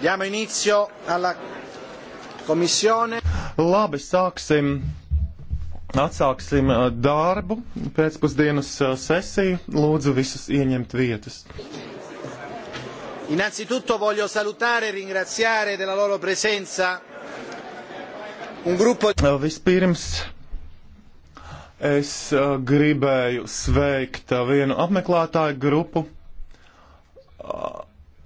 Diamo inizio alla komisione. Labi, sāksim. Atsāksim eh, darbu pēcpusdienas eh, sesiju. Lūdzu visus ieņemt vietas. Innanzitutto voglio salutare e ringraziare della loro presenza un gruppo eh, Vispirms es gribēju sveikt vienu apmeklētāju grupu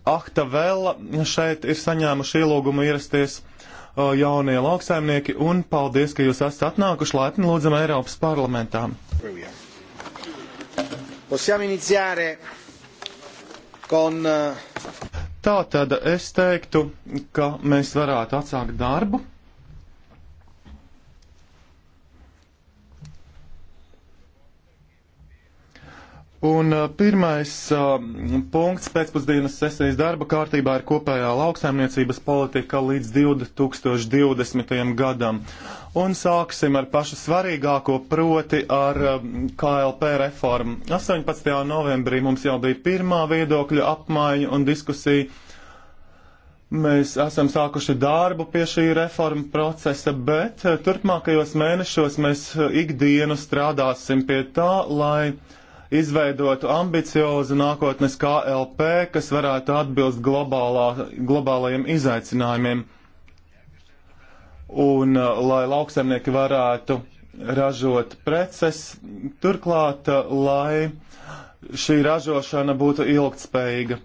Akta ah, vēl šeit ir saņēmuši ielūgumu ierasties uh, jaunie lauksaimnieki, un paldies, ka jūs esat atnākuši laipni lūdzam Eiropas parlamentā. Con... Uh, Tā tad es teiktu, ka mēs varētu atsākt darbu. Un uh, pirmais uh, punkts pēcpusdienas sesijas darba kārtībā ir kopējā lauksaimniecības politika līdz 2020. gadam. Un sāksim ar pašu svarīgāko, proti ar uh, um, KLP reformu. 18. novembrī mums jau bija pirmā viedokļa apmaiņa un diskusija. Mēs esam sākuši darbu pie šī reforma procesa, bet uh, turpmākajos mēnešos mēs uh, ikdienu strādāsim pie tā, lai izveidotu ambiciozu nākotnes KLP, kas varētu atbilst globālā, globālajiem izaicinājumiem, un uh, lai lauksaimnieki varētu ražot preces, turklāt, uh, lai šī ražošana būtu ilgtspējīga.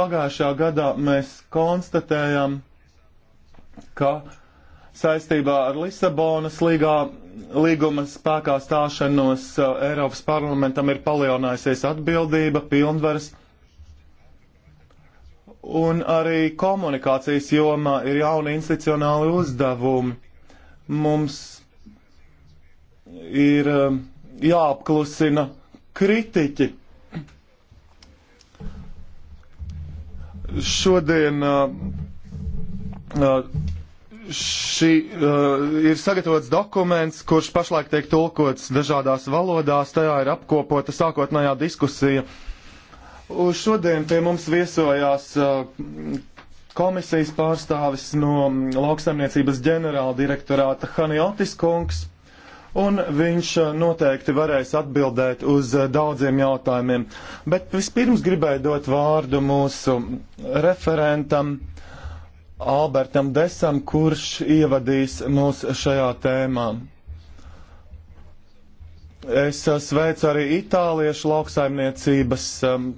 Pagājušā gadā mēs konstatējam, ka saistībā ar Lisabonas līgā, līguma spēkā stāšanos uh, Eiropas parlamentam ir palielinājusies atbildība, pilnvaras. Un arī komunikācijas jomā ir jauni institucionāli uzdevumi. Mums ir um, jāapklusina kritiķi. Šodien uh, uh, šī uh, ir sagatavots dokuments, kurš pašlaik tiek tulkots dažādās valodās. Tajā ir apkopota sākotnējā diskusija. Un šodien pie mums viesojās uh, komisijas pārstāvis no lauksaimniecības ģenerāla direktorāta Haniotis Kungs, un viņš uh, noteikti varēs atbildēt uz uh, daudziem jautājumiem. Bet vispirms gribēju dot vārdu mūsu referentam. Uh, Albertam Desam, kurš ievadīs mūs šajā tēmā. Es eh, sveicu arī itāliešu lauksaimniecības um,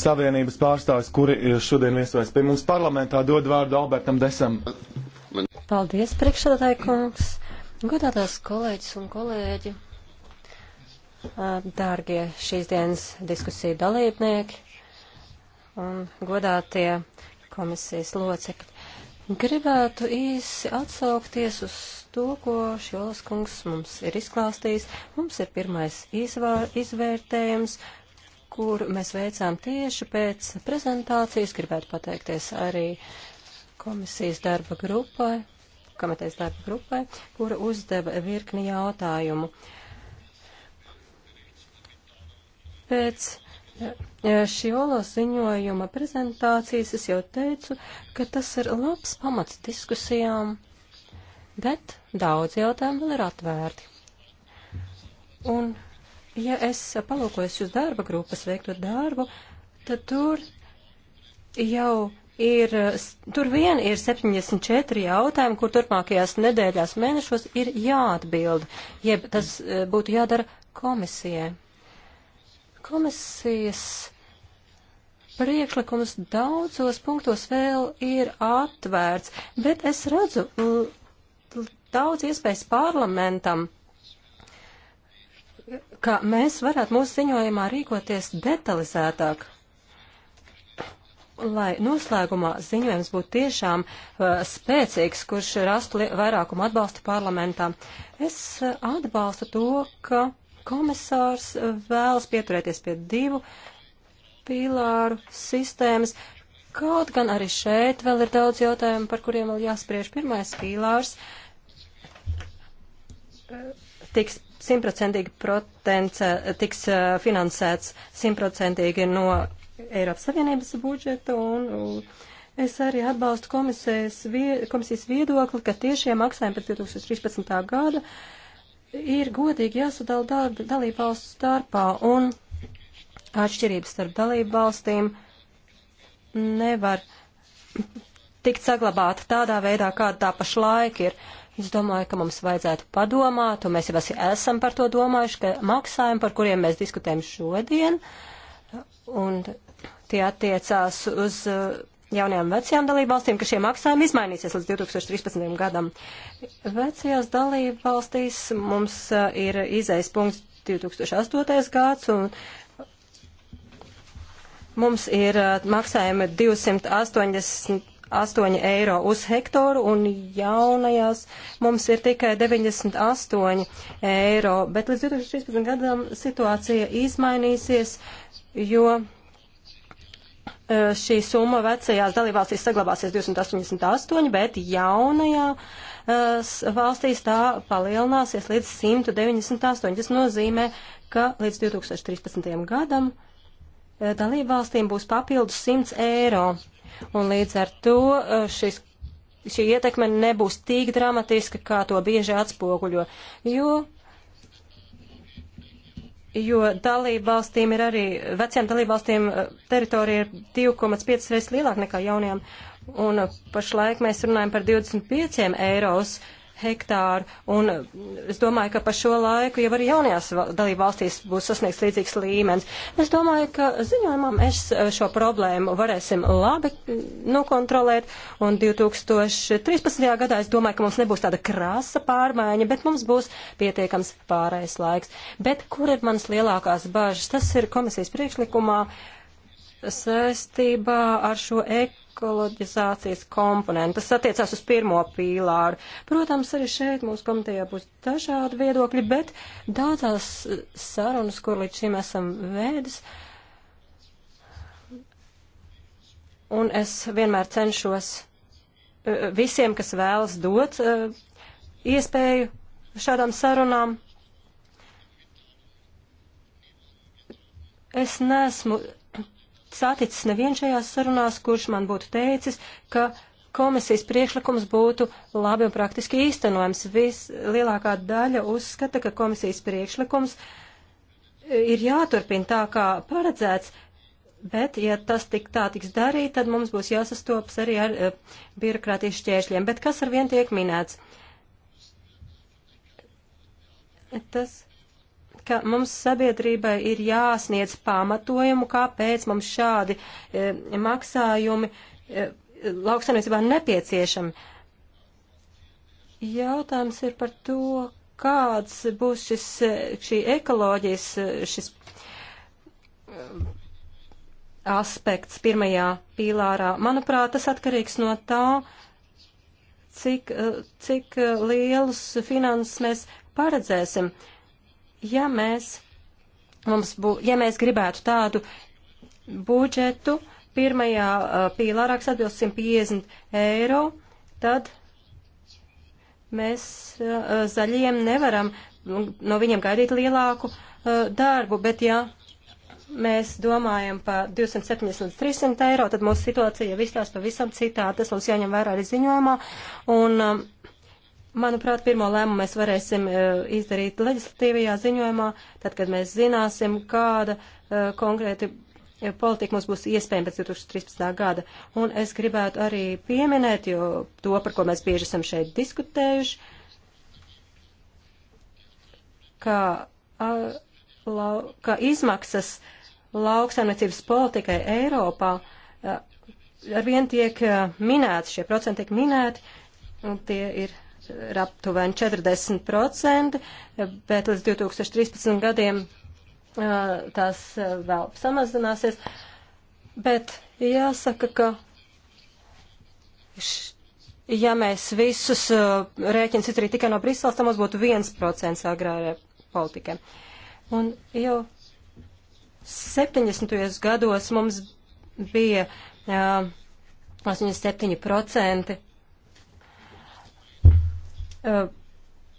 savienības pārstāvis, kuri eh, šodien viesojas pie mums parlamentā. Dod vārdu Albertam Desam. Paldies, priekšsēdētāji kungs, godātās kolēģis un kolēģi, dārgie šīs dienas diskusiju dalībnieki un godātie komisijas locekļi. Gribētu īsi atsaukties uz to, ko Šolas kungs mums ir izklāstījis. Mums ir pirmais izvār, izvērtējums, kur mēs veicām tieši pēc prezentācijas. Gribētu pateikties arī komisijas darba grupai, komitejas darba grupai, kura uzdeva virkni jautājumu. Pēc Šiola ziņojuma prezentācijas es jau teicu, ka tas ir labs pamats diskusijām, bet daudz jautājumu vēl ir atvērti. Un, ja es palūkojos uz darba grupas veikto darbu, tad tur jau ir, tur vien ir 74 jautājumi, kur turpmākajās nedēļās mēnešos ir jāatbild, jeb tas eh, būtu jādara komisijai. Komisijas priekšlikums daudzos punktos vēl ir atvērts, bet es redzu mm, daudz iespējas parlamentam, ka mēs varētu mūsu ziņojumā rīkoties detalizētāk, lai noslēgumā ziņojums būtu tiešām uh, spēcīgs, kurš rastu vairākumu atbalstu parlamentā. Es uh, atbalstu to, ka Komisārs eh, vēlas pieturēties pie divu pīlāru sistēmas. Kaut gan arī šeit vēl ir daudz jautājumu, par kuriem vēl jāspriež. Pirmais pīlārs eh, tiks simtprocentīgi tiks eh, finansēts simtprocentīgi no Eiropas Savienības budžeta un, un es arī atbalstu komisijas, vie, komisijas viedokli, ka tiešie maksājumi pēc 2013. gada ir godīgi jāsadala darba dalībvalstu starpā, un atšķirības starp dalībvalstīm nevar tikt saglabāta tādā veidā, kāda tā pašlaik ir. Es domāju, ka mums vajadzētu padomāt, un mēs jau esam par to domājuši, ka maksājumi, par kuriem mēs diskutējam šodien, un tie attiecās uz uh, jaunajām vecajām dalībvalstīm, ka šie maksājumi izmainīsies līdz 2013. gadam. Vecajās dalībvalstīs mums ir izējas punkts 2008. gads un mums ir maksājumi 288 eiro uz hektoru un jaunajās mums ir tikai 98 eiro, bet līdz 2013. gadam situācija izmainīsies, jo Eh, šī summa vecajās dalībvalstīs saglabāsies 288, bet jaunajās eh, valstīs tā palielināsies līdz 198. Tas nozīmē, ka līdz 2013. gadam eh, dalībvalstīm būs papildus 100 eiro. Un līdz ar to šis, šī ietekme nebūs tik dramatiska, kā to bieži atspoguļo, jo jo dalībvalstīm ir arī, vecajām dalībvalstīm eh, teritorija ir 2,5 reizes lielāka nekā jaunajām, un eh, pašlaik mēs runājam par 25 eiros hektāru, un mm, es domāju, ka pa šo laiku jau arī jaunajās dalību valstīs būs sasniegts līdzīgs līmenis. Es domāju, ka ziņojumā mēs eh, šo problēmu varēsim labi mm, nokontrolēt, un 2013. gadā es domāju, ka mums nebūs tāda krāsa pārmaiņa, bet mums būs pietiekams pārējais laiks. Bet kur ir manas lielākās bažas? Tas ir komisijas priekšlikumā saistībā ar šo ek ekoloģizācijas komponentu. Tas attiecās uz pirmo pīlāru. Protams, arī šeit mūsu komitejā būs dažādi viedokļi, bet daudzās sarunas, kur līdz šim esam vēdis, un es vienmēr cenšos eh, visiem, kas vēlas dot eh, iespēju šādām sarunām, es nesmu saticis neviens šajās sarunās, kurš man būtu teicis, ka komisijas priekšlikums būtu labi un praktiski īstenojams. Vislielākā daļa uzskata, ka komisijas priekšlikums e, ir jāturpina tā, kā paredzēts, bet, ja tas tik tā tiks darīt, tad mums būs jāsastopas arī ar e, birokrātijas šķēršļiem. Bet kas ar vien tiek minēts? Tas ka mums sabiedrībai ir jāsniedz pamatojumu, kāpēc mums šādi e, maksājumi e, lauksaimniecībā nepieciešami. Jautājums ir par to, kāds būs šis, e, šī ekoloģijas e, šis e, aspekts pirmajā pīlārā. Manuprāt, tas atkarīgs no tā, cik, cik lielus finanses mēs paredzēsim. Uh, Ja mēs, mums bū, ja mēs gribētu tādu budžetu, pirmajā uh, pīlārā, kas atbilst 150 eiro, tad mēs uh, zaļiem nevaram no viņiem gaidīt lielāku uh, darbu, bet ja mēs domājam par 270 līdz 300 eiro, tad mūsu situācija jau izstās pavisam citā, tas mums jāņem vērā arī ziņojumā, un um, Manuprāt, pirmo lēmumu mēs varēsim e, izdarīt leģislatīvajā ziņojumā, tad, kad mēs zināsim, kāda e, konkrēti e, politika mums būs iespējama pēc 2013. gada. Un es gribētu arī pieminēt, jo to, par ko mēs bieži esam šeit diskutējuši, ka, a, lau, ka izmaksas lauksaimniecības politikai Eiropā a, arvien tiek minēti, šie procenti tiek minēti, un tie ir ir aptuveni 40%, bet līdz 2013 gadiem tās vēl samazināsies. Bet jāsaka, ka š, ja mēs visus rēķins izdarītu tikai no Briseles, tad mums būtu 1% agrārē politikai. Un jau 70. gados mums bija 87% uh,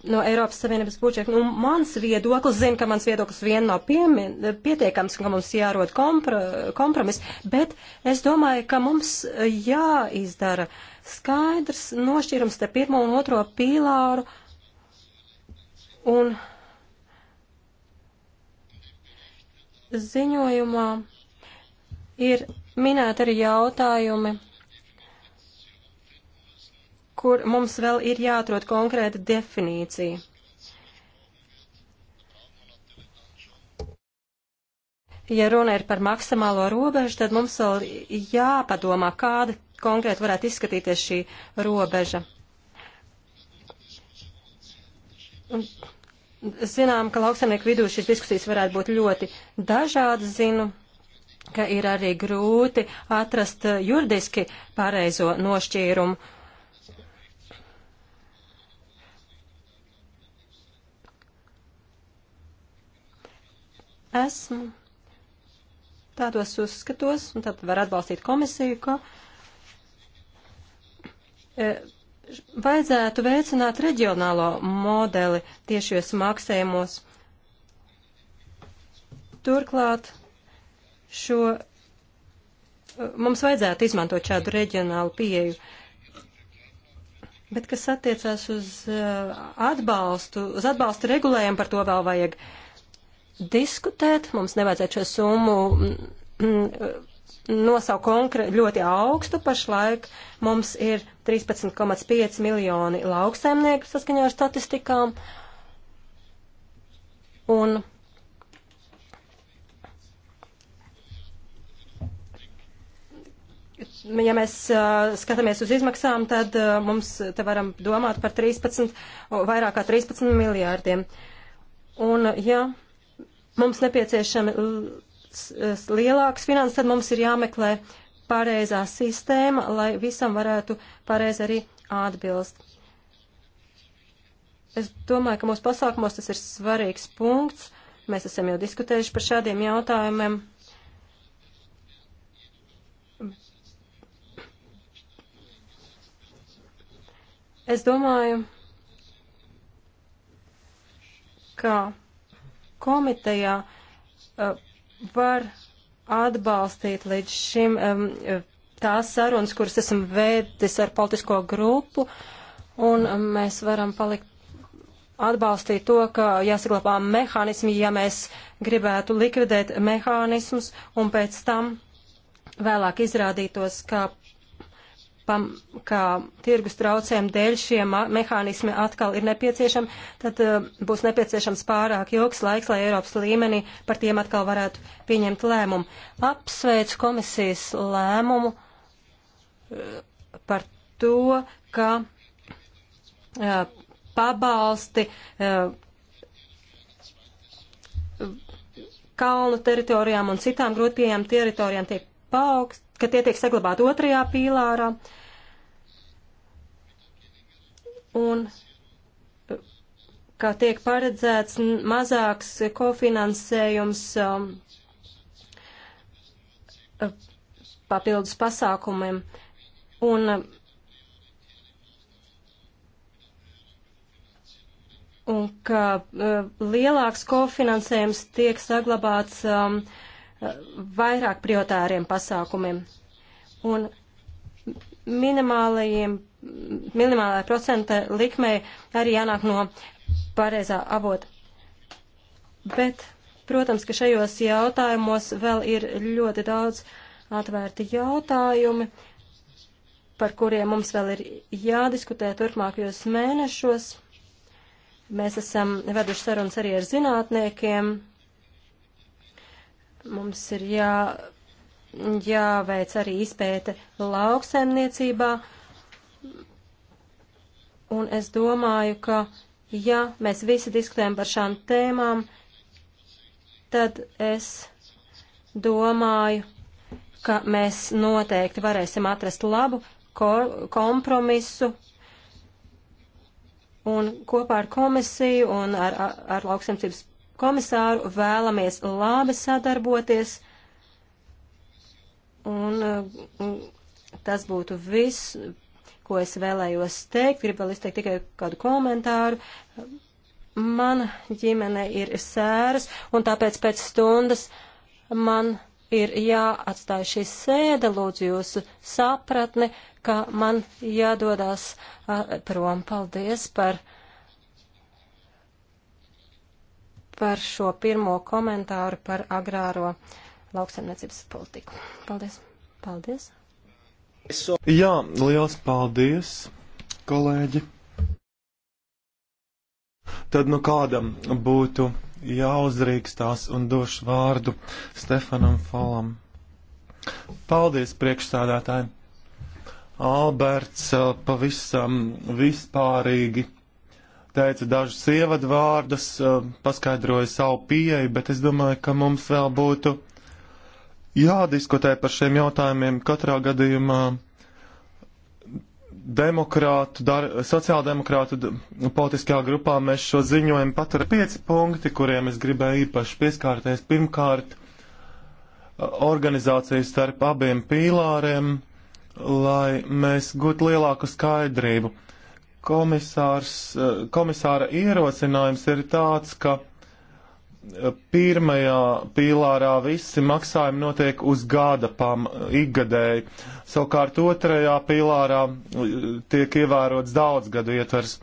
no Eiropas Savienības budžeta. Nu, mans viedoklis, zinu, ka mans viedoklis vien nav piemin, pietiekams, ka mums jārod kompro, kompromis, bet es domāju, ka mums jāizdara skaidrs nošķirums te pirmo un otro pīlāru un ziņojumā ir minēti arī jautājumi kur mums vēl ir jāatrod konkrēta definīcija. Ja runa ir par maksimālo robežu, tad mums vēl jāpadomā, kāda konkrēti varētu izskatīties šī robeža. Un zinām, ka lauksaimnieku vidū šīs diskusijas varētu būt ļoti dažādas, zinu, ka ir arī grūti atrast juridiski pareizo nošķīrumu. esmu tādos uzskatos, un tad var atbalstīt komisiju, ka e, vajadzētu veicināt reģionālo modeli tiešies maksējumos. Turklāt šo e, mums vajadzētu izmantot šādu reģionālu pieeju. Bet kas attiecās uz e, atbalstu, uz atbalstu regulējumu, par to vēl vajag uh, diskutēt, mums nevajadzētu šo summu mm, mm, nosaukt konkrēti ļoti augstu. Pašlaik mums ir 13,5 miljoni lauksaimnieku saskaņā ar statistikām. Un ja mēs uh, skatāmies uz izmaksām, tad uh, mums te varam domāt par 13, vairāk kā 13 miljārdiem. Un, ja mums nepieciešami uh, lielāks finanses, tad mums ir jāmeklē pareizā sistēma, lai visam varētu pareizi arī atbilst. Es domāju, ka mūsu pasākumos tas ir svarīgs punkts. Mēs esam jau diskutējuši par šādiem jautājumiem. Es domāju, ka komitejā uh, var atbalstīt līdz šim um, uh, tās sarunas, kuras esam vēdis ar politisko grupu, un um, mēs varam palikt atbalstīt to, ka jāsaglabā mehānismi, ja mēs gribētu likvidēt mehānismus, un pēc tam vēlāk izrādītos, ka pam, kā tirgus traucējumu dēļ šie mehānismi atkal ir nepieciešami, tad uh, būs nepieciešams pārāk ilgs laiks, lai Eiropas līmenī par tiem atkal varētu pieņemt lēmumu. Apsveicu komisijas lēmumu uh, par to, ka uh, pabalsti uh, kalnu teritorijām un citām grūtpieejām teritorijām tiek paaugst, ka tie tiek saglabāti otrajā pīlārā. Un ka tiek paredzēts mazāks kofinansējums um, papildus pasākumiem. Un, un ka uh, lielāks kofinansējums tiek saglabāts um, uh, vairāk prioritāriem pasākumiem. Un minimālajiem, minimālajā procenta likmē arī jānāk no pareizā avota. Bet, protams, ka šajos jautājumos vēl ir ļoti daudz atvērti jautājumi, par kuriem mums vēl ir jādiskutē turpmākajos mēnešos. Mēs esam veduši sarunas arī ar zinātniekiem, Mums ir jā, jāveic arī izpēte lauksaimniecībā, un es domāju, ka, ja mēs visi diskutējam par šām tēmām, tad es domāju, ka mēs noteikti varēsim atrast labu ko kompromisu un kopā ar komisiju un ar, ar, ar lauksaimniecības komisāru, vēlamies labi sadarboties, uh, un tas būtu viss, ko es vēlējos teikt. Gribu vēl izteikt tikai kādu komentāru. Mana ģimene ir sēras, un tāpēc pēc stundas man ir jāatstāj šī sēde, lūdzu jūsu sapratni, ka man jādodās uh, prom. Paldies par! par šo pirmo komentāru par agrāro lauksaimniecības politiku. Paldies! Paldies! Jā, liels paldies, kolēģi! Tad nu kādam būtu jāuzrīkstās un došu vārdu Stefanam Falam. Paldies priekšstādātājiem! Alberts eh, pavisam vispārīgi teica dažus ievadvārdus, um, paskaidroja savu pieeju, bet es domāju, ka mums vēl būtu jādiskutē par šiem jautājumiem katrā gadījumā demokrātu, dar, sociāldemokrātu politiskajā grupā mēs šo ziņojumu patura pieci punkti, kuriem es gribēju īpaši pieskārties. Pirmkārt, organizācijas starp abiem pīlāriem, lai mēs gūtu lielāku skaidrību. Komisārs, eh, komisāra ierosinājums ir tāds, ka eh, pirmajā pīlārā visi maksājumi notiek uz gada pam ikgadēji. Savukārt otrajā pīlārā eh, tiek ievērots daudz gadu ietvers.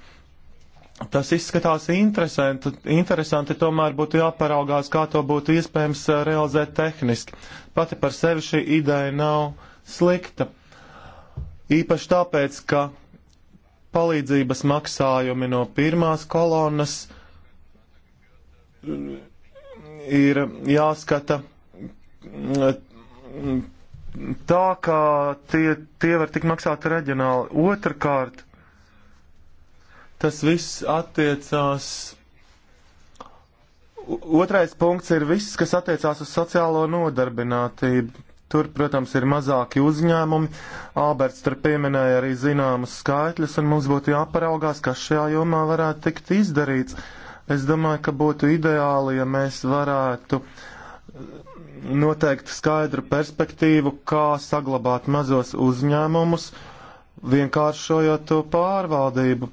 Tas izskatās interesanti, interesanti, tomēr būtu jāparaugās, kā to būtu iespējams realizēt tehniski. Pati par sevi šī ideja nav slikta. Īpaši tāpēc, ka palīdzības maksājumi no pirmās kolonas ir jāskata tā, ka tie, tie var tik maksāt reģionāli. Otrakārt, tas viss attiecās. Otrais punkts ir viss, kas attiecās uz sociālo nodarbinātību Tur, protams, ir mazāki uzņēmumi. Alberts tur pieminēja arī zināmas skaitļus, un mums būtu jāparaugās, kas šajā jomā varētu tikt izdarīts. Es domāju, ka būtu ideāli, ja mēs varētu eh, noteikt skaidru perspektīvu, kā saglabāt mazos uzņēmumus, vienkāršojot to pārvaldību.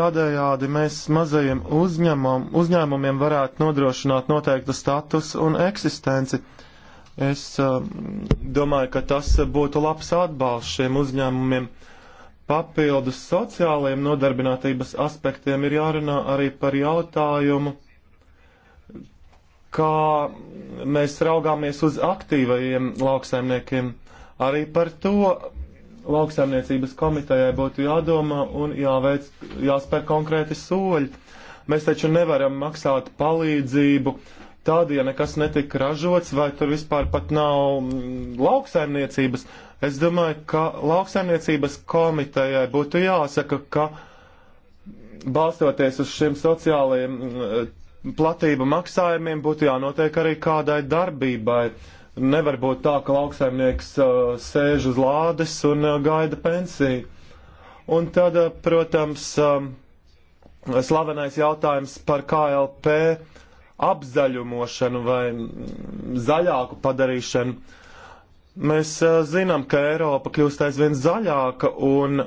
Tādējādi mēs mazajiem uzņēmum, uzņēmumiem varētu nodrošināt noteiktu status un eksistenci. Uh, Es uh, domāju, ka tas būtu labs atbalsts šiem uzņēmumiem. Papildus sociālajiem nodarbinātības aspektiem ir jārunā arī par jautājumu, kā mēs raugāmies uz aktīvajiem lauksaimniekiem. Arī par to lauksaimniecības komitejai būtu jādomā un jāveic, jāspēr konkrēti soļi. Mēs taču nevaram maksāt palīdzību uh, Tad, ja nekas netika ražots, vai tur vispār pat nav mm, lauksaimniecības, es domāju, ka lauksaimniecības komitejai būtu jāsaka, ka balstoties uz šiem sociālajiem mm, platību maksājumiem, būtu jānotiek arī kādai darbībai. Nevar būt tā, ka lauksaimnieks uh, sēž uz lādes un uh, gaida pensiju. Un tad, uh, protams, um, slavenais jautājums par KLP. Uh, apzaļumošanu vai zaļāku padarīšanu. Mēs zinām, ka Eiropa kļūst aizvien zaļāka un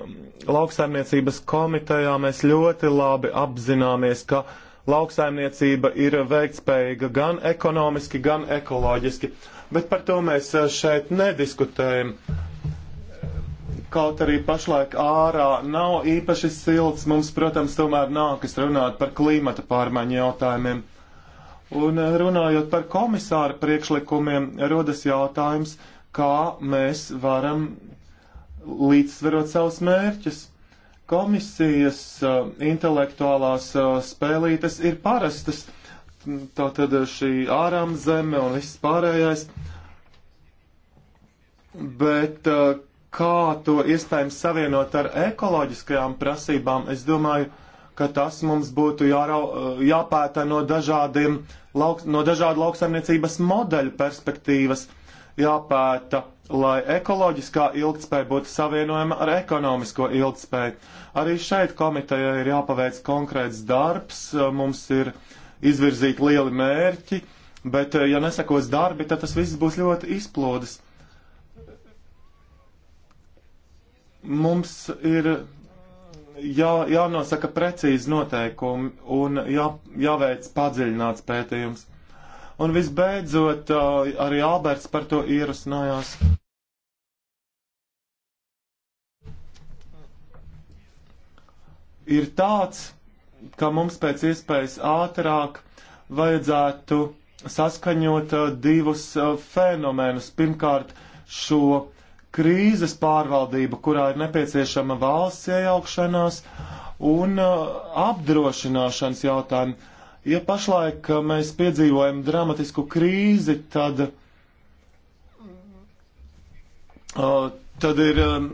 lauksaimniecības komitejā mēs ļoti labi apzināmies, ka lauksaimniecība ir veiktspējīga gan ekonomiski, gan ekoloģiski. Bet par to mēs šeit nediskutējam kaut arī pašlaik ārā nav īpaši silts, mums, protams, tomēr nākas runāt par klimata pārmaiņu jautājumiem. Un eh, runājot par komisāra priekšlikumiem, rodas jautājums, kā mēs varam līdzsverot savus mērķus. Komisijas uh, intelektuālās uh, spēlītes ir parastas, tātad šī ārām zeme un viss pārējais, bet uh, kā to iespējams savienot ar ekoloģiskajām prasībām, es domāju, uh, ka tas mums būtu jārau, eh, jāpēta no, dažādiem, lauk, no dažādu lauksaimniecības modeļu perspektīvas, jāpēta, lai ekoloģiskā ilgtspēja būtu savienojama ar ekonomisko ilgtspēju. Arī šeit komitejai ir jāpaveic konkrēts darbs, eh, mums ir izvirzīti lieli mērķi, bet eh, ja nesakos darbi, tad tas viss būs ļoti izplūdes. Mums ir jā, jānosaka precīzi noteikumi un jā, jāveic padziļināts pētījums. Un visbeidzot, arī Alberts par to ierosinājās. Ir tāds, ka mums pēc iespējas ātrāk vajadzētu saskaņot divus fenomenus. Pirmkārt, šo krīzes pārvaldība, kurā ir nepieciešama valsts iejaukšanās un uh, apdrošināšanas jautājumi. Ja pašlaik uh, mēs piedzīvojam dramatisku krīzi, tad, uh, tad ir um,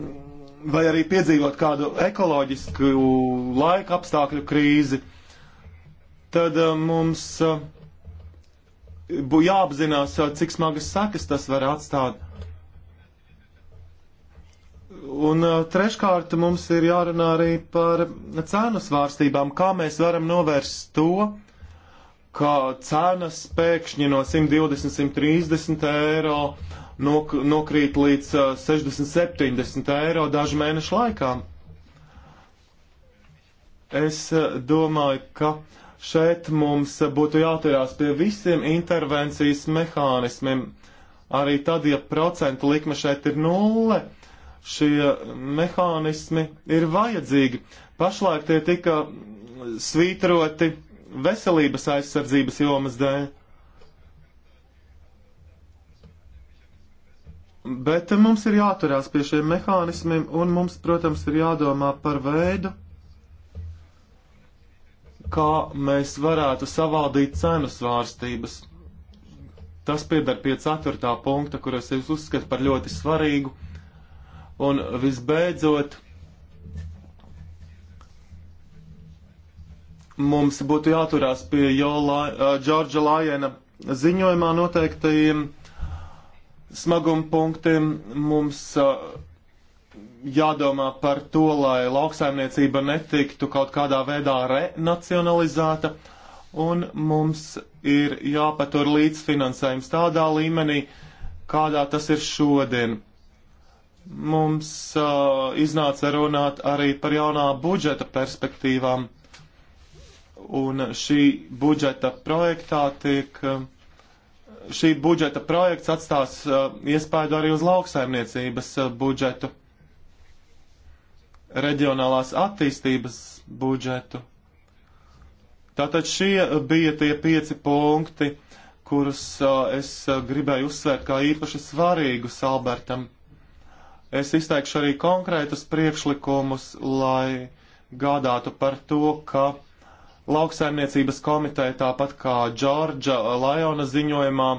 vai arī piedzīvot kādu ekoloģisku laika apstākļu krīzi, tad mums jāapzinās, cik smagas sakas tas var atstāt. Un uh, treškārt mums ir jārunā arī par cēnu svārstībām, kā mēs varam novērst to, ka cenas pēkšņi no 120, 130 eiro nok nokrīt līdz 60, uh, 70 eiro dažu mēnešu laikā. Es uh, domāju, ka šeit mums būtu jāturās pie visiem intervencijas mehānismiem, arī tad, ja procentu likme šeit ir nulle šie mehānismi ir vajadzīgi. Pašlaik tie tika svītroti veselības aizsardzības jomas dēļ. Bet mums ir jāturās pie šiem mehānismiem, un mums, protams, ir jādomā par veidu, kā mēs varētu savaldīt cenu svārstības. Tas piedar pie ceturtā punkta, kuras es uzskatu par ļoti svarīgu Un visbeidzot, mums būtu jāturās pie Džordža uh, Lajena ziņojumā noteiktajiem smaguma punktiem. Mums uh, jādomā par to, lai lauksaimniecība netiktu kaut kādā veidā renacionalizēta, un mums ir jāpatur līdzfinansējums tādā līmenī, kādā tas ir šodien mums uh, iznāca runāt arī par jaunā budžeta perspektīvām. Un šī budžeta projektā tiek, uh, šī budžeta projekts atstās uh, iespēju arī uz lauksaimniecības uh, budžetu, reģionālās attīstības budžetu. Tātad šie bija tie pieci punkti, kurus uh, es uh, gribēju uzsvērt kā īpaši svarīgus Albertam. Es izteikšu arī konkrētus priekšlikumus, lai gādātu par to, ka lauksaimniecības komiteja, tāpat kā Džordža Lajona ziņojumā,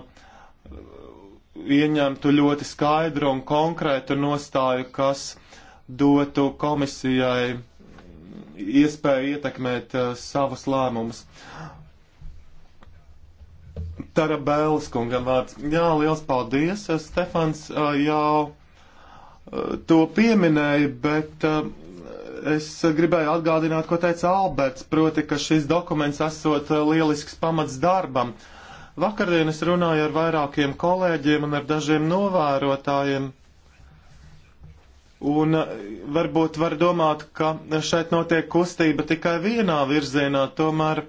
ieņemtu ļoti skaidru un konkrētu nostāju, kas dotu komisijai iespēju ietekmēt uh, savus lēmumus. Tara Bēlis kungam vārds. Jā, liels paldies. Stefans uh, jau to pieminēja, bet eh, es gribēju atgādināt, ko teica Alberts, proti, ka šis dokuments esot eh, lielisks pamats darbam. Vakardien es runāju ar vairākiem kolēģiem un ar dažiem novērotājiem. Un eh, varbūt var domāt, ka šeit notiek kustība tikai vienā virzienā, tomēr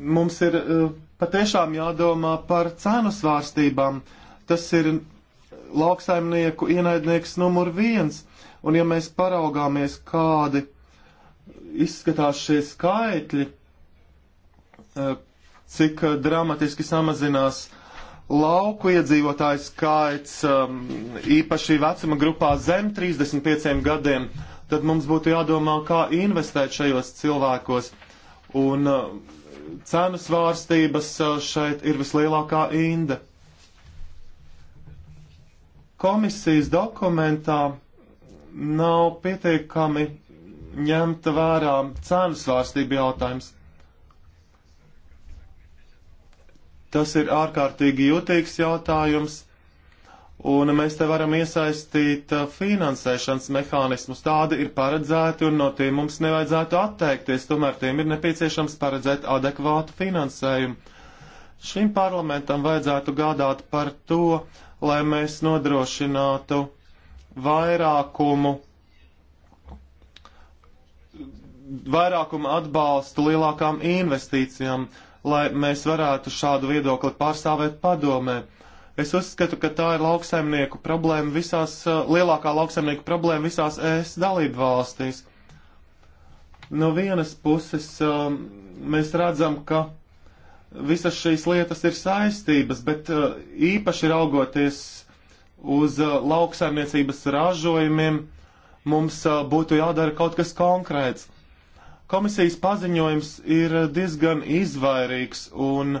mums ir patiešām jādomā par cenu svārstībām. Tas ir lauksaimnieku ienaidnieks numur viens. Un ja mēs paraugāmies, kādi izskatās šie skaitļi, eh, cik dramatiski samazinās lauku iedzīvotāju skaits, ehm, īpaši vecuma grupā zem 35 gadiem, tad mums būtu jādomā, kā investēt šajos cilvēkos. Un eh, cenu svārstības eh, šeit ir vislielākā inde. Komisijas dokumentā nav pietiekami ņemta vērā cenu svārstību jautājums. Tas ir ārkārtīgi jūtīgs jautājums, un mēs te varam iesaistīt uh, finansēšanas mehānismus. Tādi ir paredzēti, un no tiem mums nevajadzētu atteikties, tomēr tiem ir nepieciešams paredzēt adekvātu finansējumu. Šim parlamentam vajadzētu gādāt par to, lai mēs nodrošinātu vairākumu, vairākumu atbalstu lielākām investīcijām, lai mēs varētu šādu viedokli pārstāvēt padomē. Es uzskatu, ka tā ir lauksaimnieku problēma visās, lielākā lauksaimnieku problēma visās ES dalību valstīs. No vienas puses um, mēs redzam, ka visas šīs lietas ir saistības, bet uh, īpaši raugoties uz uh, lauksaimniecības ražojumiem, mums uh, būtu jādara kaut kas konkrēts. Komisijas paziņojums ir diezgan izvairīgs un,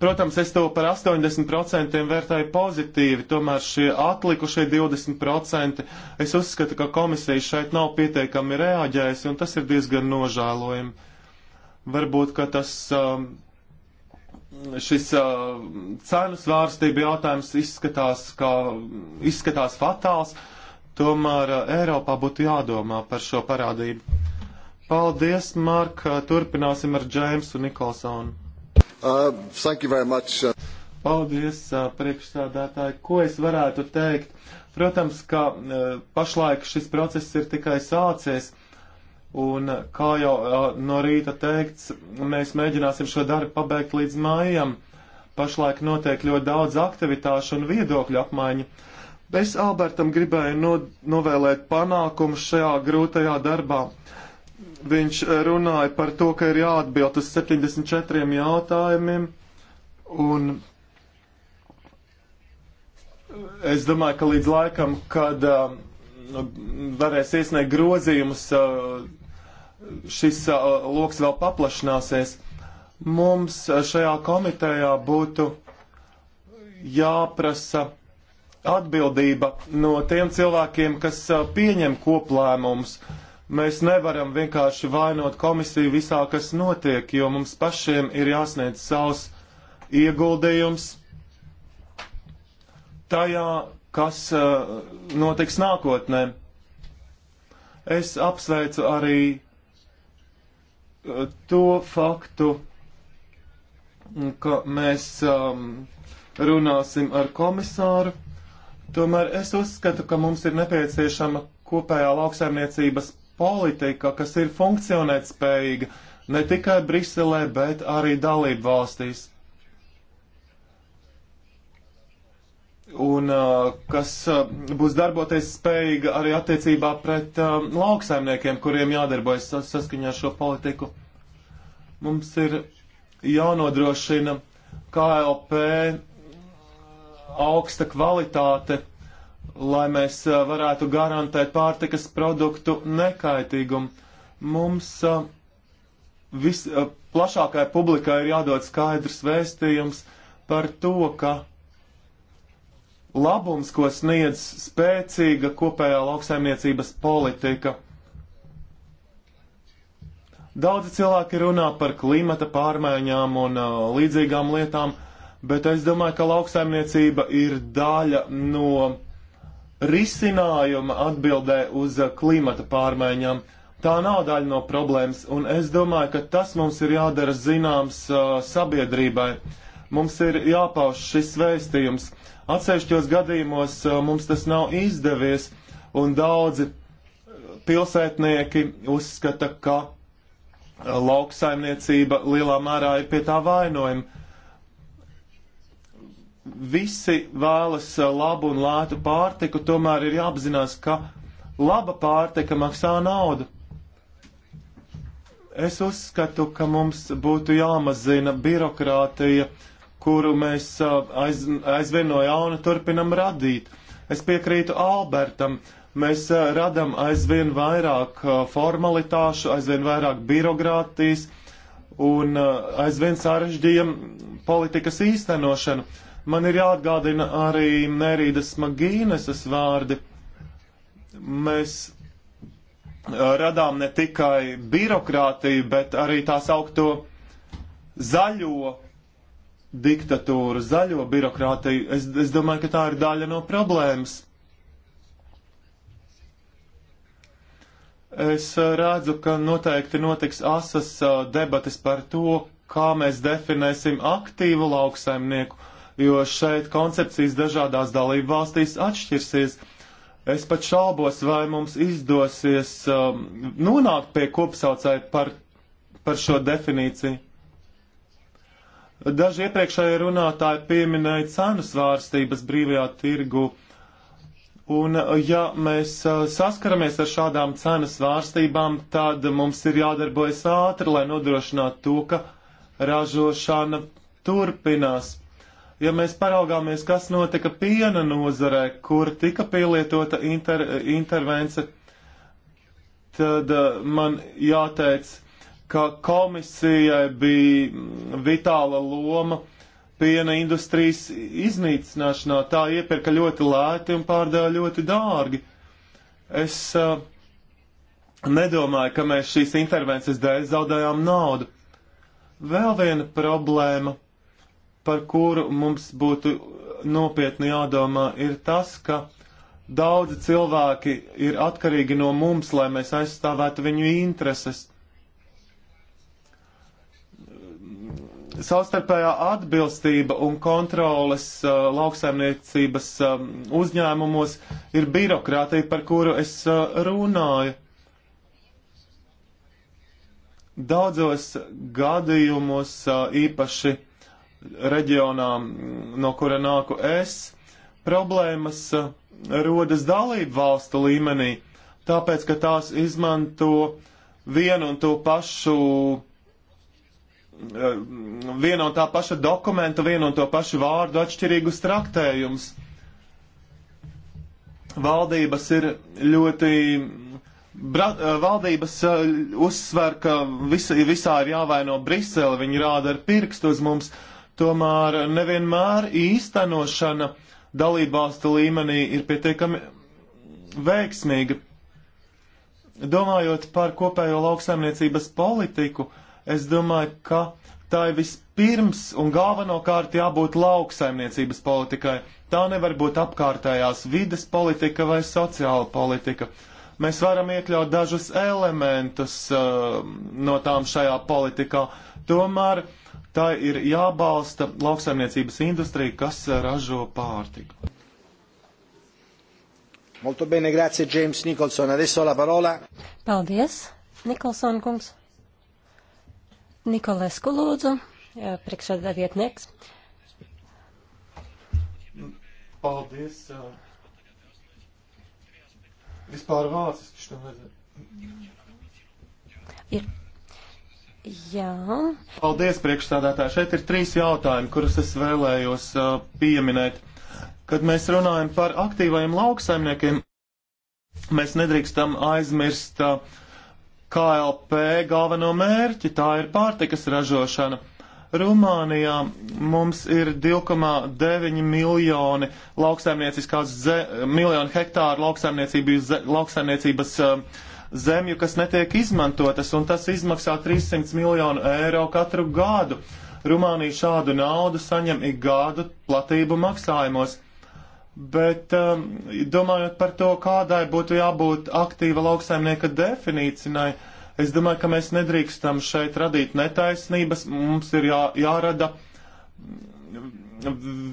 protams, es to par 80% vērtēju pozitīvi, tomēr šie atlikušie 20% es uzskatu, ka komisija šeit nav pietiekami reaģējusi un tas ir diezgan nožēlojami. Varbūt, ka tas um, šis um, cenu svārstība jautājums izskatās, kā, izskatās fatāls, tomēr uh, Eiropā būtu jādomā par šo parādību. Paldies, Mark. Uh, turpināsim ar Džēmsu Nikolsonu. Uh, thank you very much. Uh. Paldies, priekšstādātāji. Ko es varētu teikt? Protams, ka pašlaik šis process ir tikai sācies Un, kā jau no rīta teikts, mēs mēģināsim šo darbu pabeigt līdz mājām. Pašlaik notiek ļoti daudz aktivitāšu un viedokļu apmaiņu. Es Albertam gribēju no, novēlēt panākumu šajā grūtajā darbā. Viņš runāja par to, ka ir jāatbild uz 74 jautājumiem, un es domāju, ka līdz laikam, kad uh, varēs iesniegt grozījumus, uh, šis uh, loks vēl paplašināsies. Mums uh, šajā komitejā būtu jāprasa atbildība no tiem cilvēkiem, kas uh, pieņem koplēmumus. Mēs nevaram vienkārši vainot komisiju visā, kas notiek, jo mums pašiem ir jāsniedz savs ieguldījums tajā, kas uh, notiks nākotnē. Es apsveicu arī to faktu, ka mēs um, runāsim ar komisāru. Tomēr es uzskatu, ka mums ir nepieciešama kopējā lauksaimniecības politika, kas ir funkcionēt spējīga ne tikai Briselē, bet arī dalību valstīs. un kas būs darboties spējīga arī attiecībā pret lauksaimniekiem, kuriem jādarbojas saskaņā ar šo politiku. Mums ir jānodrošina KLP augsta kvalitāte, lai mēs varētu garantēt pārtikas produktu nekaitīgumu. Mums vis, plašākai publikai ir jādod skaidrs vēstījums par to, ka labums, ko sniedz spēcīga kopējā lauksaimniecības politika. Daudzi cilvēki runā par klimata pārmaiņām un uh, līdzīgām lietām, bet es domāju, ka lauksaimniecība ir daļa no risinājuma atbildē uz uh, klimata pārmaiņām. Tā nav daļa no problēmas, un es domāju, ka tas mums ir jādara zināms uh, sabiedrībai. Uh, Mums ir jāpauž šis vēstījums. Atsevišķos gadījumos uh, mums tas nav izdevies, un daudzi uh, pilsētnieki uzskata, ka uh, lauksaimniecība lielā mērā ir pie tā vainojuma visi vēlas labu un lētu pārtiku, tomēr ir jāapzinās, ka laba pārtika maksā naudu. Es uzskatu, ka mums būtu jāmazina birokrātija kuru mēs aiz, aizvien no jauna turpinam radīt. Es piekrītu Albertam, mēs radam aizvien vairāk formalitāšu, aizvien vairāk birokrātijas un aizvien sarežģījam politikas īstenošanu. Man ir jāatgādina arī Merīdas Magīneses vārdi. Mēs radām ne tikai birokrātiju, bet arī tās augto zaļo diktatūru, zaļo birokrātiju. Es, es domāju, ka tā ir daļa no problēmas. Es eh, redzu, ka noteikti notiks asas eh, debatas par to, kā mēs definēsim aktīvu lauksaimnieku, jo šeit koncepcijas dažādās dalību valstīs atšķirsies. Es pat šaubos, vai mums izdosies um, nonākt pie kopsaucēja par, par šo definīciju. Daži iepriekšējie runātāji pieminēja cenu svārstības brīvajā tirgu. Un, uh, ja mēs uh, saskaramies ar šādām cenu svārstībām, tad mums ir jādarbojas ātri, lai nodrošinātu to, ka ražošana turpinās. Ja mēs paraugāmies, kas notika piena nozarē, kur tika pielietota inter, intervence, tad uh, man jāteic, ka komisijai bija vitāla loma piena industrijas iznīcināšanā. Tā iepirka ļoti lēti un pārdeva ļoti dārgi. Es uh, nedomāju, ka mēs šīs intervences dēļ zaudējām naudu. Vēl viena problēma, par kuru mums būtu nopietni jādomā, ir tas, ka daudzi cilvēki ir atkarīgi no mums, lai mēs aizstāvētu viņu intereses Savstarpējā atbilstība un kontroles uh, lauksaimniecības um, uzņēmumos ir birokrātija, par kuru es uh, runāju. Daudzos gadījumos, uh, īpaši reģionā, no kura nāku es, problēmas uh, rodas dalību valstu līmenī, tāpēc, ka tās izmanto vienu un to pašu Eh, viena un tā paša dokumenta, viena un to pašu vārdu atšķirīgus traktējumus. Valdības ir ļoti. Bra, eh, valdības eh, uzsver, ka visa, visā ir jāvaino Brisele, viņi rāda ar pirkstu uz mums, tomēr nevienmēr īstenošana dalībvalstu līmenī ir pietiekami veiksmīga. Domājot par kopējo lauksaimniecības politiku, uh, es domāju, ka tā ir vispirms un galvenokārt jābūt lauksaimniecības politikai. Tā nevar būt apkārtējās vides politika vai sociāla politika. Mēs varam iekļaut dažus elementus uh, no tām šajā politikā, tomēr tā ir jābalsta lauksaimniecības industrija, kas uh, ražo pārtiku. Molto bene, grazie James Nicholson. Adesso la parola. Paldies, Nicholson kungs. Nikolēsku lūdzu, priekšādā vietnieks. Nu, paldies. Vispār vāciski šitam vajadzētu. Ir. Jā. Paldies, priekšstādātāji. Šeit ir trīs jautājumi, kurus es vēlējos uh, pieminēt. Kad mēs runājam par aktīvajiem lauksaimniekiem, mēs nedrīkstam aizmirst uh, KLP galveno mērķi, tā ir pārtikas ražošana. Rumānijā mums ir 2,9 miljoni lauksaimnieciskās, ze, miljoni hektāru lauksaimniecības, lauksaimniecības zemju, kas netiek izmantotas, un tas izmaksā 300 miljonu eiro katru gadu. Rumānija šādu naudu saņem ik gadu platību maksājumos. Bet um, domājot par to, kādai būtu jābūt aktīva lauksaimnieka definīcijai, es domāju, ka mēs nedrīkstam šeit radīt netaisnības. Mums ir jā, jārada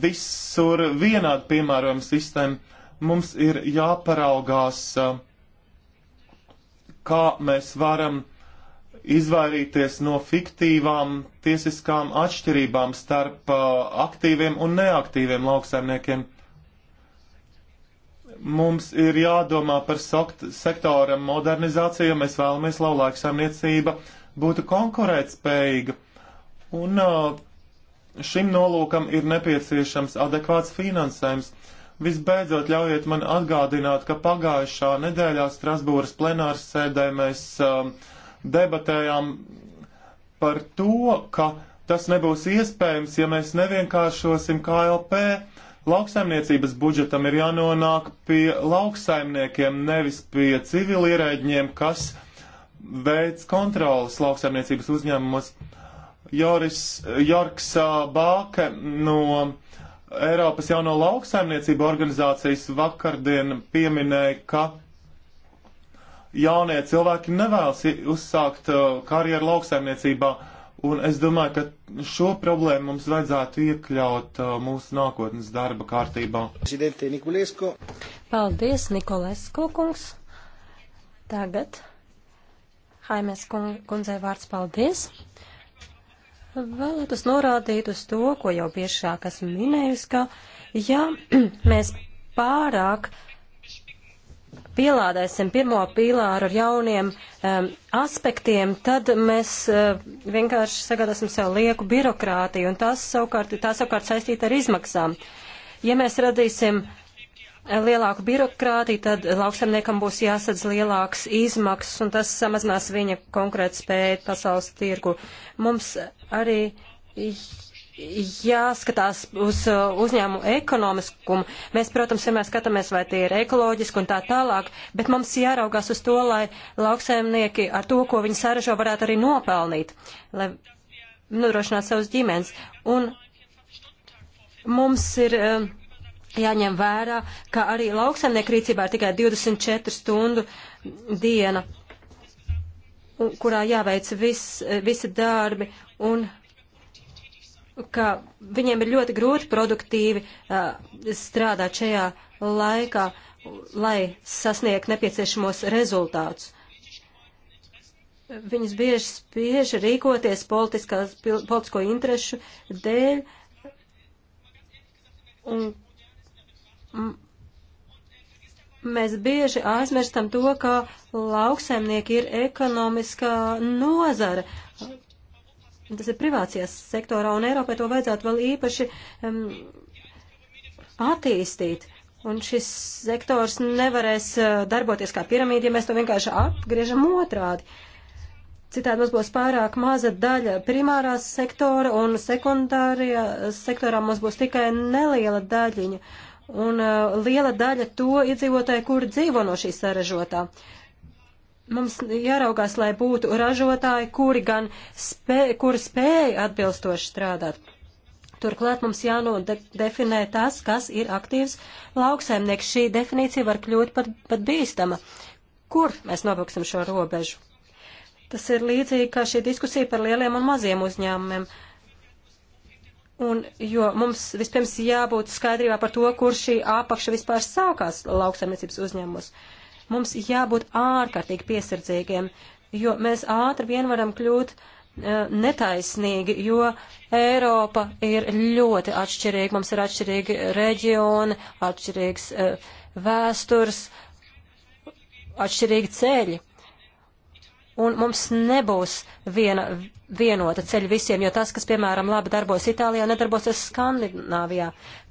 visur vienāda piemērojuma sistēma. Mums ir jāparaugās, uh, kā mēs varam izvairīties no fiktīvām tiesiskām atšķirībām starp uh, aktīviem un neaktīviem lauksaimniekiem mums ir jādomā par sektora modernizāciju, ja mēs vēlamies, lai lauksaimniecība būtu konkurētspējīga. Un uh, šim nolūkam ir nepieciešams adekvāts finansējums. Visbeidzot, ļaujiet man atgādināt, ka pagājušā nedēļā Strasbūras plenāras sēdē mēs um, debatējām par to, ka tas nebūs iespējams, ja mēs nevienkāršosim KLP Lauksaimniecības budžetam ir jānonāk pie lauksaimniekiem, nevis pie civilierēģiem, kas veids kontrolas lauksaimniecības uzņēmumos. Joris Jorgs Bāke no Eiropas jauno lauksaimniecību organizācijas vakardien pieminēja, ka jaunie cilvēki nevēlas uzsākt karjeru lauksaimniecībā. Uh, Un es domāju, ka šo problēmu mums vajadzētu iekļaut uh, mūsu nākotnes darba kārtībā. Nikoliesko. Paldies, Nikolesko kungs. Tagad Haimēs kundzei vārds paldies. Vēlētos norādīt uz to, ko jau biežāk esmu minējusi, ka ja mēs pārāk uh, pielādēsim pirmo pīlāru ar jauniem um, aspektiem, tad mēs uh, vienkārši sagādāsim sev lieku birokrātiju, un tas savukārt, tā savukārt saistīta ar izmaksām. Ja mēs radīsim uh, lielāku birokrātiju, tad lauksaimniekam būs jāsadz lielāks izmaksas, un tas samazinās viņa konkrētu spēju pasaules tirgu. Mums arī jāskatās uz uh, uzņēmumu ekonomiskumu. Mēs, protams, vienmēr skatāmies, vai tie ir ekoloģiski un tā tālāk, bet mums jāraugās uz to, lai lauksaimnieki ar to, ko viņi saražo, varētu arī nopelnīt, lai nodrošinātu savus ģimenes. Un mums ir um, jāņem vērā, ka arī lauksaimnieku rīcībā ir tikai 24 stundu diena, kurā jāveic vis, visi darbi. Un ka viņiem ir ļoti grūti produktīvi uh, strādāt šajā laikā, lai sasniegtu nepieciešamos rezultātus. Viņus bieži spiež rīkoties politisko interešu dēļ. Un mēs bieži aizmirstam to, ka lauksaimnieki ir ekonomiskā nozara tas ir privācijas sektorā, un Eiropai to vajadzētu vēl īpaši um, attīstīt. Un šis sektors nevarēs uh, darboties kā piramīda, ja mēs to vienkārši apgriežam otrādi. Citādi mums būs pārāk maza daļa primārās sektora, un sekundārajā eh, sektorā mums būs tikai neliela daļiņa. Un uh, liela daļa to iedzīvotāju, kur dzīvo no šī sarežotā. Uh, mums jāraugās, lai būtu ražotāji, kuri gan spē, kuri spēja atbilstoši strādāt. Turklāt mums jānodefinē tas, kas ir aktīvs lauksaimnieks. Šī definīcija var kļūt pat, pat bīstama. Kur mēs novilksim šo robežu? Tas ir līdzīgi kā šī diskusija par lieliem un maziem uzņēmumiem. Un, jo mums vispirms jābūt skaidrībā par to, kur šī apakša vispār sākās lauksaimniecības uzņēmumus. Uh, Mums jābūt ārkārtīgi piesardzīgiem, jo mēs ātri vien varam kļūt eh, netaisnīgi, jo Eiropa ir ļoti atšķirīga. Mums ir atšķirīgi reģioni, atšķirīgs eh, vēstures, atšķirīgi ceļi un mums nebūs viena, vienota ceļa visiem, jo tas, kas, piemēram, labi darbos Itālijā, nedarbosies Skandināvijā.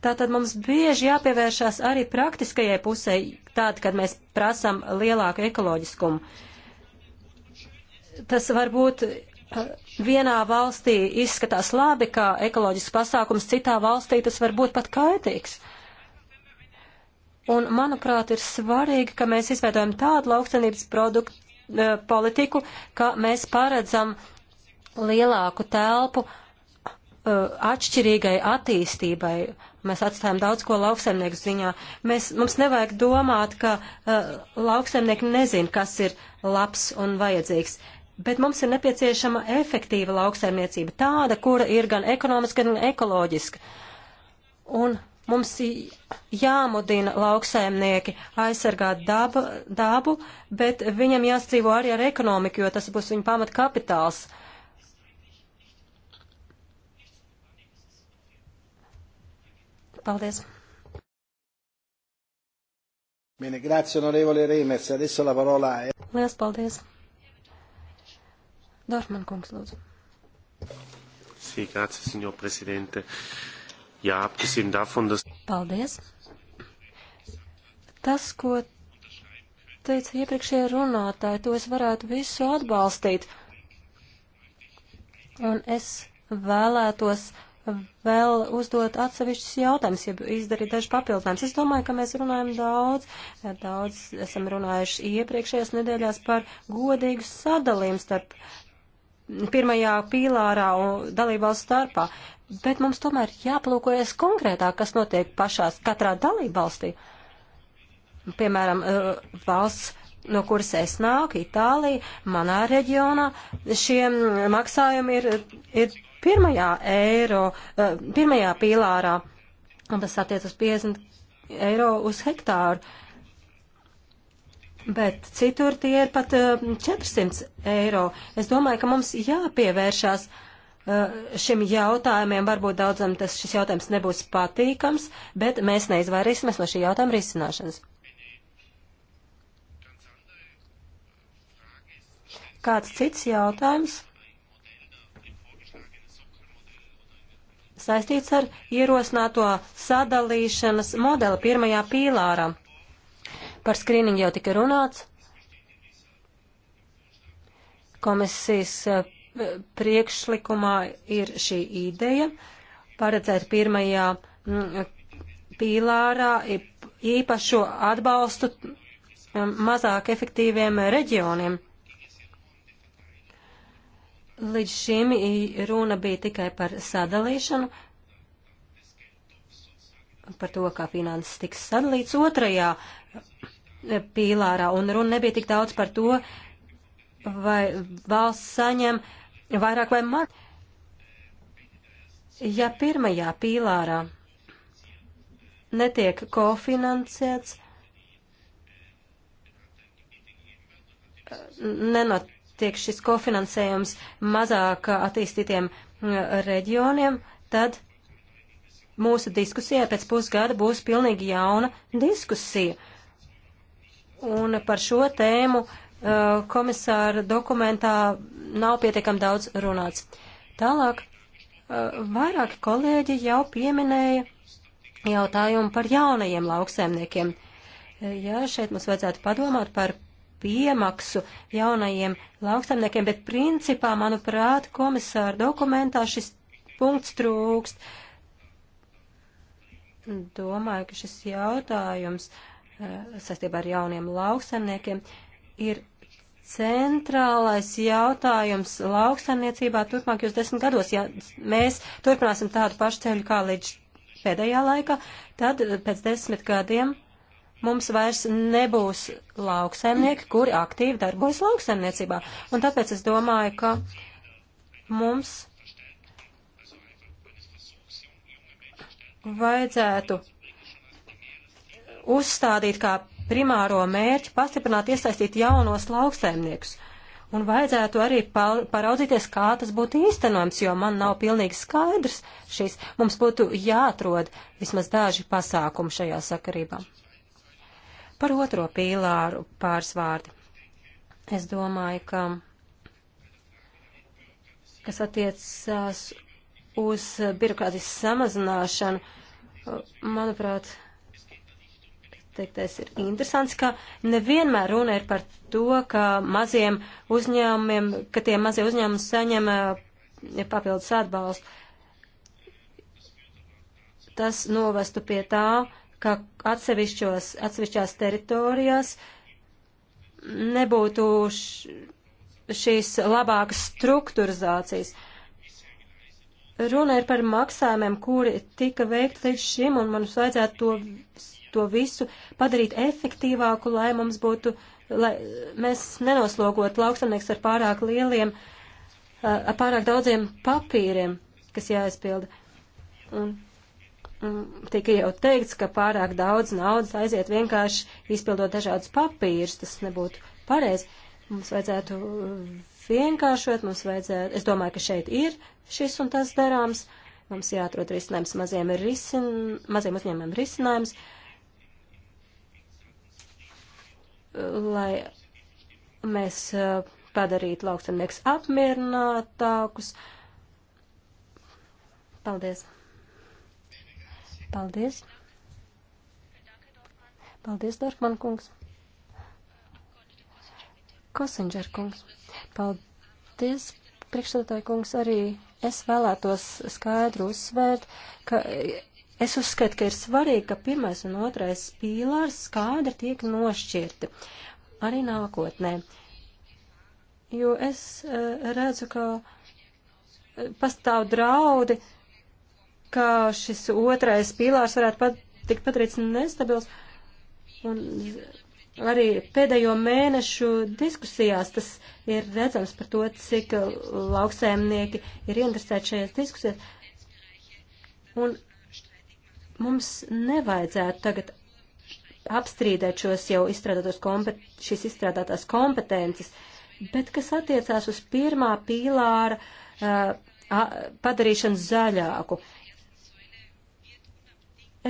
Tātad mums bieži jāpievēršās arī praktiskajai pusē, tād, kad mēs prasam lielāku ekoloģiskumu. Tas varbūt eh, vienā valstī izskatās labi, kā ekoloģisks pasākums, citā valstī tas var būt pat kaitīgs. Un, manuprāt, ir svarīgi, ka mēs izveidojam tādu lauksainības produktu, E, politiku, ka mēs paredzam lielāku telpu e, atšķirīgai attīstībai. Mēs atstājam daudz ko lauksaimnieku ziņā. Mēs, mums nevajag domāt, ka uh, lauksaimnieki nezin, kas ir labs un vajadzīgs. Bet mums ir nepieciešama efektīva lauksaimniecība, tāda, kura ir gan ekonomiska, gan ekoloģiska. Un Mums jāmudina lauksaimnieki aizsargāt dabu, dabu, bet viņam jāsadzīvo arī ar ekonomiku, jo tas būs viņa pamat kapitāls. Paldies. Bene, grazie onorevole Reimers. Adesso la parola è... Lielas paldies. Dorfman kungs, lūdzu. Sī, grazie, signor Presidente. Uh, Jā, abgesehen davon, dass. Paldies! Tas, ko teica iepriekšējie runātāji, to es varētu visu atbalstīt. Un es vēlētos vēl uzdot atsevišķus jautājumus, ja izdarīt dažu papildinājumus. Es domāju, ka mēs runājam daudz, daudz esam runājuši iepriekšējās nedēļās par godīgu sadalījumu starp pirmajā pīlārā un dalībvalsts starpā bet mums tomēr jāplūkojas konkrētāk, kas notiek pašās katrā dalībvalstī. Piemēram, e, valsts, no kuras es nāku, Itālija, manā reģionā, šie maksājumi ir, ir pirmajā eiro, e, pirmajā pīlārā, un tas attiec uz 50 eiro uz hektāru. Bet citur tie ir pat 400 e, eiro. Es domāju, ka mums jāpievēršās uh, Eh, šim jautājumiem. Varbūt daudzam tas šis jautājums nebūs patīkams, bet mēs neizvairīsimies no šī jautājuma risināšanas. Kāds cits jautājums saistīts ar ierosināto sadalīšanas modeli pirmajā pīlārā. Par skrīningu jau tika runāts. Komisijas eh, priekšlikumā ir šī ideja paredzēt pirmajā mm, pīlārā īpašo atbalstu mm, mazāk efektīviem reģioniem. Līdz šim runa bija tikai par sadalīšanu, par to, kā finanses tiks sadalīts otrajā mm, pīlārā, un runa nebija tik daudz par to, vai valsts saņem uh, vairāk vai maz. Ja pirmajā pīlārā netiek kofinansēts, nenotiek šis kofinansējums mazāk attīstītiem reģioniem, tad mūsu diskusijā pēc pusgada būs pilnīgi jauna diskusija. Un par šo tēmu uh, Uh, komisāra dokumentā nav pietiekam daudz runāts. Tālāk, uh, vairāki kolēģi jau pieminēja jautājumu par jaunajiem lauksēmniekiem. Uh, jā, šeit mums vajadzētu padomāt par piemaksu jaunajiem lauksaimniekiem, bet principā, manuprāt, komisāra dokumentā šis punkts trūkst. Domāju, ka šis jautājums saistībā ar jauniem lauksaimniekiem uh, ir centrālais jautājums lauksaimniecībā turpmākajos desmit gados. Ja mēs turpināsim tādu pašu ceļu kā līdz pēdējā laikā, tad pēc desmit gadiem mums vairs nebūs lauksaimnieki, kuri aktīvi darbojas lauksaimniecībā. Un tāpēc es domāju, ka mums vajadzētu uzstādīt kā primāro mērķi pastiprināt iesaistīt jaunos lauksaimniekus. Un vajadzētu arī paraudzīties, kā tas būtu īstenojams, jo man nav pilnīgi skaidrs šis. Mums būtu jāatrod vismaz daži pasākumi šajā sakarībā. Par otro pīlāru pārsvārdi. Es domāju, ka kas attiecas uz birokrātijas samazināšanu, manuprāt, teiktais ir interesants, ka nevienmēr runa ir par to, ka maziem uzņēmumiem, ka tie mazie uzņēmumi saņem eh, papildus atbalstu. Tas novestu pie tā, ka atsevišķos, atsevišķās teritorijās nebūtu š, šīs labākas strukturizācijas. Runa ir par maksājumiem, kuri tika veikti līdz šim, un man vajadzētu to to visu padarīt efektīvāku, lai mums būtu, lai mēs nenoslogot lauksamnieks ar pārāk lieliem, eh, ar pārāk daudziem papīriem, kas jāaizpilda. Un, un tika jau teikts, ka pārāk daudz naudas aiziet vienkārši izpildot dažādus papīrus, tas nebūtu pareizi. Mums vajadzētu vienkāršot, mums vajadzētu, es domāju, ka šeit ir šis un tas darāms, mums jāatrod risinājums maziem, risin, maziem uzņēmumiem risinājums. Uh, lai mēs padarītu lauksamnieks apmierinātākus. Paldies! Paldies! Paldies, Dorfman kungs! Kosinģer kungs! Paldies, priekšstādātāji kungs, arī es vēlētos skaidru uzsvērt, ka Es uzskatu, ka ir svarīgi, ka pirmais un otrais pīlārs skaidri tiek nošķirti arī nākotnē. Jo es eh, redzu, ka eh, pastāv draudi, ka šis otrais pīlārs varētu pat, tikt padarīts nestabils. Un arī pēdējo mēnešu diskusijās tas ir redzams par to, cik eh, lauksēmnieki ir interesēti šajās diskusijās. Un Mums nevajadzētu tagad apstrīdēt šos jau izstrādātos kompet šīs izstrādātās kompetences, bet kas attiecās uz pirmā pīlāra uh, padarīšanu zaļāku.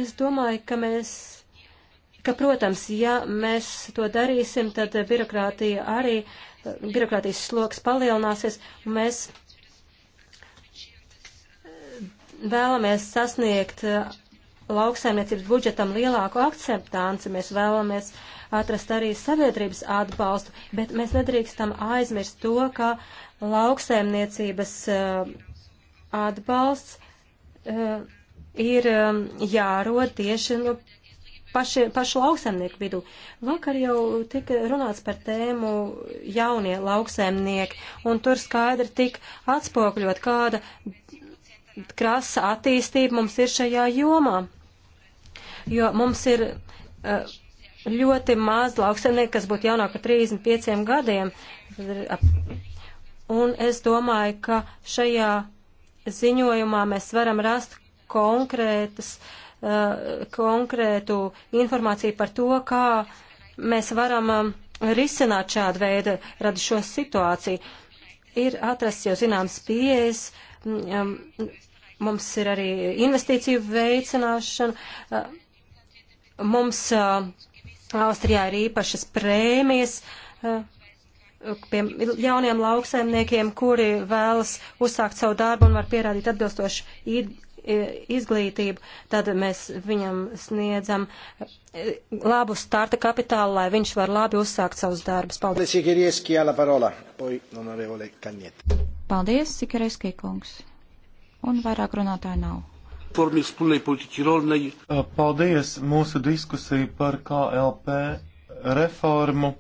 Es domāju, ka mēs, ka, protams, ja mēs to darīsim, tad birokrātija arī, uh, birokrātijas sloks palielināsies, un mēs uh, vēlamies sasniegt uh, lauksaimniecības budžetam lielāku akceptanci, mēs vēlamies atrast arī sabiedrības atbalstu, bet mēs nedrīkstam aizmirst to, ka lauksaimniecības uh, atbalsts uh, ir um, jārod tieši no paši, pašu lauksaimnieku vidū. Vakar jau tika runāts par tēmu jaunie lauksaimnieki, un tur skaidri tika atspokļot, kāda krasa attīstība mums ir šajā jomā jo mums ir uh, ļoti maz lauksaimnieku, kas būtu jaunāk par 35 gadiem. Un es domāju, ka šajā ziņojumā mēs varam rast konkrētas, uh, konkrētu informāciju par to, kā mēs varam um, risināt šādu veidu radušo situāciju. Ir atrasts jau zināms pieejas, um, mums ir arī investīciju veicināšana. Uh, Mums Austrijā ir īpašas prēmijas pie jauniem lauksaimniekiem, kuri vēlas uzsākt savu darbu un var pierādīt atbilstošu izglītību, tad mēs viņam sniedzam labu starta kapitālu, lai viņš var labi uzsākt savus darbus. Paldies. Paldies, Sikereski kungs. Un vairāk runātāju nav. E, paldies! Mūsu diskusija par KLP reformu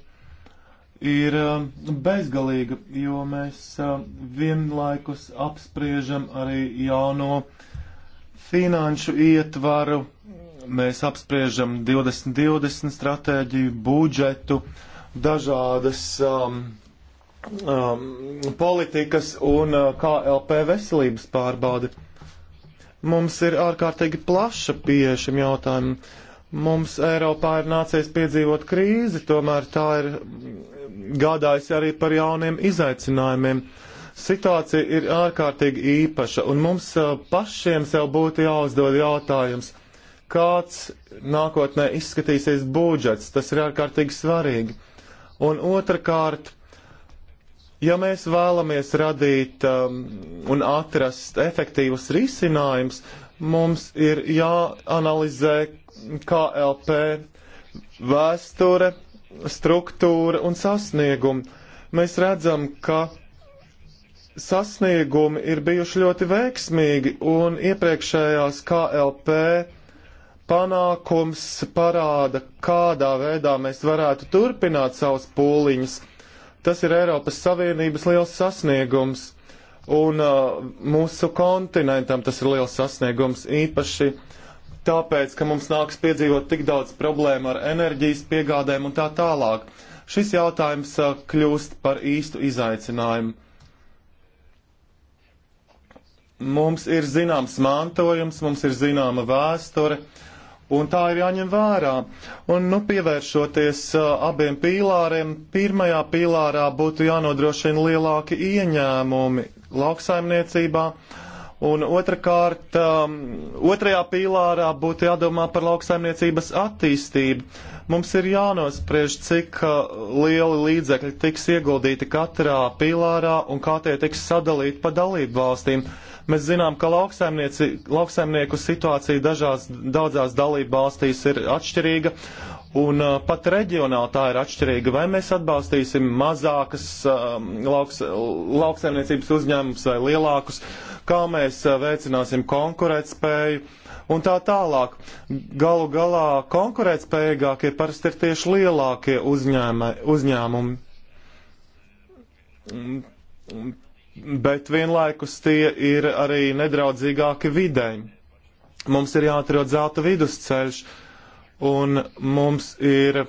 ir e, bezgalīga, jo mēs e, vienlaikus apspriežam arī jauno finanšu ietvaru, mēs apspriežam 2020 stratēģiju, budžetu, dažādas um, um, politikas un uh, KLP veselības pārbaudi. Mums ir ārkārtīgi plaša pieeja šim jautājumam. Mums Eiropā ir nācies piedzīvot krīzi, tomēr tā ir gādājusi arī par jauniem izaicinājumiem. Situācija ir ārkārtīgi īpaša, un mums pašiem sev būtu jāuzdod jautājums, kāds nākotnē izskatīsies budžets, tas ir ārkārtīgi svarīgi. Un otrkārt, Ja mēs vēlamies radīt um, un atrast efektīvus risinājumus, mums ir jāanalizē KLP vēsture, struktūra un sasniegumi. Mēs redzam, ka sasniegumi ir bijuši ļoti veiksmīgi, un iepriekšējās KLP panākums parāda, kādā veidā mēs varētu turpināt savus pūliņus, Tas ir Eiropas Savienības liels sasniegums, un uh, mūsu kontinentam tas ir liels sasniegums īpaši tāpēc, ka mums nāks piedzīvot tik daudz problēmu ar enerģijas piegādēm un tā tālāk. Šis jautājums uh, kļūst par īstu izaicinājumu. Mums ir zināms mantojums, mums ir zināma vēsture, uh, un tā ir jāņem vērā. Un, nu, pievēršoties uh, abiem pīlāriem, pirmajā pīlārā būtu jānodrošina lielāki ieņēmumi lauksaimniecībā, un otrkārt, um, otrajā pīlārā būtu jādomā par lauksaimniecības attīstību. Mums ir jānospriež, cik uh, lieli līdzekļi tiks ieguldīti katrā pīlārā un kā tie tiks sadalīti pa dalību valstīm. Uh, Mēs zinām, ka lauksaimnieku situācija dažās, daudzās dalību valstīs ir atšķirīga, un uh, pat reģionāli tā ir atšķirīga. Vai mēs atbalstīsim mazākas uh, lauks, lauksaimniecības uzņēmumus vai lielākus, kā mēs uh, veicināsim konkurētspēju un tā tālāk. Galu galā konkurētspējīgākie parasti ir tieši lielākie uzņēma, uzņēmumi. Mm, mm bet vienlaikus tie ir arī nedraudzīgāki videi. Mums ir jāatrod zelta vidusceļš, un mums ir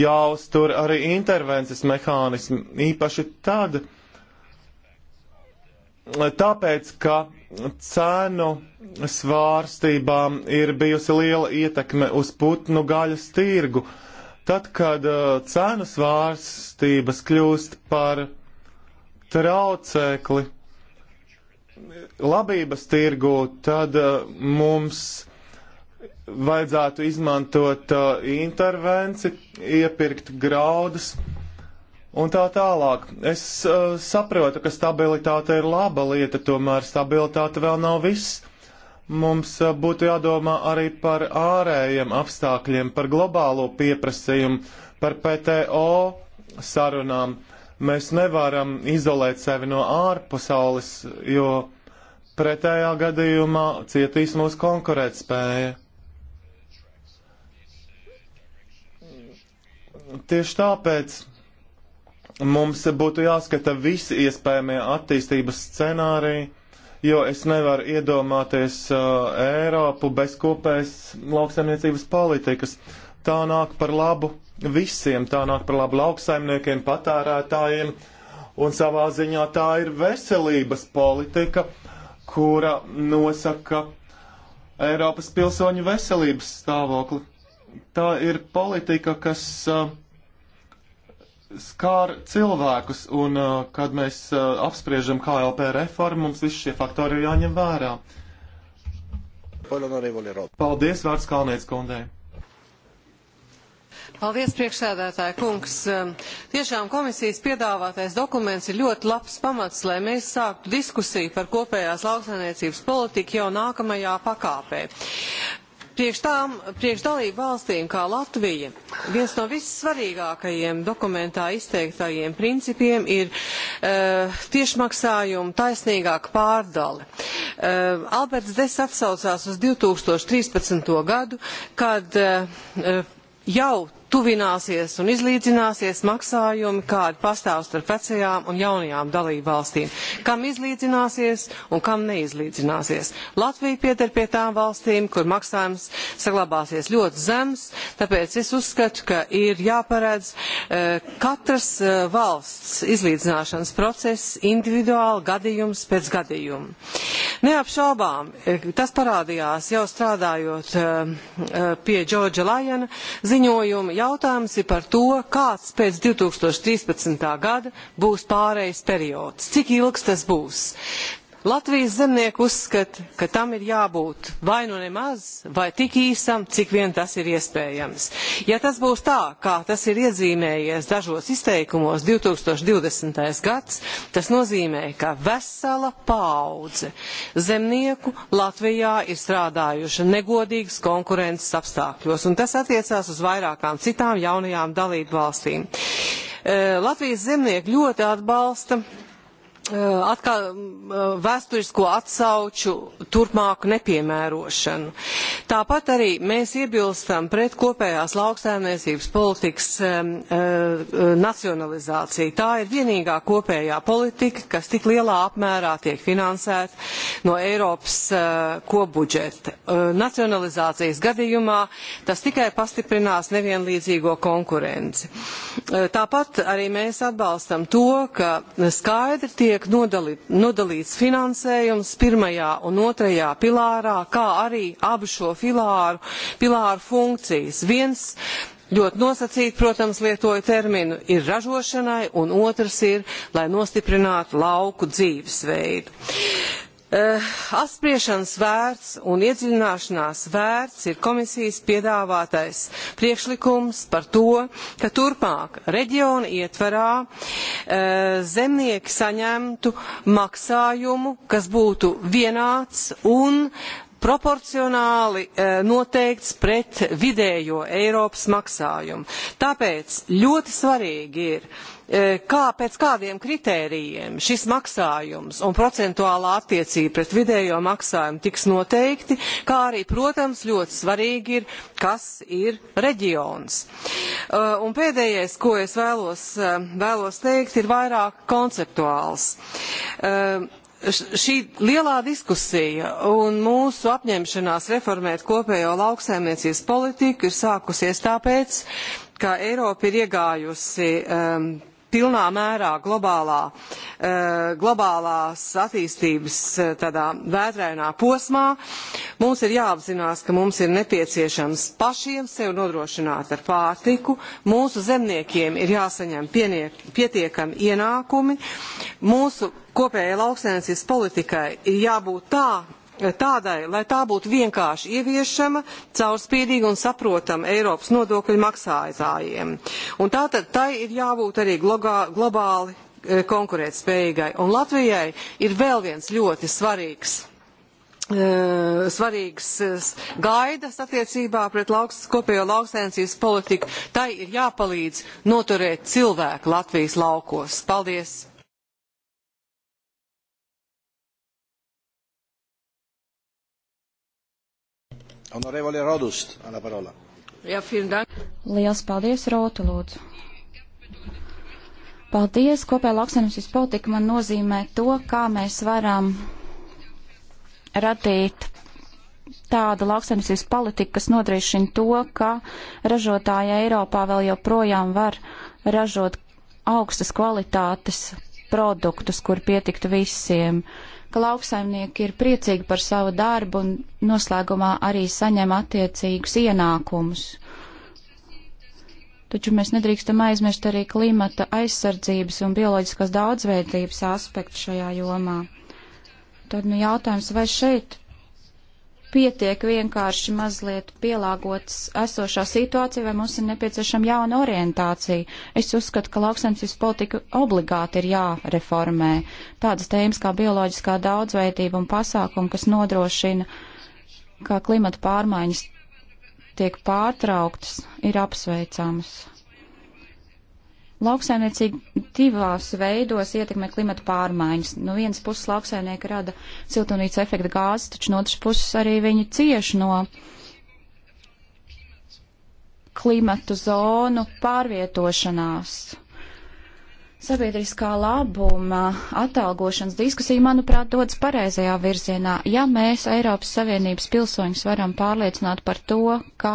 jāuztur arī intervences mehānismi, īpaši tad, tāpēc, ka cēnu svārstībām ir bijusi liela ietekme uz putnu gaļas tirgu. Tad, kad uh, cēnu svārstības kļūst par traucēkli labības tirgu, tad uh, mums vajadzētu izmantot uh, intervenci, iepirkt graudus un tā tālāk. Es uh, saprotu, ka stabilitāte ir laba lieta, tomēr stabilitāte vēl nav viss. Mums uh, būtu jādomā arī par ārējiem apstākļiem, par globālo pieprasījumu, par PTO sarunām. Uh, Mēs nevaram izolēt sevi no ārpasaules, jo pretējā gadījumā cietīs mūsu konkurētspēja. Tieši tāpēc mums būtu jāskata visi iespējamie attīstības scenāriji jo es nevaru iedomāties uh, Eiropu bez kopējas lauksaimniecības politikas. Tā nāk par labu visiem. Tā nāk par labu lauksaimniekiem, patērētājiem, un savā ziņā tā ir veselības politika, kura nosaka Eiropas pilsoņu veselības stāvokli. Tā ir politika, kas uh, skār cilvēkus, un uh, kad mēs uh, apspriežam KLP reformu, mums visi šie faktori ir jāņem vērā. Paldies, vārds Kalnietis kundei! Paldies, priekšsēdētāja kungs. Tiešām komisijas piedāvātais dokuments ir ļoti labs pamats, lai mēs sāktu diskusiju par kopējās lauksainiecības politiku jau nākamajā pakāpē. Priekš tām, priekš dalību valstīm kā Latvija, viens no vissvarīgākajiem dokumentā izteiktajiem principiem ir uh, e, tiešmaksājumu taisnīgāka pārdale. Uh, Alberts Des atsaucās uz 2013. gadu, kad uh, jau tuvināsies un izlīdzināsies maksājumi, kādi pastāv starp vecajām un jaunajām dalību valstīm, kam izlīdzināsies un kam neizlīdzināsies. Latvija pieder pie tām valstīm, kur maksājums saglabāsies ļoti zems, tāpēc es uzskatu, ka ir jāparedz eh, katras eh, valsts izlīdzināšanas process individuāli gadījums pēc gadījuma. Neapšaubām, eh, tas parādījās jau strādājot eh, eh, pie Džordža Lajana ziņojuma, jautājums ir par to, kāds pēc 2013. gada būs pārējais periods, cik ilgs tas būs. Latvijas zemnieki uzskata, ka tam ir jābūt vai nu nemaz, vai tik īsam, cik vien tas ir iespējams. Ja tas būs tā, kā tas ir iezīmējies dažos izteikumos 2020. gads, tas nozīmē, ka vesela paudze zemnieku Latvijā ir strādājuši negodīgas konkurences apstākļos, un tas attiecās uz vairākām citām jaunajām dalību valstīm. E, Latvijas zemnieki ļoti atbalsta atkal vēsturisko atsauču turpmāku nepiemērošanu. Tāpat arī mēs iebilstam pret kopējās lauksēmniecības politikas um, uh, nacionalizāciju. Tā ir vienīgā kopējā politika, kas tik lielā apmērā tiek finansēta no Eiropas uh, kobudžeta. Uh, nacionalizācijas gadījumā tas tikai pastiprinās nevienlīdzīgo konkurenci. Tāpat arī mēs atbalstam to, ka skaidri tiek tiek nodali, nodalīts finansējums pirmajā un otrajā pilārā, kā arī abu šo pilāru, pilāru funkcijas. Viens ļoti nosacīti, protams, lietoju terminu, ir ražošanai, un otrs ir, lai nostiprinātu lauku dzīvesveidu. Eh, apspriešanas vērts un iedziļināšanās vērts ir komisijas piedāvātais priekšlikums par to, ka turpmāk reģiona ietvarā eh, zemnieki saņemtu maksājumu, kas būtu vienāds un proporcionāli eh, noteikts pret vidējo Eiropas maksājumu. Tāpēc ļoti svarīgi ir eh, kā, pēc kādiem kritērijiem šis maksājums un procentuālā attiecība pret vidējo maksājumu tiks noteikti, kā arī, protams, ļoti svarīgi ir, kas ir reģions. Eh, un pēdējais, ko es vēlos, vēlos teikt, ir vairāk konceptuāls šī lielā diskusija un mūsu apņemšanās reformēt kopējo lauksaimniecības politiku ir sākusies tāpēc, ka Eiropa ir iegājusi um, pilnā mērā globālā, eh, globālās attīstības eh, tādā vētrainā posmā. Mums ir jāapzinās, ka mums ir nepieciešams pašiem sev nodrošināt ar pārtiku, mūsu zemniekiem ir jāsaņem pieniek, pietiekami ienākumi, mūsu kopējai lauksēmniecības politikai ir jābūt tā, tādai, lai tā būtu vienkārši ieviešama, caurspīdīga un saprotama Eiropas nodokļu maksājotājiem. Un tātad tai ir jābūt arī globāli e, konkurētspējīgai. Un Latvijai ir vēl viens ļoti svarīgs e, svarīgas e, gaidas attiecībā pret lauks, kopējo lauksainicības politiku. Tai ir jāpalīdz noturēt cilvēku Latvijas laukos. Paldies! Honorevole Rodust, alla parola. Jā, Liels paldies, Rotu, lūdzu. Paldies, kopēja lauksaimniecības politika man nozīmē to, kā mēs varam radīt tādu lauksaimniecības politiku, kas nodrošina to, ka ražotāji Eiropā vēl joprojām var ražot augstas kvalitātes produktus, kur pietiktu visiem. Uh, ka lauksaimnieki ir priecīgi par savu darbu un noslēgumā arī saņem attiecīgus ienākumus. Taču mēs nedrīkstam aizmirst arī klimata aizsardzības un bioloģiskās daudzveidības aspektu šajā jomā. Tad nu jautājums, vai šeit pietiek vienkārši mazliet pielāgotas esošā situācija, vai mums ir nepieciešama jauna orientācija. Es uzskatu, ka lauksaimniecības politika obligāti ir jāreformē. Tādas tēmas kā bioloģiskā daudzveidība un pasākumi, kas nodrošina, ka klimata pārmaiņas tiek pārtrauktas, ir apsveicamas. Lauksaimniecība divās veidos ietekmē klimata pārmaiņas. No vienas puses lauksaimnieki rada siltumnīca efekta gāzes, taču no otras puses arī viņi cieš no klimatu zonu pārvietošanās. Sabiedriskā labuma atalgošanas diskusija, manuprāt, dodas pareizajā virzienā. Ja mēs Eiropas Savienības pilsoņus varam pārliecināt par to, ka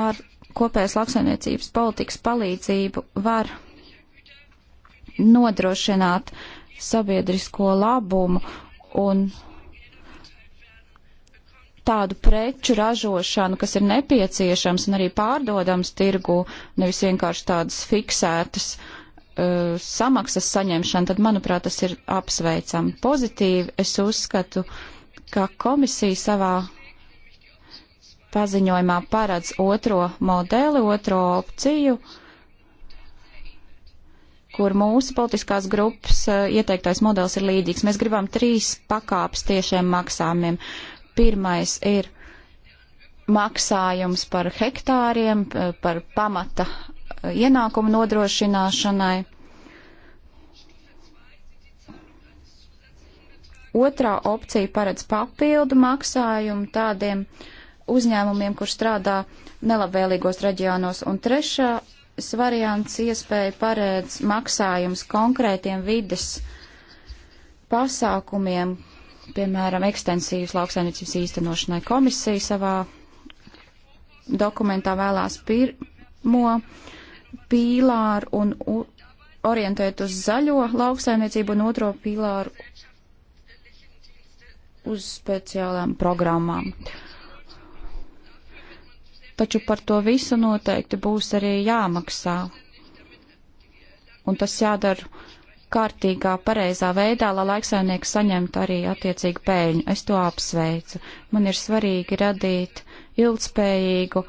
ar kopējas lauksainiecības politikas palīdzību var nodrošināt sabiedrisko labumu un tādu preču ražošanu, kas ir nepieciešams un arī pārdodams tirgu, nevis vienkārši tādas fiksētas uh, samaksas saņemšana, tad, manuprāt, tas ir apsveicami pozitīvi. Es uzskatu, ka komisija savā paziņojumā paredz otro modeli, otro opciju, kur mūsu politiskās grupas e, ieteiktais modelis ir līdzīgs. Mēs gribam trīs pakāpes tiešiem maksājumiem. Pirmais ir maksājums par hektāriem, e, par pamata e, ienākumu nodrošināšanai. Otrā opcija paredz papildu maksājumu tādiem uh, uzņēmumiem, kur strādā nelabvēlīgos reģionos. Un trešais variants iespēja paredz maksājums konkrētiem vides pasākumiem, piemēram, ekstensīvas lauksaimniecības īstenošanai komisija savā dokumentā vēlās pirmo pīlāru un orientēt uz zaļo lauksaimniecību un otro pīlāru uz speciālām programmām. Uh, taču par to visu noteikti būs arī jāmaksā. Un tas jādara kārtīgā, pareizā veidā, lai laiksainieks saņemtu arī attiecīgu pēļņu. Es to apsveicu. Man ir svarīgi radīt ilgspējīgu,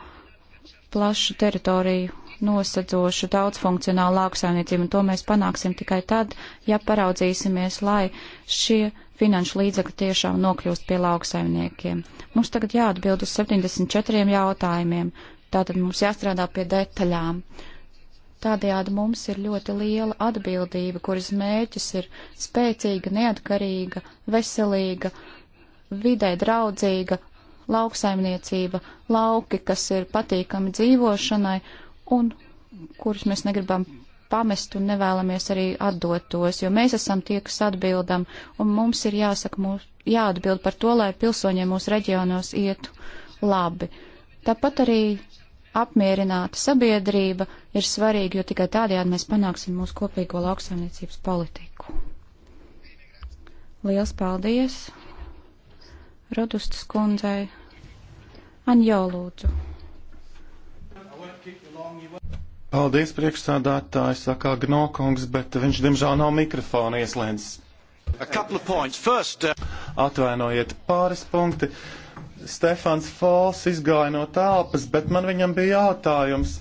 plašu teritoriju nosedzošu daudzfunkcionālu lauksaimniecību, un to mēs panāksim tikai tad, ja paraudzīsimies, lai šie finanšu līdzekļi tiešām nokļūst pie lauksaimniekiem. Mums tagad jāatbild uz 74 jautājumiem, tātad mums jāstrādā pie detaļām. Tādējādi mums ir ļoti liela atbildība, kuras mērķis ir spēcīga, neatkarīga, veselīga, vidē draudzīga lauksaimniecība, lauki, kas ir patīkami dzīvošanai un kurus mēs negribam pamest un nevēlamies arī atdot tos, jo mēs esam tie, kas atbildam, un mums ir jāsaka, mūs, jāatbild par to, lai pilsoņiem mūsu reģionos ietu labi. Tāpat arī apmierināta sabiedrība ir svarīga, jo tikai tādējādi mēs panāksim mūsu kopīgo lauksaimniecības politiku. Liels paldies Rodustas kundzei! Anjo lūdzu! Paldies, priekšsādātāji, saka Gnokungs, bet viņš diemžēl nav mikrofona ieslēdzis. First, uh... Atvainojiet, pāris punkti. Stefans Fāls izgāja no telpas, bet man viņam bija jautājums.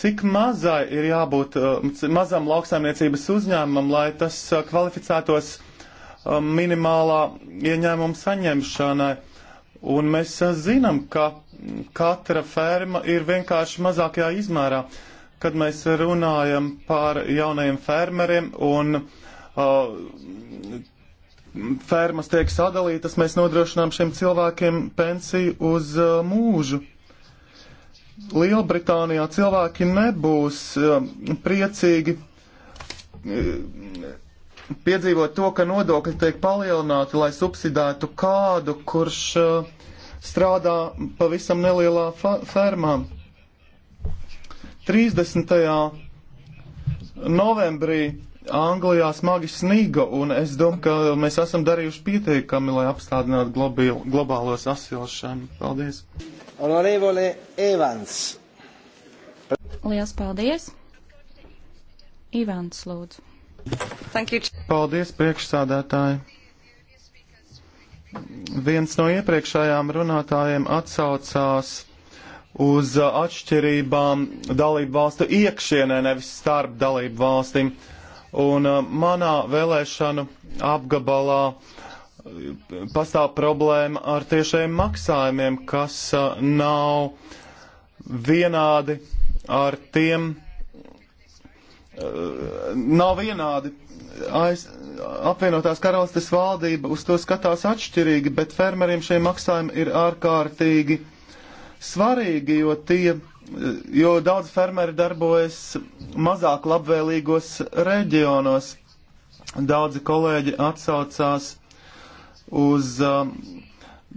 Cik mazai ir jābūt um, mazam lauksaimniecības uzņēmumam, lai tas uh, kvalificētos um, minimālā ieņēmuma saņemšanai? Un mēs uh, zinām, ka katra ferma ir vienkārši mazākajā izmērā. Uh, kad mēs runājam par jaunajiem fermeriem un uh, fermas tiek sadalītas, mēs nodrošinām šiem cilvēkiem pensiju uz uh, mūžu. Lielbritānijā cilvēki nebūs uh, priecīgi uh, piedzīvot to, ka nodokļi tiek palielināti, lai subsidētu kādu, kurš uh, strādā pavisam nelielā fermā. 30. novembrī Anglijā smagi snīga, un es domāju, ka mēs esam darījuši pietiekami, lai apstādinātu globīl, globālo sasilšanu. Paldies! Honorevole Evans. Lielas paldies! Ivans, lūdzu. Thank you. Paldies, priekšsādātāji! Viens no iepriekšējām runātājiem atsaucās uz uh, atšķirībām dalību valstu iekšienē, nevis starp dalību valstīm. Un uh, manā vēlēšanu apgabalā uh, pastāv problēma ar tiešiem maksājumiem, kas nav vienādi ar tiem, nav vienādi. Aiz, apvienotās karalistes valdība uz to skatās atšķirīgi, bet fermeriem šie maksājumi ir ārkārtīgi uh, svarīgi, jo, tie, jo daudz fermeri darbojas mazāk labvēlīgos reģionos. Daudzi kolēģi atsaucās uz um,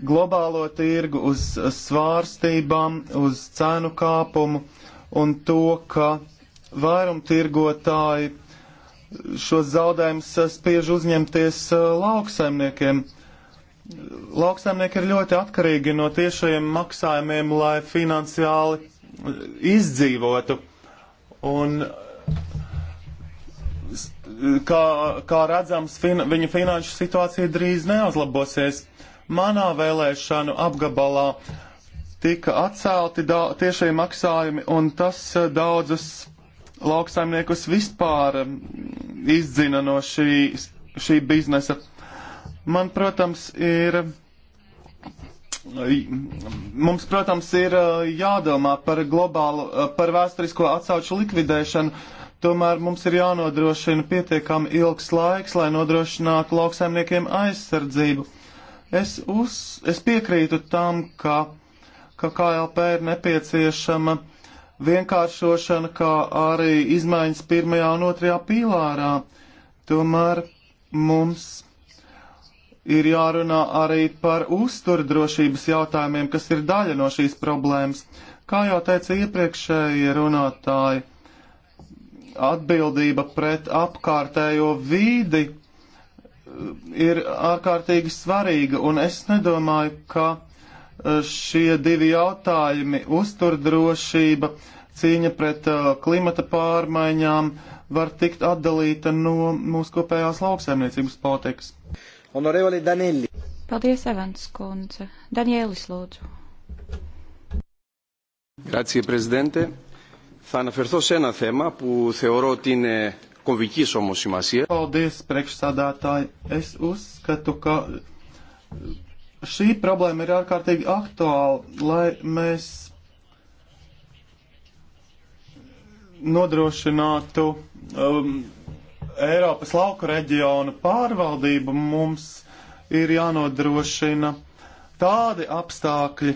globālo tirgu, uz svārstībām, uz cenu kāpumu un to, ka vairumtirgotāji šos zaudējumus spiež uzņemties uh, lauksaimniekiem. Uh, Lauksaimnieki ir ļoti atkarīgi no tiešajiem maksājumiem, lai finansiāli izdzīvotu. Un, kā, kā redzams, fin, viņa finanšu situācija drīz neuzlabosies. Manā vēlēšanu apgabalā tika atcelti tiešie maksājumi, un tas e, daudzus lauksaimniekus vispār izdzina no šī, šī biznesa. Man, protams, ir. Mums, protams, ir eh, jādomā par globālu, eh, par vēsturisko atsauču likvidēšanu, tomēr mums ir jānodrošina pietiekami ilgs laiks, lai nodrošinātu lauksaimniekiem aizsardzību. Es, uz, es piekrītu tam, ka, ka KLP ir nepieciešama vienkāršošana, kā arī izmaiņas pirmajā un otrajā pīlārā. Tomēr mums ir jārunā arī par uzturdrošības jautājumiem, kas ir daļa no šīs problēmas. Kā jau teica iepriekšējie runātāji, atbildība pret apkārtējo vīdi uh, ir ārkārtīgi svarīga, un es nedomāju, ka uh, šie divi jautājumi - uzturdrošība, cīņa pret uh, klimata pārmaiņām var tikt atdalīta no mūsu kopējās lauksaimniecības politikas. Honorevole Danelli. Paldies, Evans kundze. Danielis, lūdzu. Grazie, prezidente. Θα αναφερθώ σε ένα θέμα που θεωρώ ότι είναι κομβικής όμως σημασία. Paldies, priekšsādātāji. Es uzskatu, ka šī problēma ir ārkārtīgi aktuāla, lai mēs nodrošinātu um, Eiropas lauku reģionu pārvaldību mums ir jānodrošina tādi apstākļi,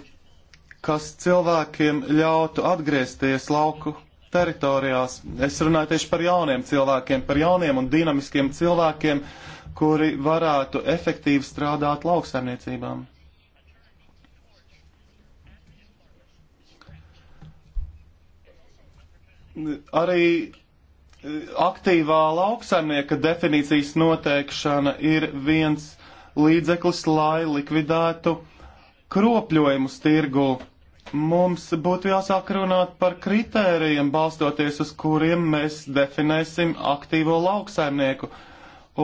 kas cilvēkiem ļautu atgriezties lauku teritorijās. Es runāju tieši par jauniem cilvēkiem, par jauniem un dinamiskiem cilvēkiem, kuri varētu efektīvi strādāt lauksaimniecībām. Arī aktīvā lauksaimnieka definīcijas noteikšana ir viens līdzeklis, lai likvidētu kropļojumus tirgu. Mums būtu jāsāk runāt par kritērijiem, balstoties uz kuriem mēs definēsim aktīvo lauksaimnieku.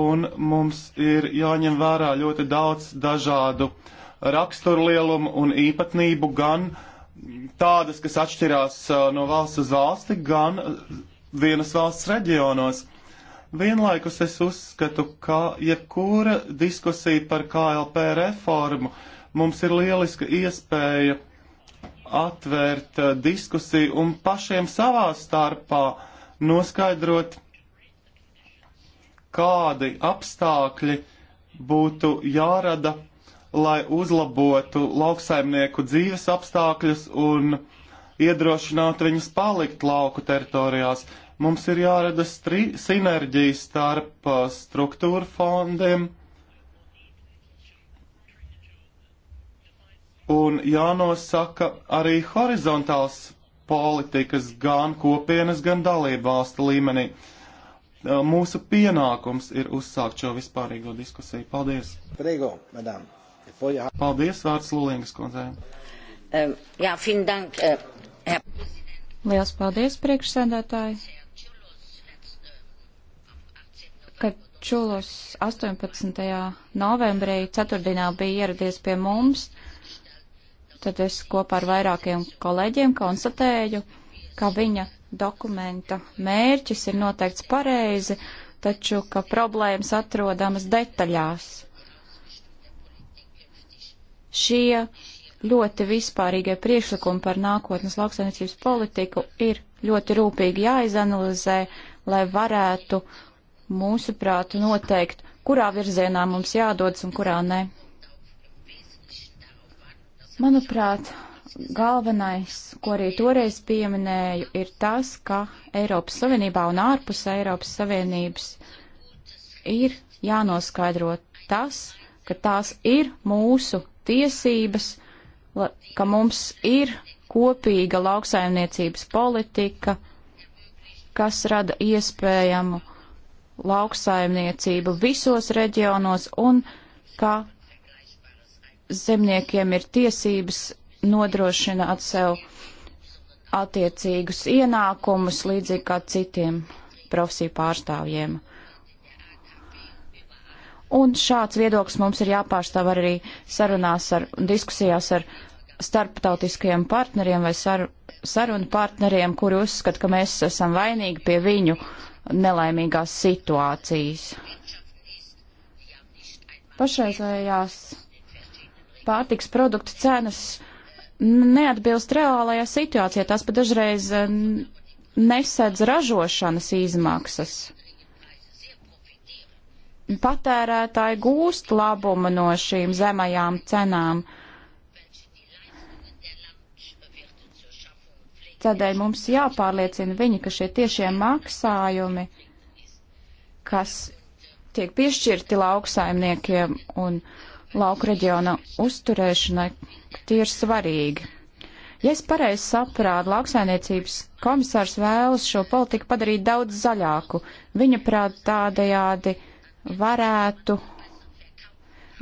Un mums ir jāņem vērā ļoti daudz dažādu raksturlielumu un īpatnību, gan tādas, kas atšķirās uh, no valsts uz valsti, gan vienas valsts reģionos. Vienlaikus es uzskatu, ka jebkura diskusija par KLP reformu mums ir lieliska iespēja atvērt eh, diskusiju un pašiem savā starpā noskaidrot, kādi apstākļi būtu jārada, lai uzlabotu lauksaimnieku dzīves apstākļus un iedrošinātu viņus palikt lauku teritorijās. Mums ir jārada sinerģija starp uh, struktūra fondiem un jānosaka arī horizontāls politikas gan kopienas, gan dalību valstu līmenī. Uh, mūsu pienākums ir uzsākt šo vispārīgo diskusiju. Paldies! Priego, madam. E paldies, vārds Lulīngas kundzei. Um, jā, fin dank. Uh, Liels paldies, priekšsēdētāji! ka Čulos 18. novembrī ceturtdienā bija ieradies pie mums, tad es kopā ar vairākiem kolēģiem konstatēju, ka viņa dokumenta mērķis ir noteikts pareizi, taču ka problēmas atrodamas detaļās. Šie ļoti vispārīgie priekšlikumi par nākotnes lauksaimniecības politiku ir ļoti rūpīgi jāizanalizē, lai varētu mūsuprāt, noteikt, kurā virzienā mums jādodas un kurā nē. Manuprāt, galvenais, ko arī toreiz pieminēju, ir tas, ka Eiropas Savienībā un ārpus Eiropas Savienības ir jānoskaidro tas, ka tās ir mūsu tiesības, ka mums ir kopīga lauksaimniecības politika, kas rada iespējamu lauksaimniecību visos reģionos un ka zemniekiem ir tiesības nodrošināt sev attiecīgus ienākumus, līdzīgi kā citiem profesiju pārstāvjiem. Un šāds viedoklis mums ir jāpārstāv arī sarunās ar diskusijās ar starptautiskajiem partneriem vai sar, sarunu partneriem, kuri uzskata, ka mēs esam vainīgi pie viņu uh, nelaimīgās situācijas. Pašreizējās pārtiks produktu cenas neatbilst reālajā situācijā, tās pat dažreiz eh, nesedz ražošanas izmaksas. Patērētāji gūst labumu no šīm zemajām cenām Tādēļ mums jāpārliecina viņi, ka šie tiešie maksājumi, kas tiek piešķirti lauksaimniekiem un lauku reģiona uzturēšanai, tie ir svarīgi. Ja es pareizi saprātu, lauksainiecības komisārs vēlas šo politiku padarīt daudz zaļāku. Viņa prāt tādējādi varētu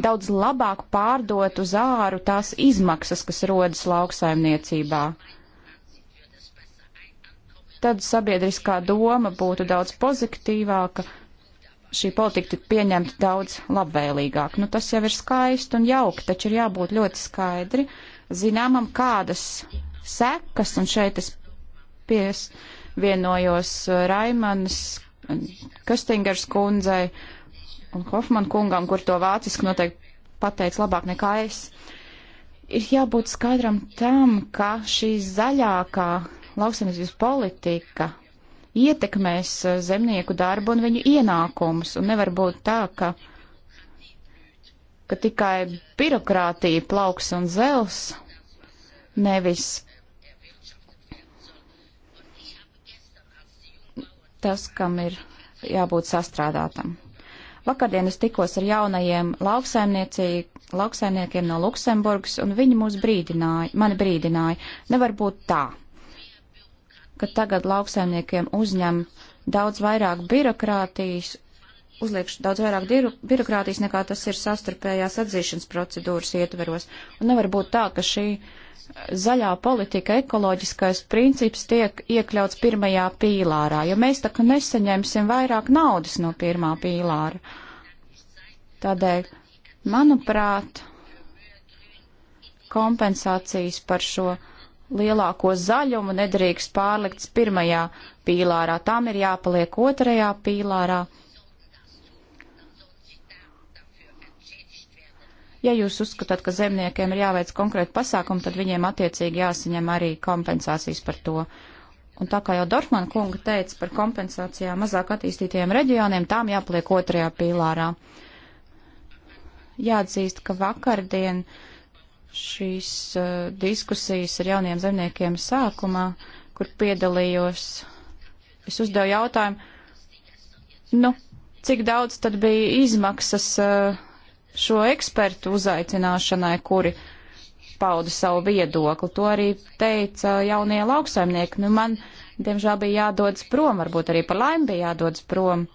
daudz labāk pārdot uz āru tās izmaksas, kas rodas lauksaimniecībā tad sabiedriskā doma būtu daudz pozitīvāka, šī politika tiktu pieņemta daudz labvēlīgāk. Nu, tas jau ir skaisti un jauki, taču ir jābūt ļoti skaidri zināmam, kādas sekas, un šeit es pievienojos uh, Raimanas Kastingers kundzei un Hofman kungam, kur to vāciski noteikti pateica labāk nekā es. Ir jābūt skaidram tam, ka šī zaļākā lauksaimniecības politika ietekmēs uh, zemnieku darbu un viņu ienākumus. Un nevar būt tā, ka, ka tikai birokrātija plauks un zels, nevis tas, kam ir jābūt sastrādātam. Vakardien es tikos ar jaunajiem lauksaimniekiem no Luksemburgas, un viņi mūs brīdināja, mani brīdināja, nevar būt tā, ka tagad lauksaimniekiem uzņem daudz vairāk birokrātijas, uzliekš daudz vairāk birokrātijas nekā tas ir sastarpējās atzīšanas procedūras ietveros. Un nevar būt tā, ka šī zaļā politika, ekoloģiskais princips tiek iekļauts pirmajā pīlārā, jo mēs tā kā nesaņemsim vairāk naudas no pirmā pīlāra. Tādēļ, manuprāt, kompensācijas par šo lielāko zaļumu nedrīkst pārlikts pirmajā pīlārā, tam ir jāpaliek otrajā pīlārā. Ja jūs uzskatāt, ka zemniekiem ir jāveic konkrēti pasākumi, tad viņiem attiecīgi jāsaņem arī kompensācijas par to. Un tā kā jau Dorfman kunga teica par kompensācijām mazāk attīstītajiem reģioniem, tām jāpaliek otrajā pīlārā. Jāatzīst, ka vakardien uh, šīs uh, diskusijas ar jauniem zemniekiem sākumā, kur piedalījos, es uzdevu jautājumu, nu, cik daudz tad bija izmaksas uh, šo ekspertu uzaicināšanai, kuri pauda savu viedokli. To arī teica jaunie lauksaimnieki. Nu, man, diemžēl, bija jādodas prom, varbūt arī par laimi bija jādodas prom.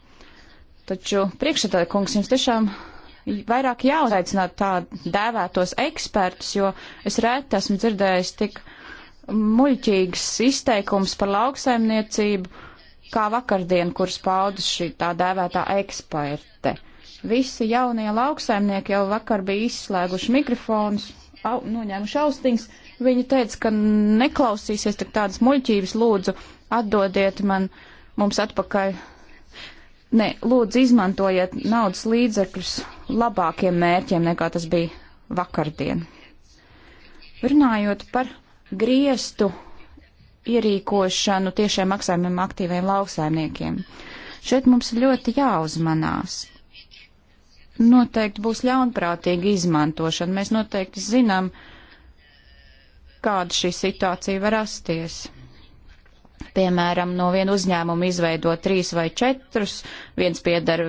Taču priekšsēdētāj kungs jums tiešām vairāk jāuzaicināt tādu dēvētos ekspertus, jo es reti esmu dzirdējis tik muļķīgas izteikums par lauksaimniecību, kā vakardien, kuras paudus šī tā dēvētā eksperte. Visi jaunie lauksaimnieki jau vakar bija izslēguši mikrofonus, au, noņēmuši austiņas. Viņa teica, ka neklausīsies tik tādas muļķības, lūdzu, atdodiet man mums atpakaļ. Nē, lūdzu, izmantojiet naudas līdzekļus labākiem mērķiem, nekā tas bija vakardien. Runājot par griestu ierīkošanu tiešiem maksājumiem aktīviem lauksaimniekiem. Šeit mums ļoti jāuzmanās. Noteikti būs ļaunprātīga izmantošana. Mēs noteikti zinām, kāda šī situācija var rasties piemēram, no viena uzņēmuma izveido trīs vai četrus, viens pieder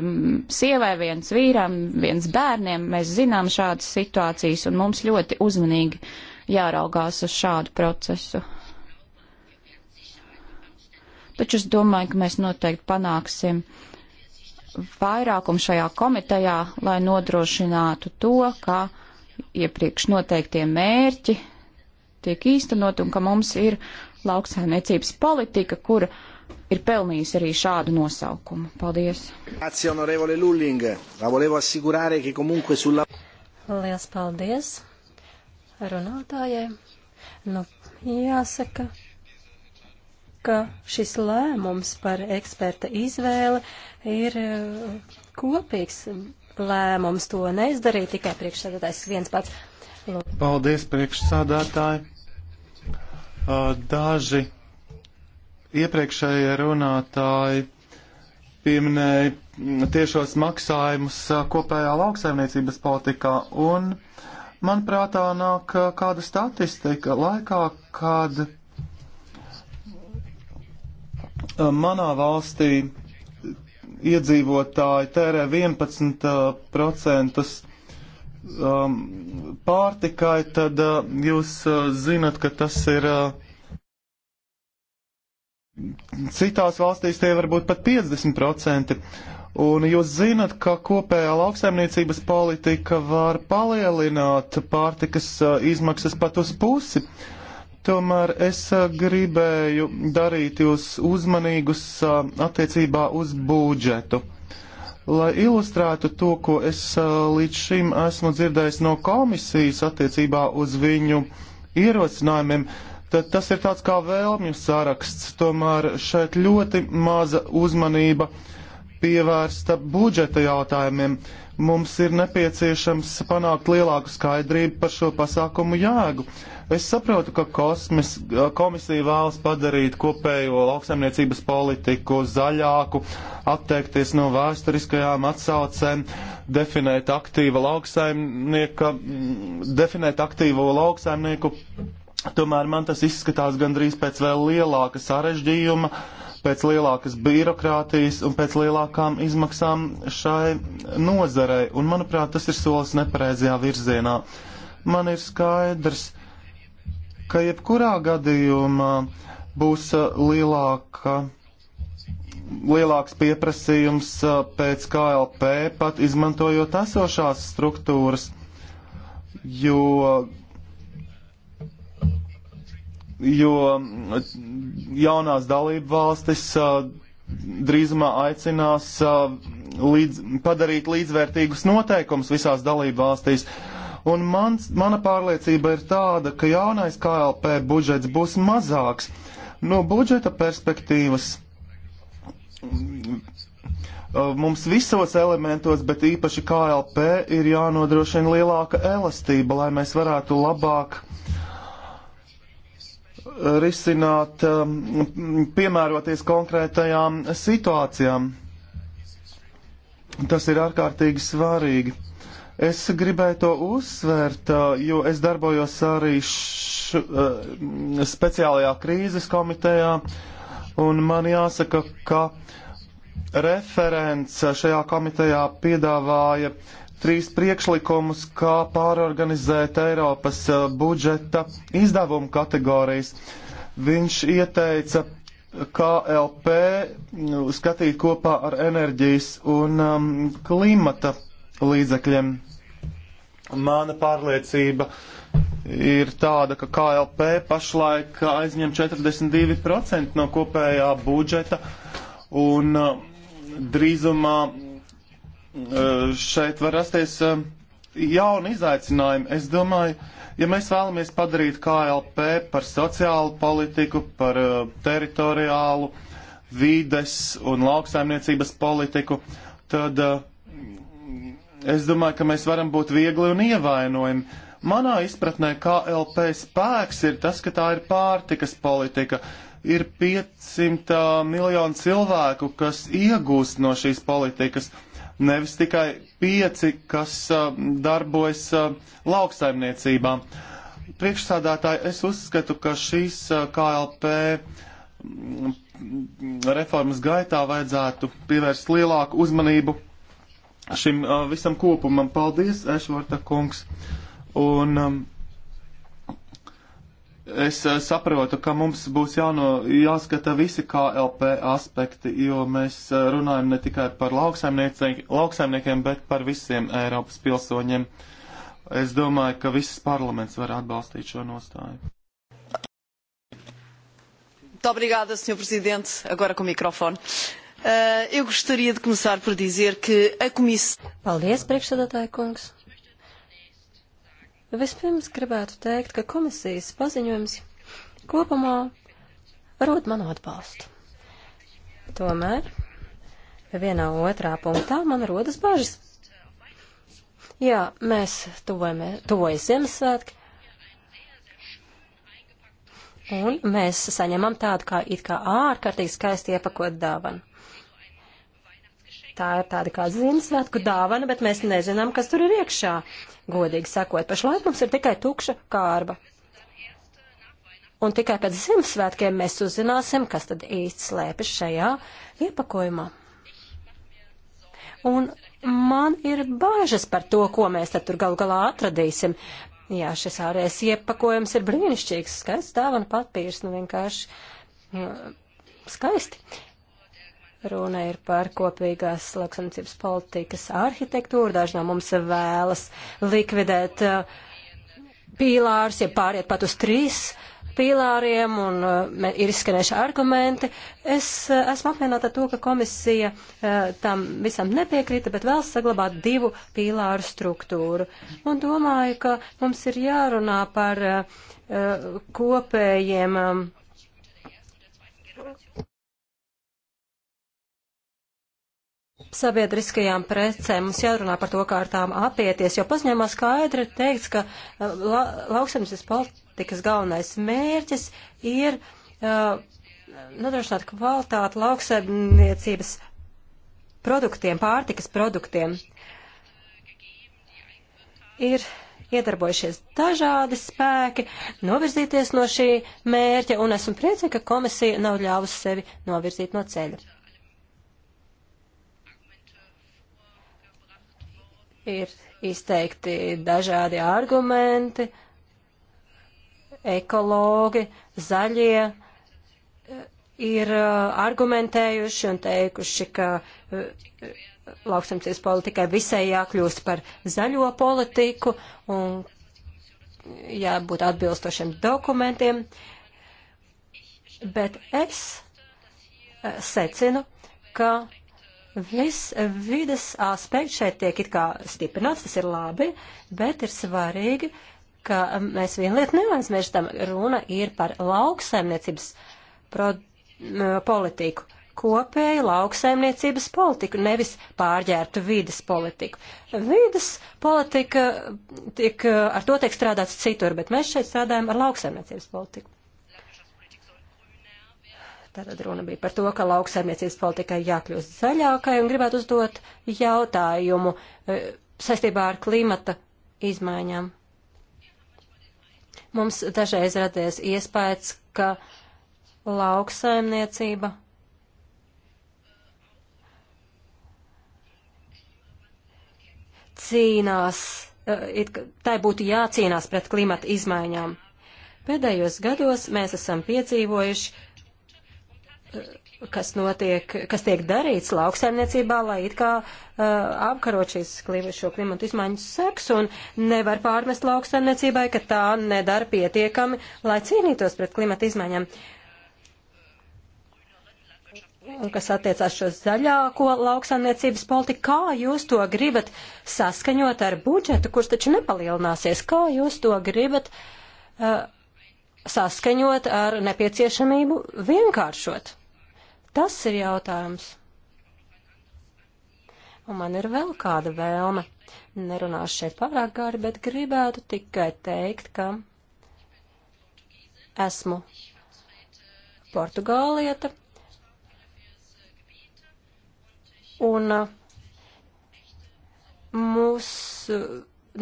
sievai, viens vīram, viens bērniem. Mēs zinām šādas situācijas un mums ļoti uzmanīgi jāraugās uz šādu procesu. Taču es domāju, ka mēs noteikti panāksim vairākumu šajā komitejā, lai nodrošinātu to, ka iepriekš noteiktie mērķi tiek īstenot un ka mums ir lauksaimniecības politika, kura ir pelnījusi arī šādu nosaukumu. Paldies! Liels paldies runātājai! Nu, jāsaka, ka šis lēmums par eksperta izvēli ir eh, kopīgs lēmums. To neizdarīja tikai priekšsēdētājs viens pats. Lūd. Paldies, priekšsēdētāji! Daži iepriekšējie runātāji pieminēja tiešos maksājumus kopējā lauksaimniecības politikā, un man prātā nāk kāda statistika laikā, kad manā valstī iedzīvotāji tērē 11% um, pārtikai, tad uh, jūs uh, zinat, ka tas ir. Uh, Citās valstīs tie var būt pat 50%. Un jūs zinat, ka kopējā lauksaimniecības politika var palielināt pārtikas uh, izmaksas pat uz pusi. Tomēr es uh, gribēju darīt jūs uzmanīgus uh, attiecībā uz budžetu. Lai ilustrētu to, ko es eh, līdz šim esmu dzirdējis no komisijas attiecībā uz viņu ierosinājumiem, tad tas ir tāds kā vēlmju saraksts. Tomēr šeit ļoti maza uzmanība pievērsta budžeta jautājumiem. Uh, Mums ir nepieciešams panākt lielāku skaidrību par šo pasākumu jēgu. Es saprotu, ka kosmis, komisija vēlas padarīt kopējo lauksaimniecības politiku zaļāku, atteikties no vēsturiskajām atsaucēm, definēt, aktīva mm, definēt aktīvo lauksaimnieku. Tomēr man tas izskatās gandrīz pēc vēl lielāka sarežģījuma. Uh, pēc lielākas birokrātijas un pēc lielākām izmaksām šai nozarei. Un, manuprāt, tas ir solis nepareizajā virzienā. Man ir skaidrs, ka jebkurā gadījumā būs uh, lielāka lielāks pieprasījums uh, pēc KLP, pat izmantojot esošās struktūras, jo jo mm, jaunās dalību valstis drīzumā aicinās līdz, padarīt līdzvērtīgus noteikumus visās dalību valstīs. Un mans, mana pārliecība ir tāda, ka jaunais KLP budžets būs mazāks. No budžeta perspektīvas mums visos elementos, bet īpaši KLP, ir jānodrošina lielāka elastība, lai mēs varētu labāk uh, risināt, um, piemēroties konkrētajām situācijām. Tas ir ārkārtīgi svarīgi. Es gribēju to uzsvērt, uh, jo es darbojos arī š, uh, speciālajā krīzes komitejā, un man jāsaka, ka referents šajā komitejā piedāvāja trīs priekšlikumus, kā pārorganizēt Eiropas eh, budžeta izdevumu kategorijas. Viņš ieteica KLP mm, skatīt kopā ar enerģijas un um, klimata līdzekļiem. Mana pārliecība ir tāda, ka KLP pašlaik aizņem 42% no kopējā budžeta un uh, drīzumā šeit var rasties jauni izaicinājumi. Es domāju, ja mēs vēlamies padarīt KLP par sociālu politiku, par teritoriālu, vides un lauksaimniecības politiku, tad es domāju, ka mēs varam būt viegli un ievainojami. Manā izpratnē KLP spēks ir tas, ka tā ir pārtikas politika. Ir 500 miljonu cilvēku, kas iegūst no šīs politikas. Uh, nevis tikai pieci, kas darbojas lauksaimniecībā. Priekšsādātāji, es uzskatu, ka šīs KLP reformas gaitā vajadzētu pievērst lielāku uzmanību šim visam kopumam. Paldies, Ešvarta kungs! Un, um, Es eh, saprotu, ka mums būs jāno, jāskata visi KLP aspekti, jo mēs eh, runājam ne tikai par lauksaimniekiem, bet par visiem Eiropas pilsoņiem. Es domāju, ka viss parlaments var atbalstīt šo nostāju. Obrigada, Sr. Presidente. Agora com o microfone. Uh, eu gostaria de começar por dizer que a Comissão. Paldies, priekšsēdētāja kungs. Vispirms gribētu teikt, ka komisijas paziņojums kopumā rod manu atbalstu. Tomēr vienā otrā punktā man rodas bažas. Jā, mēs tuvojas Ziemassvētki, un mēs saņemam tādu kā it kā ārkārtīgi skaisti iepakot dāvanu. Tā ir tāda kā Ziemassvētku dāvana, bet mēs nezinām, kas tur ir iekšā. Godīgi sakot, pašlaik mums ir tikai tukša kārba. Un tikai pēc Ziemassvētkiem mēs uzzināsim, kas tad īsti slēpjas šajā iepakojumā. Un man ir bāžas par to, ko mēs tad tur galu galā atradīsim. Jā, šis ārējais iepakojums ir brīnišķīgs, skaists dāvana papīrs, nu vienkārši nu, skaisti. Runa ir par kopīgās lauksaimniecības politikas arhitektūru. Daži no mums vēlas likvidēt uh, pīlārs, ja pāriet pat uz trīs pīlāriem, un uh, ir izskanējuši argumenti. Es uh, esmu apmierināta to, ka komisija uh, tam visam nepiekrita, bet vēl saglabāt divu pīlāru struktūru. Un domāju, ka mums ir jārunā par uh, uh kopējiem. Um, sabiedriskajām precēm. Mums jārunā par to, kā ar tām apieties, jo paziņojumā skaidri teikts, ka uh, la, lauksemsis politikas galvenais mērķis ir uh, nodrošināt kvalitāti lauksaimniecības produktiem, pārtikas produktiem. Ir iedarbojušies dažādi spēki, novirzīties no šī mērķa, un esmu priecīga, ka komisija nav ļāvusi sevi novirzīt no ceļa. Ir izteikti dažādi argumenti, ekologi, zaļie eh, ir eh, argumentējuši un teikuši, ka eh, lauksamcības politikai visai jākļūst par zaļo politiku un jābūt atbilstošiem dokumentiem. Bet es secinu, ka Viss vides aspekts šeit tiek it kā stiprināts, tas ir labi, bet ir svarīgi, ka mēs vienu lietu neaizmirstam. Runa ir par lauksaimniecības pro, politiku, kopēju lauksaimniecības politiku, nevis pārģērtu vides politiku. Vides politika, tik, ar to tiek strādāts citur, bet mēs šeit strādājam ar lauksaimniecības politiku. Tātad runa bija par to, ka lauksaimniecības politikai jākļūst zaļākai un gribētu uzdot jautājumu e, saistībā ar klimata izmaiņām. Mums dažreiz radies iespējas, ka lauksaimniecība cīnās, e, it, tai būtu jācīnās pret klimata izmaiņām. Pēdējos gados mēs esam piedzīvojuši kas, notiek, kas tiek darīts lauksaimniecībā, lai it kā uh, apkarot šīs klima, šo klimatu izmaiņu seks un nevar pārmest lauksaimniecībai, ka tā nedara pietiekami, lai cīnītos pret klimatu izmaiņām. Un kas attiecās šo zaļāko lauksaimniecības politiku, kā jūs to gribat saskaņot ar budžetu, kurš taču nepalielināsies, kā jūs to gribat uh, saskaņot ar nepieciešamību vienkāršot? Tas ir jautājums. Un man ir vēl kāda vēlme. Nerunāšu šeit pārāk gari, bet gribētu tikai teikt, ka esmu portugālieta. Un uh, mūs uh,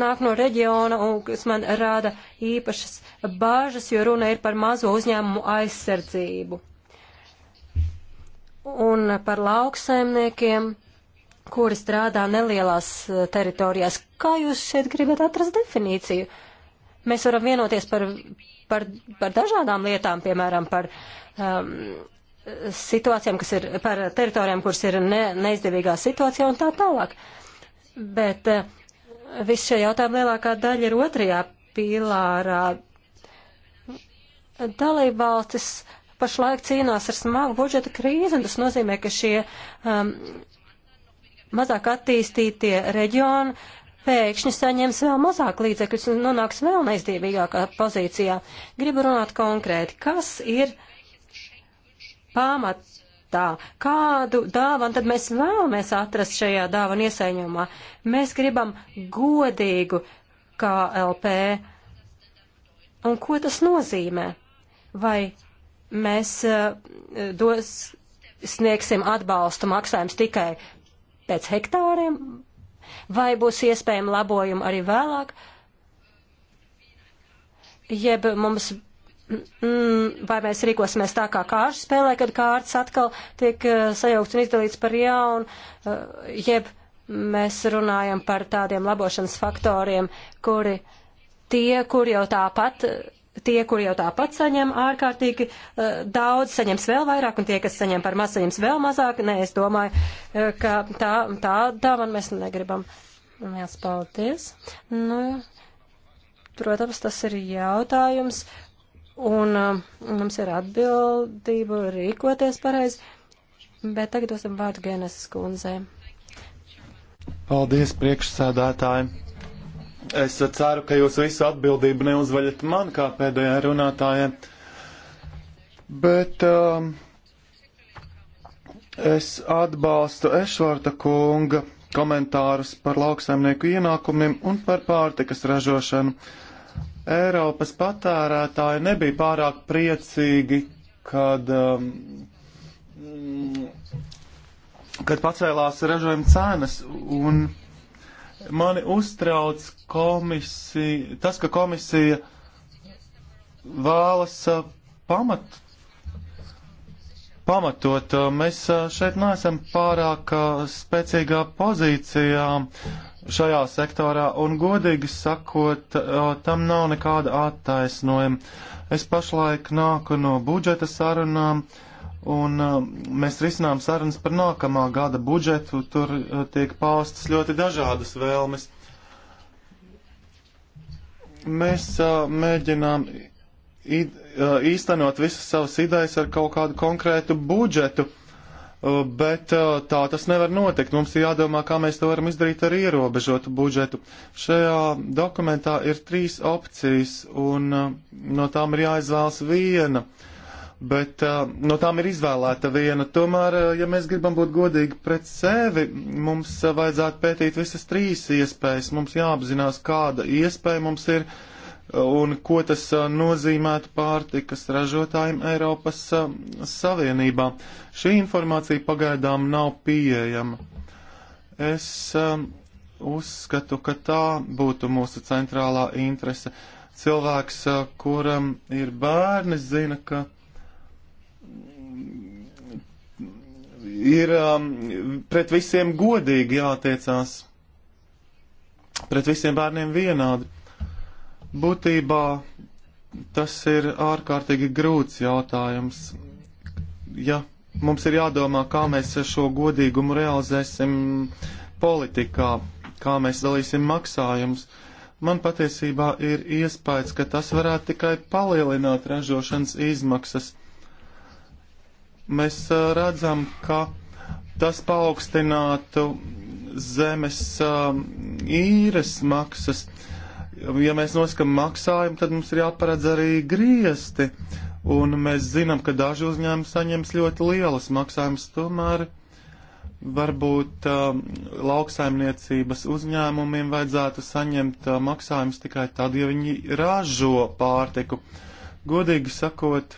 nāk no reģiona, un kas man rāda īpašas bāžas, jo runa ir par mazo uzņēmumu aizsardzību un par lauksaimniekiem, kuri strādā nelielās eh, teritorijās. Kā jūs šeit gribat atrast definīciju? Mēs varam vienoties par, par, par dažādām lietām, piemēram, par um, situācijām, kas ir, par teritorijām, kuras ir ne, neizdevīgā situācijā un tā tālāk. Bet uh, eh, viss šie jautājumi lielākā daļa ir otrajā pīlārā. Dalībvalstis pašlaik cīnās ar smagu budžeta krīzi, un tas nozīmē, ka šie um, mazāk attīstītie reģioni pēkšņi saņems vēl mazāk līdzekļus un nonāks vēl neizdevīgākā pozīcijā. Gribu runāt konkrēti, kas ir pamatā, kādu dāvanu tad mēs vēlamies atrast šajā dāvanu iesaņumā. Mēs gribam godīgu KLP. Un ko tas nozīmē? Vai mēs eh, dos, sniegsim atbalstu maksājums tikai pēc hektāriem, vai būs iespējama labojuma arī vēlāk, jeb mums, mm, vai mēs rīkosimies tā kā kārtas spēlē, kad kārtas atkal tiek eh, sajaukts un izdalīts par jaunu, eh, jeb mēs runājam par tādiem labošanas faktoriem, kuri tie, kur jau tāpat tie, kuri jau tāpat saņem ārkārtīgi eh, daudz, saņems vēl vairāk, un tie, kas saņem par maz, saņems vēl mazāk. Nē, es domāju, eh, ka tā, tā, tā man mēs negribam. Liels paldies. Nu, protams, tas ir jautājums, un eh, mums ir atbildība rīkoties pareizi, bet tagad dosim vārdu Genesis kundzei. Paldies, priekšsēdētāji! Es ceru, ka jūs visu atbildību neuzvaļat man kā pēdējā runātājai. Bet um, es atbalstu Ešvarta kunga komentārus par lauksaimnieku ienākumiem un par pārtikas ražošanu. Eiropas patērētāji nebija pārāk priecīgi, kad, um, kad pacēlās ražojuma cenas un Mani uztrauc komisija, tas, ka komisija vēlas pamat, pamatot. Mēs šeit neesam pārāk spēcīgā pozīcijā šajā sektorā, un godīgi sakot, tam nav nekāda attaisnojuma. Es pašlaik nāku no budžeta sarunām. Uh, un uh, mēs risinām sarunas par nākamā gada budžetu. Tur uh, tiek paustas ļoti dažādas vēlmes. Mēs uh, mēģinām īstenot visas savas idejas ar kaut kādu konkrētu budžetu, bet tā tas nevar notikt. Mums ir jādomā, kā mēs to varam izdarīt ar ierobežotu budžetu. Šajā dokumentā ir trīs opcijas, un no tām ir jāizvēlas viena. Uh, bet uh, no tām ir izvēlēta viena. Tomēr, uh, ja mēs gribam būt godīgi pret sevi, mums uh, vajadzētu pētīt visas trīs iespējas. Mums jāapzinās, kāda iespēja mums ir uh, un ko tas uh, nozīmētu pārtikas ražotājiem Eiropas uh, Savienībā. Šī informācija pagaidām nav pieejama. Es um, uzskatu, ka tā būtu mūsu centrālā interese. Cilvēks, kuram ir bērni, zina, ka ir um, pret visiem godīgi jātiecās, pret visiem bērniem vienādi. Būtībā tas ir ārkārtīgi grūts jautājums. Ja mums ir jādomā, kā mēs šo godīgumu realizēsim politikā, kā mēs dalīsim maksājumus. Man patiesībā ir iespējas, ka tas varētu tikai palielināt ražošanas izmaksas mēs redzam, ka tas paaugstinātu zemes īres maksas. Ja mēs noskam maksājumu, tad mums ir jāparedz arī griesti, un mēs zinām, ka daži uzņēmumi saņems ļoti lielas maksājumus, tomēr varbūt um, lauksaimniecības uzņēmumiem vajadzētu saņemt uh, maksājumus tikai tad, ja viņi ražo pārtiku. Godīgi sakot,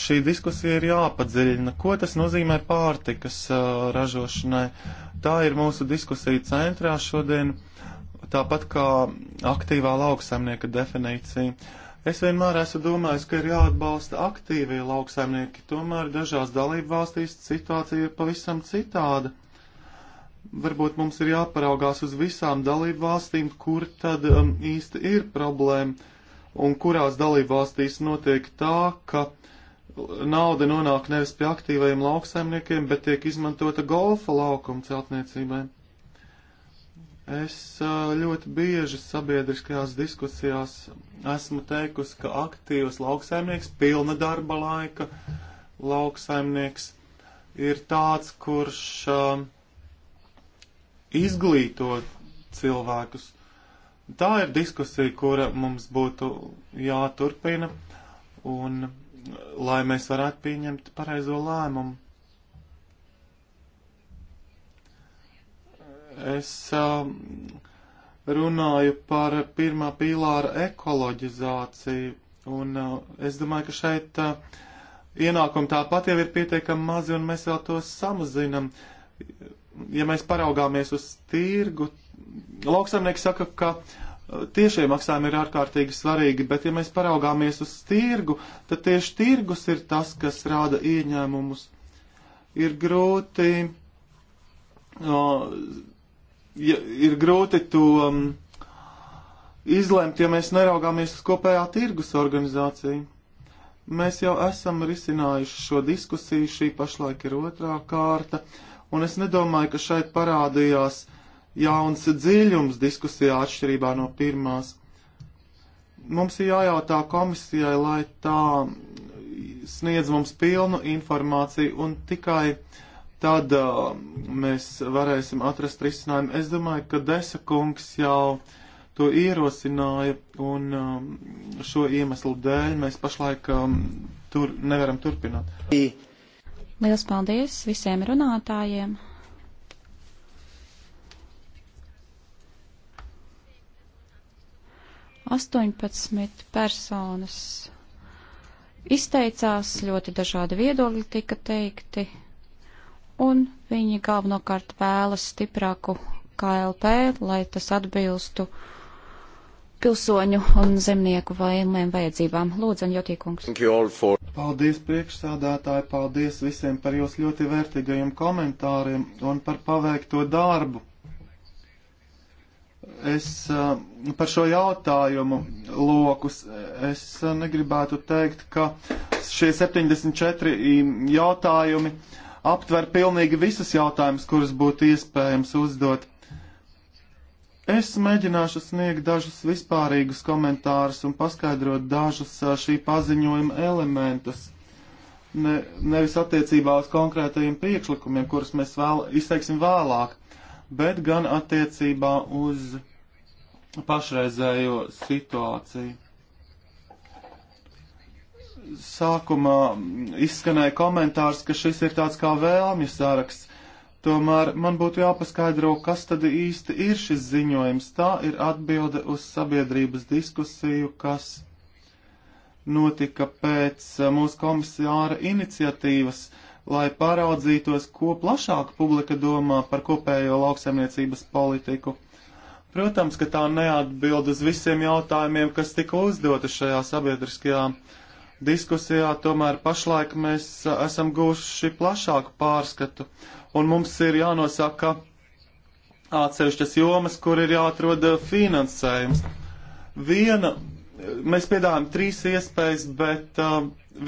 šī diskusija ir jāpadziļina. Ko tas nozīmē pārtikas ražošanai? Tā ir mūsu diskusija centrā šodien, tāpat kā aktīvā lauksaimnieka definīcija. Es vienmēr esmu domājis, ka ir jāatbalsta aktīvie lauksaimnieki, tomēr dažās dalību valstīs situācija ir pavisam citāda. Varbūt mums ir jāparaugās uz visām dalību valstīm, kur tad um, īsti ir problēma un kurās dalību valstīs notiek tā, ka uh, nauda nonāk nevis pie aktīvajiem lauksaimniekiem, bet tiek izmantota golfa laukuma celtniecībai. Es ļoti bieži sabiedriskajās diskusijās esmu teikusi, ka aktīvs lauksaimnieks, pilna darba laika lauksaimnieks ir tāds, kurš izglīto cilvēkus. Tā ir diskusija, kura mums būtu jāturpina. Un lai mēs varētu pieņemt pareizo lēmumu. Es uh, runāju par pirmā pīlāra ekoloģizāciju, un uh, es domāju, ka šeit uh, ienākumi tāpat jau ir pietiekami mazi, un mēs vēl tos samazinam. Ja mēs paraugāmies uz tirgu, lauksamnieki saka, ka uh, Tiešie maksājumi ir ārkārtīgi svarīgi, bet ja mēs paraugāmies uz tirgu, tad tieši tirgus ir tas, kas rāda ieņēmumus. Ir grūti, uh, ja, ir grūti to um, izlemt, ja mēs neraugāmies uz kopējā tirgus organizāciju. Mēs jau esam risinājuši šo diskusiju, šī pašlaik ir otrā kārta, un es nedomāju, ka šeit parādījās uh, jauns dziļums diskusijā atšķirībā no pirmās. Mums ir jājautā komisijai, lai tā sniedz mums pilnu informāciju un tikai tad uh, mēs varēsim atrast risinājumu. Es domāju, ka Desa kungs jau to ierosināja un um, šo iemeslu dēļ mēs pašlaik um, tur nevaram turpināt. Liels paldies visiem runātājiem! 18 personas izteicās, ļoti dažādi viedokļi tika teikti, un viņi galvenokārt vēlas stiprāku KLP, lai tas atbilstu pilsoņu un zemnieku vainlēm vajadzībām. Lūdzu, Jotīkungs. For... Paldies priekšsādātāji, paldies visiem par jūs ļoti vērtīgajiem komentāriem un par paveikto darbu es uh, par šo jautājumu lokus es uh, negribētu teikt, ka šie 74 mm, jautājumi aptver pilnīgi visus jautājumus, kurus būtu iespējams uzdot. Es mēģināšu sniegt dažus vispārīgus komentārus un paskaidrot dažus uh, šī paziņojuma elementus. Ne, nevis attiecībā uz konkrētajiem priekšlikumiem, kurus mēs vēl izteiksim vēlāk bet gan attiecībā uz pašreizējo situāciju. Sākumā izskanēja komentārs, ka šis ir tāds kā vēlmju saraksts. Tomēr man būtu jāpaskaidro, kas tad īsti ir šis ziņojums. Tā ir atbilde uz sabiedrības diskusiju, kas notika pēc mūsu komisāra iniciatīvas. Uh, lai pāraudzītos, ko plašāka publika domā par kopējo lauksaimniecības politiku. Protams, ka tā neatbild uz visiem jautājumiem, kas tika uzdoti šajā sabiedriskajā diskusijā, tomēr pašlaik mēs esam gūši plašāku pārskatu, un mums ir jānosaka atsevišķas jomas, kur ir jāatrod finansējums. Viena Mēs piedāvājam trīs iespējas, bet uh,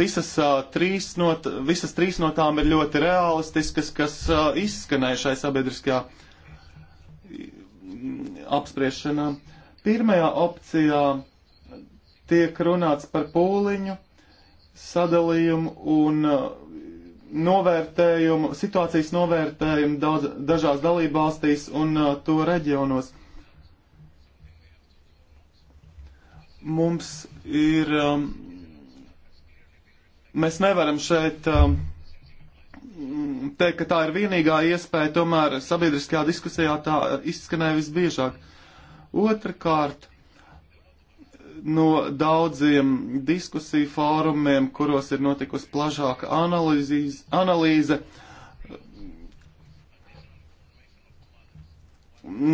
visas, uh, trīs no, visas trīs no tām ir ļoti realistiskas, kas uh, izskanēja šai sabiedriskajā mm, apspriešanā. Pirmajā opcijā tiek runāts par pūliņu sadalījumu un uh, novērtējumu, situācijas novērtējumu daudz, dažās dalībvalstīs un uh, to reģionos. Mums ir. Um, mēs nevaram šeit um, teikt, ka tā ir vienīgā iespēja, tomēr sabiedriskajā diskusijā tā izskanēja visbiežāk. Otrakārt, no daudziem diskusiju fórumiem, kuros ir notikusi plašāka analīze, analīze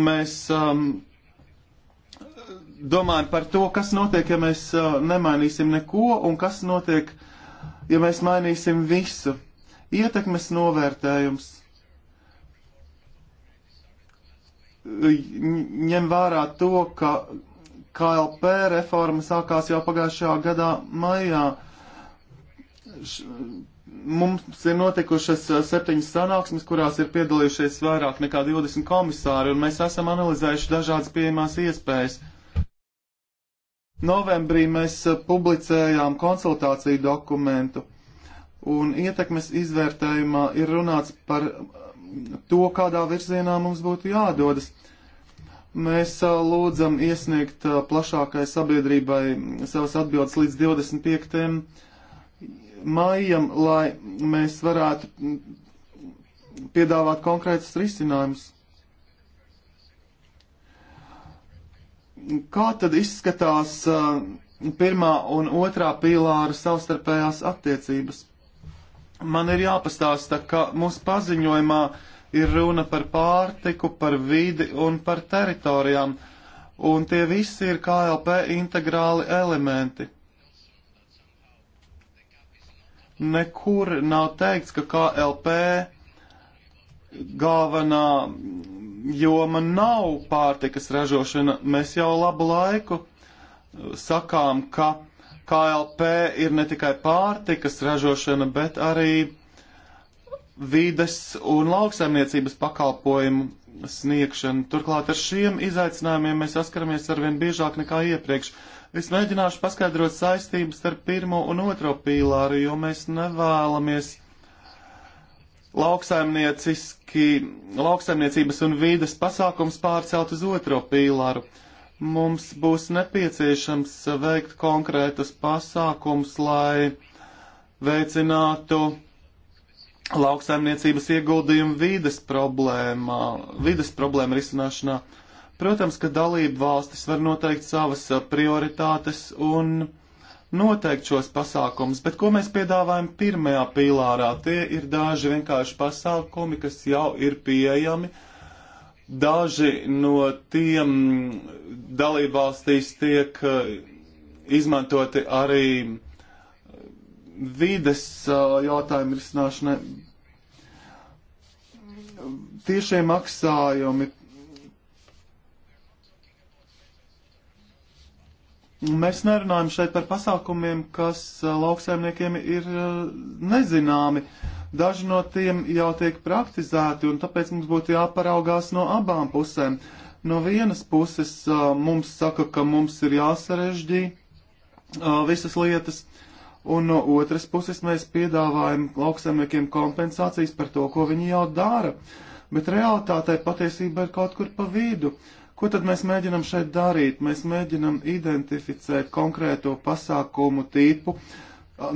mēs um, domājam par to, kas notiek, ja mēs uh, nemainīsim neko un kas notiek, ja mēs mainīsim visu. Ietekmes novērtējums ņem vērā to, ka KLP reforma sākās jau pagājušajā gadā maijā. Š mums ir notikušas uh, septiņas sanāksmes, kurās ir piedalījušies vairāk nekā 20 komisāri, un mēs esam analizējuši dažādas pieejamās iespējas. Uh, Novembrī mēs eh, publicējām konsultāciju dokumentu, un ietekmes izvērtējumā ir runāts par eh, to, kādā virzienā mums būtu jādodas. Mēs eh, lūdzam iesniegt plašākai sabiedrībai mm, savas atbildes līdz 25. maijam, lai mēs varētu mm, piedāvāt konkrētus risinājumus. Kā tad izskatās uh, pirmā un otrā pīlāra savstarpējās attiecības? Man ir jāpastāsta, ka mūsu paziņojumā ir runa par pārtiku, par vidi un par teritorijām, un tie visi ir KLP integrāli elementi. Nekur nav teikts, ka KLP galvenā joma nav pārtikas ražošana. Mēs jau labu laiku uh, sakām, ka KLP ir ne tikai pārtikas ražošana, bet arī vides un lauksaimniecības pakalpojumu sniegšana. Turklāt ar šiem izaicinājumiem mēs saskaramies arvien biežāk nekā iepriekš. Es mēģināšu paskaidrot saistības starp pirmo un otro pīlāru, jo mēs nevēlamies lauksaimniecības un vīdes pasākums pārcelt uz otro pīlāru. Mums būs nepieciešams veikt konkrētus pasākums, lai veicinātu lauksaimniecības ieguldījumu vīdes problēmā, vīdes problēma risināšanā. Protams, ka dalību valstis var noteikt savas prioritātes un uh, noteikt šos pasākumus, bet ko mēs piedāvājam pirmajā pīlārā? Tie ir daži vienkārši pasākumi, kas jau ir pieejami. Daži no tiem dalībvalstīs tiek eh, izmantoti arī eh, vides eh, jautājumu risināšanai. Tiešie maksājumi Mēs nerunājam šeit par pasākumiem, kas lauksaimniekiem ir nezināmi. Daži no tiem jau tiek praktizēti, un tāpēc mums būtu jāparaugās no abām pusēm. No vienas puses mums saka, ka mums ir jāsarežģī visas lietas, un no otras puses mēs piedāvājam lauksaimniekiem kompensācijas par to, ko viņi jau dara. Bet realitātē patiesība ir kaut kur pa vidu. Uh, Ko tad mēs mēģinam šeit darīt? Mēs mēģinam identificēt konkrēto pasākumu tipu,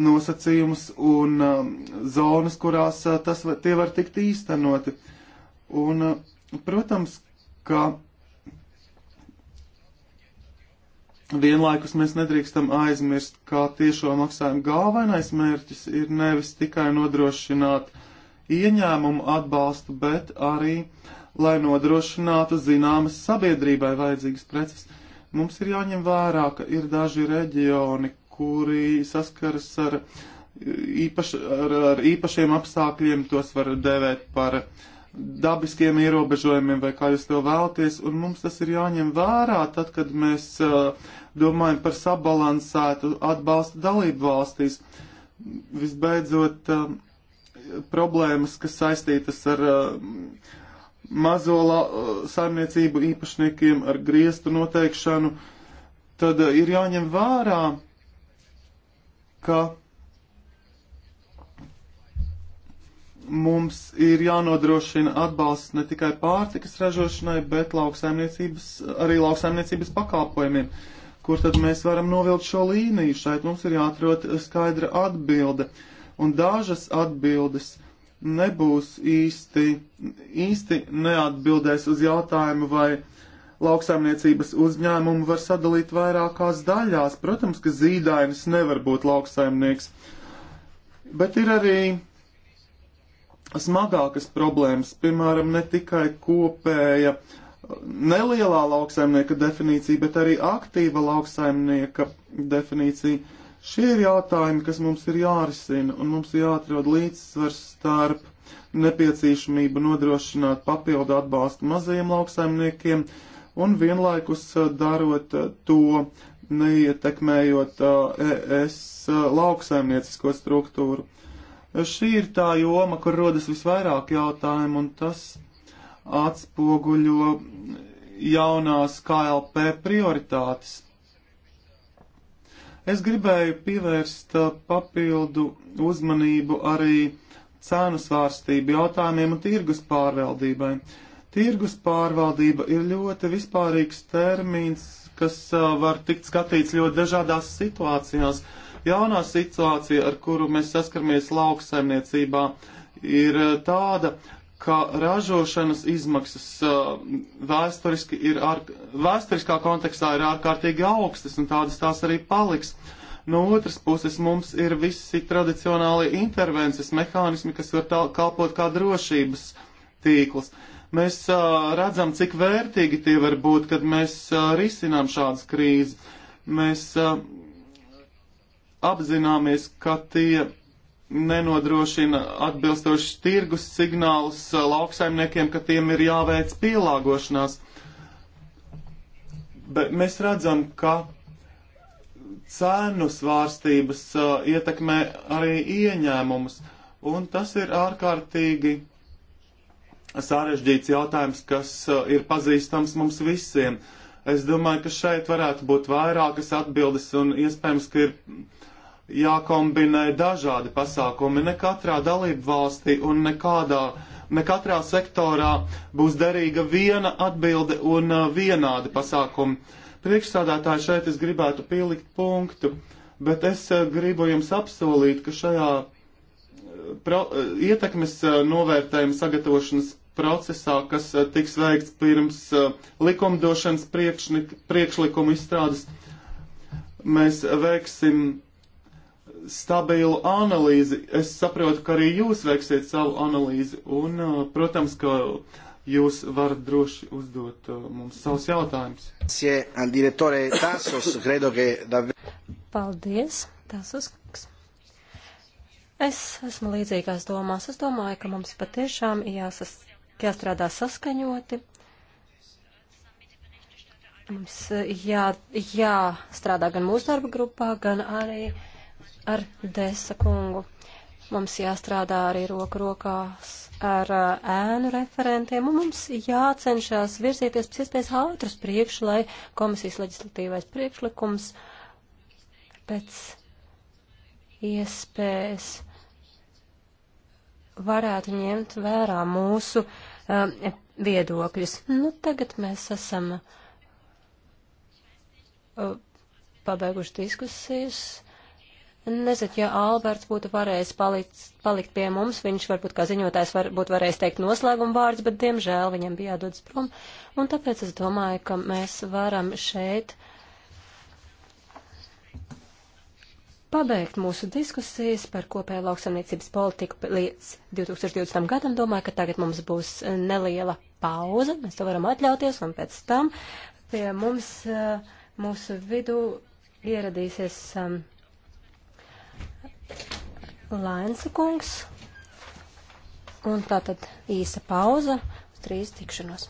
nosacījumus un um, zonas, kurās uh, tas, var, tie var tikt īstenoti. Un, uh, protams, ka vienlaikus mēs nedrīkstam aizmirst, ka tiešo maksājumu galvenais mērķis ir nevis tikai nodrošināt ieņēmumu atbalstu, bet arī uh, lai nodrošinātu zināmas sabiedrībai vajadzīgas preces. Mums ir jāņem vērā, ka ir daži reģioni, kuri saskaras ar, īpaš, ar, ar īpašiem apstākļiem, tos var dēvēt par dabiskiem ierobežojumiem vai kā jūs to vēlaties, un mums tas ir jāņem vērā tad, kad mēs uh, domājam par sabalansētu atbalstu dalību valstīs. Visbeidzot, uh, problēmas, kas saistītas ar uh, mazo eh, saimniecību īpašniekiem ar griestu noteikšanu, tad eh, ir jāņem vērā, ka mums ir jānodrošina atbalsts ne tikai pārtikas ražošanai, bet lauksaimniecības, arī lauksaimniecības pakalpojumiem. Kur tad mēs varam novilkt šo līniju? Šeit mums ir jāatrod skaidra atbilde. Un dažas atbildes uh, nebūs īsti, īsti neatbildēs uz jautājumu, vai lauksaimniecības uzņēmumu var sadalīt vairākās daļās. Protams, ka zīdainis nevar būt lauksaimnieks, bet ir arī smagākas problēmas, piemēram, ne tikai kopēja nelielā lauksaimnieka definīcija, bet arī aktīva lauksaimnieka definīcija Šie ir jautājumi, kas mums ir jārisina, un mums ir jāatrod līdzsvars starp nepieciešamību nodrošināt papildu atbalstu mazajiem lauksaimniekiem un vienlaikus eh, darot eh, to, neietekmējot eh, ES lauksaimniecisko struktūru. Šī ir tā joma, kur rodas visvairāk jautājumu, un tas atspoguļo jaunās KLP prioritātes. Es gribēju pievērst uh, papildu uzmanību arī cēnu svārstību jautājumiem un tirgus pārvaldībai. Tirgus pārvaldība ir ļoti vispārīgs termins, kas uh, var tikt skatīts ļoti dažādās situācijās. Jaunā situācija, ar kuru mēs saskaramies lauksaimniecībā, ir uh, tāda, ka ražošanas izmaksas uh, vēsturiski ir ar, vēsturiskā kontekstā ir ārkārtīgi augstas, un tādas tās arī paliks. No otras puses, mums ir visi tradicionālie intervences mehānismi, kas var tā, kalpot kā drošības tīkls. Mēs uh, redzam, cik vērtīgi tie var būt, kad mēs uh, risinām šādas krīzes. Mēs uh, apzināmies, ka tie nenodrošina atbilstošs tirgus signālus uh, lauksaimniekiem, ka tiem ir jāveic pielāgošanās. Bet mēs redzam, ka cēnu svārstības uh, ietekmē arī ieņēmumus, un tas ir ārkārtīgi sarežģīts jautājums, kas uh, ir pazīstams mums visiem. Es domāju, ka šeit varētu būt vairākas atbildes, un iespējams, ka ir jākombinē dažādi pasākumi ne katrā dalību valstī un nekādā, ne katrā sektorā būs derīga viena atbilde un uh, vienādi pasākumi. Priekšsādātāji šeit es gribētu pielikt punktu, bet es uh, gribu jums apsolīt, ka šajā uh, pro, ietekmes novērtējuma sagatavošanas procesā, kas tiks veikts pirms likumdošanas priekšni, priekšlikumu izstrādes, mēs veiksim stabilu analīzi. Es saprotu, ka arī jūs veiksiet savu analīzi, un, uh, protams, ka jūs varat droši uzdot uh, mums savus jautājumus. Paldies, Tāsus. Es esmu līdzīgās domās. Es domāju, ka mums patiešām jāsas, jāstrādā saskaņoti. Mums jā, jāstrādā gan mūsu darba grupā, gan arī uh, ar Desa kungu. Mums jāstrādā arī roku rokās ar uh, ēnu referentiem, un mums jācenšas virzīties pēc iespējas ātrus priekš, lai komisijas leģislatīvais priekšlikums pēc iespējas varētu ņemt vērā mūsu um, viedokļus. Nu, tagad mēs esam uh, pabeiguši diskusijas. Nezinu, ja Alberts būtu varējis palikt, palikt pie mums, viņš varbūt kā ziņotājs var, būtu varējis teikt noslēguma vārds, bet diemžēl viņam bija jādodas prom. Un tāpēc es domāju, ka mēs varam šeit pabeigt mūsu diskusijas par kopēju lauksaimniecības politiku līdz 2020. gadam. Domāju, ka tagad mums būs neliela pauze, mēs to varam atļauties, un pēc tam pie mums eh, mūsu vidu ieradīsies. Um, Lainsa kungs. Un tātad īsa pauza uz trīs tikšanos.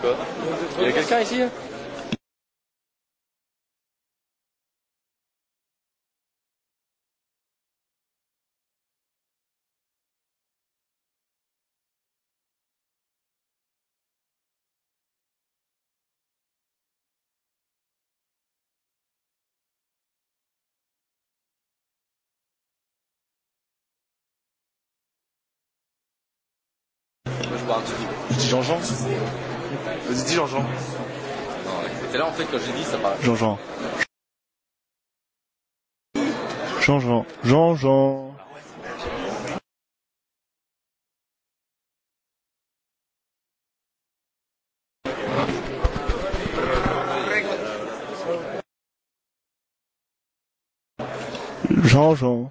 quoi. Il y a quelqu'un ici Je dis Jean-Jean Vas-y, dis Jean-Jean. C'est là en fait quand j'ai dit ça paraît. Jean-Jean. Jean-Jean. Jean-Jean. Jean-Jean.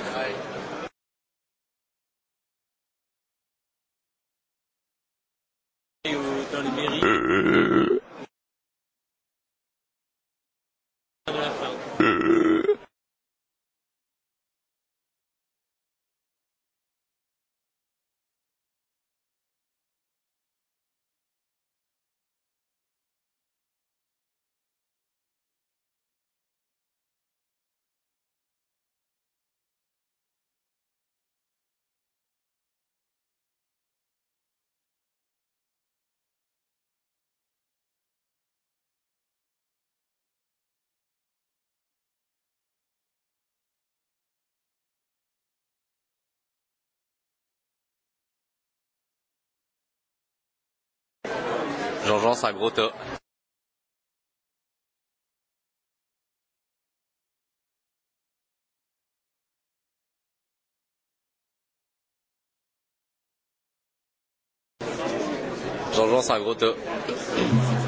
Jean-Jean Sagrotto. Jean-Jean Sagrotto.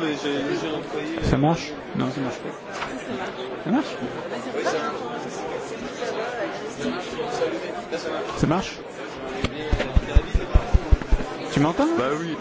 mais j'ai employé. Euh, ça marche Non, ça marche pas. Ça marche Ça marche Tu m'entends Bah oui.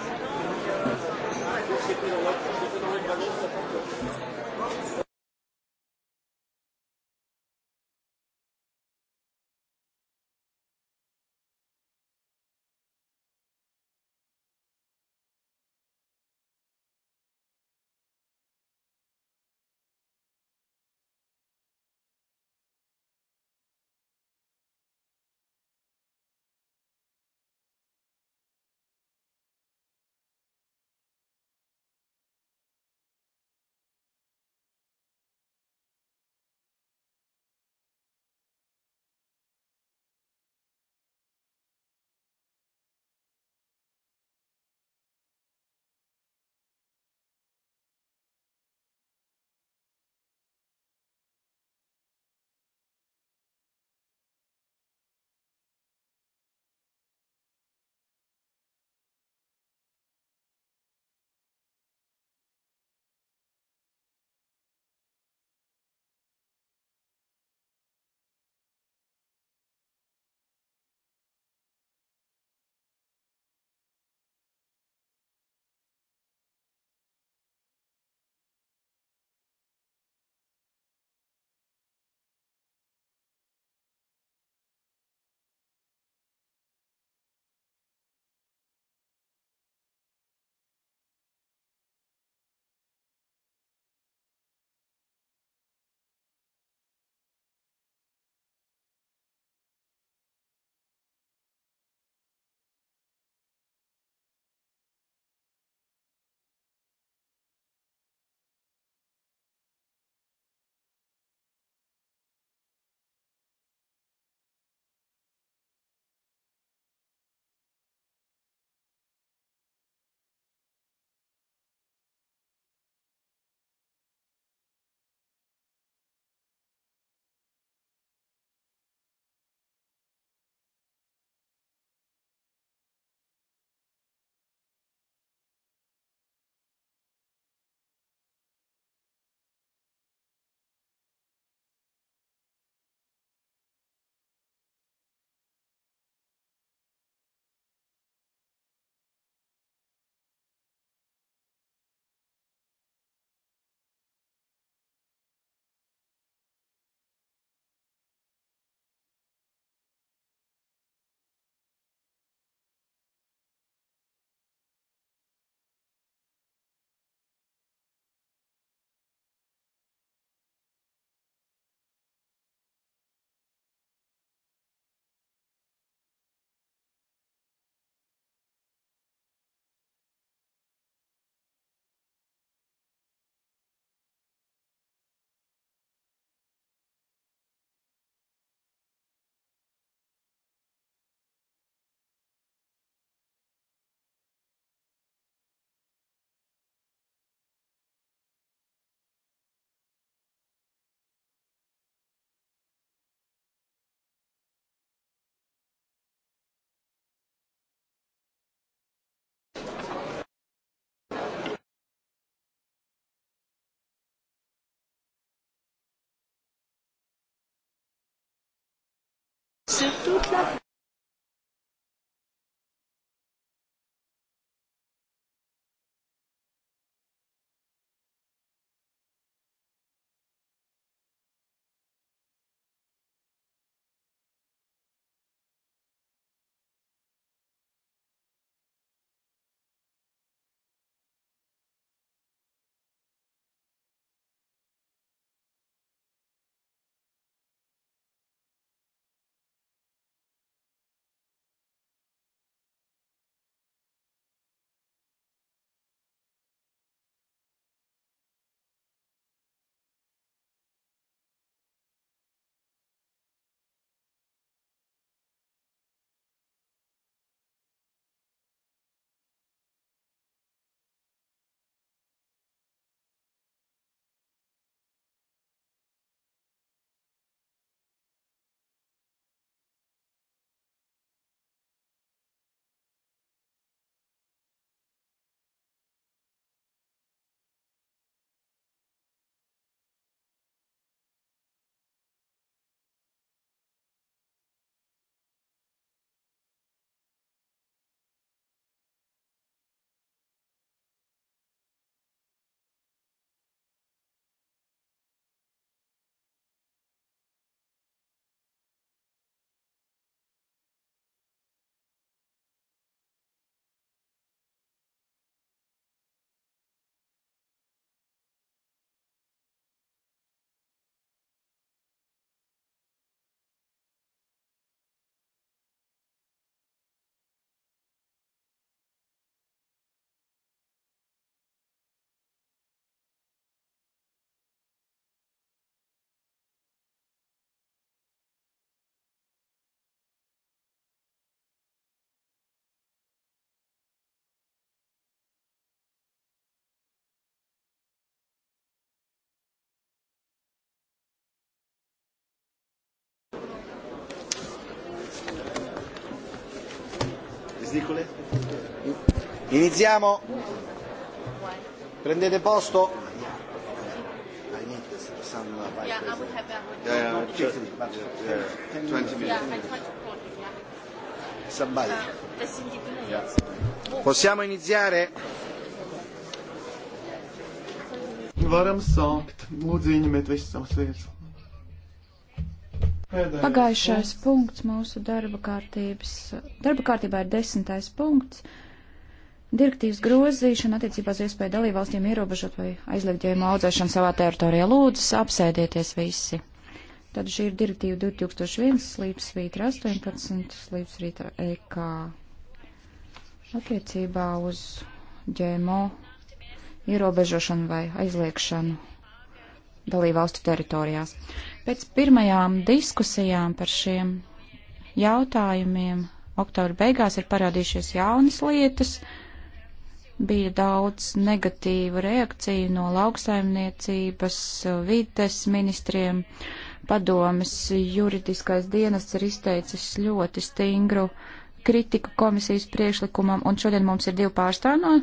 Sur toute la Nicole. Iniziamo. Prendete posto. I need some yeah, I will have, I will yeah, yeah, quickly, but yeah, yeah. 20 minutes. Yeah, Somebody. Uh, yeah. Possiamo iniziare? Varam sākt. Lūdzu, ieņemiet visas savas vietas. Pagājušais punkts mūsu darba kārtības, darba kārtībā ir desmitais punkts. Direktīvas grozīšana attiecībā uz iespēju dalībvalstīm ierobežot vai aizliegt ģēmo audzēšanu savā teritorijā. Lūdzu, apsēdieties visi. Tad šī ir direktīva 2001, slīpsvītra 18, slīpsvītra EK attiecībā uz ģēmo ierobežošanu vai aizliekšanu dalībvalstu teritorijās. Pēc pirmajām diskusijām par šiem jautājumiem oktobra beigās ir parādījušies jaunas lietas. Bija daudz negatīvu reakciju no lauksaimniecības, vides ministriem, padomis, juridiskais dienests ir izteicis ļoti stingru kritiku komisijas priekšlikumam, un šodien mums ir divi pārstāvji no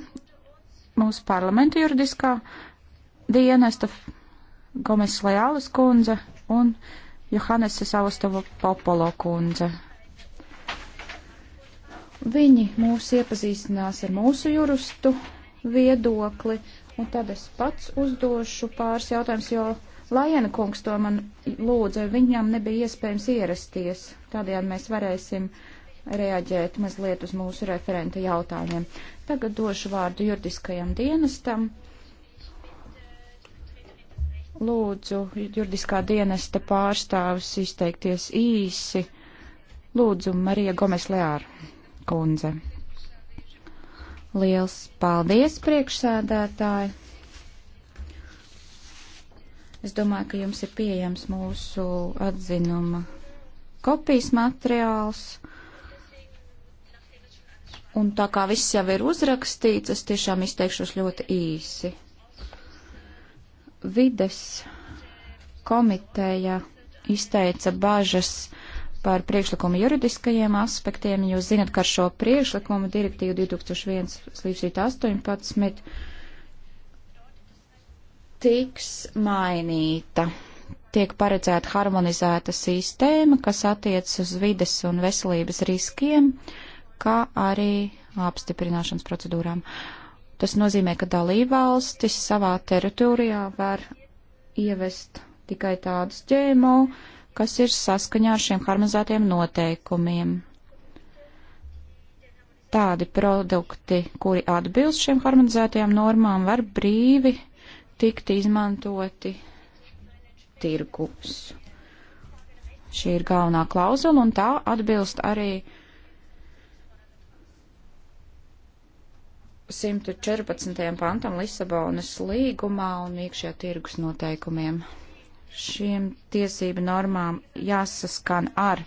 mūsu parlamenta juridiskā dienesta Gomes Lejālas kundze un Johannese Savastava Popolo kundze. Viņi mūs iepazīstinās ar mūsu juristu viedokli, un tad es pats uzdošu pāris jautājumus, jo Lajena kungs to man lūdza, viņam nebija iespējams ierasties. Tādējādi mēs varēsim reaģēt mazliet uz mūsu referenta jautājumiem. Tagad došu vārdu juridiskajam dienestam. Lūdzu, juridiskā dienesta pārstāvis izteikties īsi. Lūdzu, Marija Gomes Leāra kundze. Liels paldies, priekšsēdētāji! Es domāju, ka jums ir pieejams mūsu atzinuma kopijas materiāls. Un tā kā viss jau ir uzrakstīts, es tiešām izteikšos ļoti īsi. Vides komiteja izteica bažas par priekšlikumu juridiskajiem aspektiem. Jūs zinat, ka ar šo priekšlikumu direktīvu 2001 līdz 18 tiks mainīta. Tiek paredzēta harmonizēta sistēma, kas attiecas uz vides un veselības riskiem, kā arī apstiprināšanas procedūrām. Uh, Tas nozīmē, ka dalībvalstis savā teritorijā var ievest tikai tādus ģēmo, kas ir saskaņā ar šiem harmonizētiem noteikumiem. Tādi produkti, kuri atbilst šiem harmonizētajām normām, var brīvi tikt izmantoti tirgus. Šī ir galvenā klauzula, un tā atbilst arī uh, 114. pantam Lisabonas līgumā un iekšējā tirgus noteikumiem. Šiem tiesību normām jāsaskan ar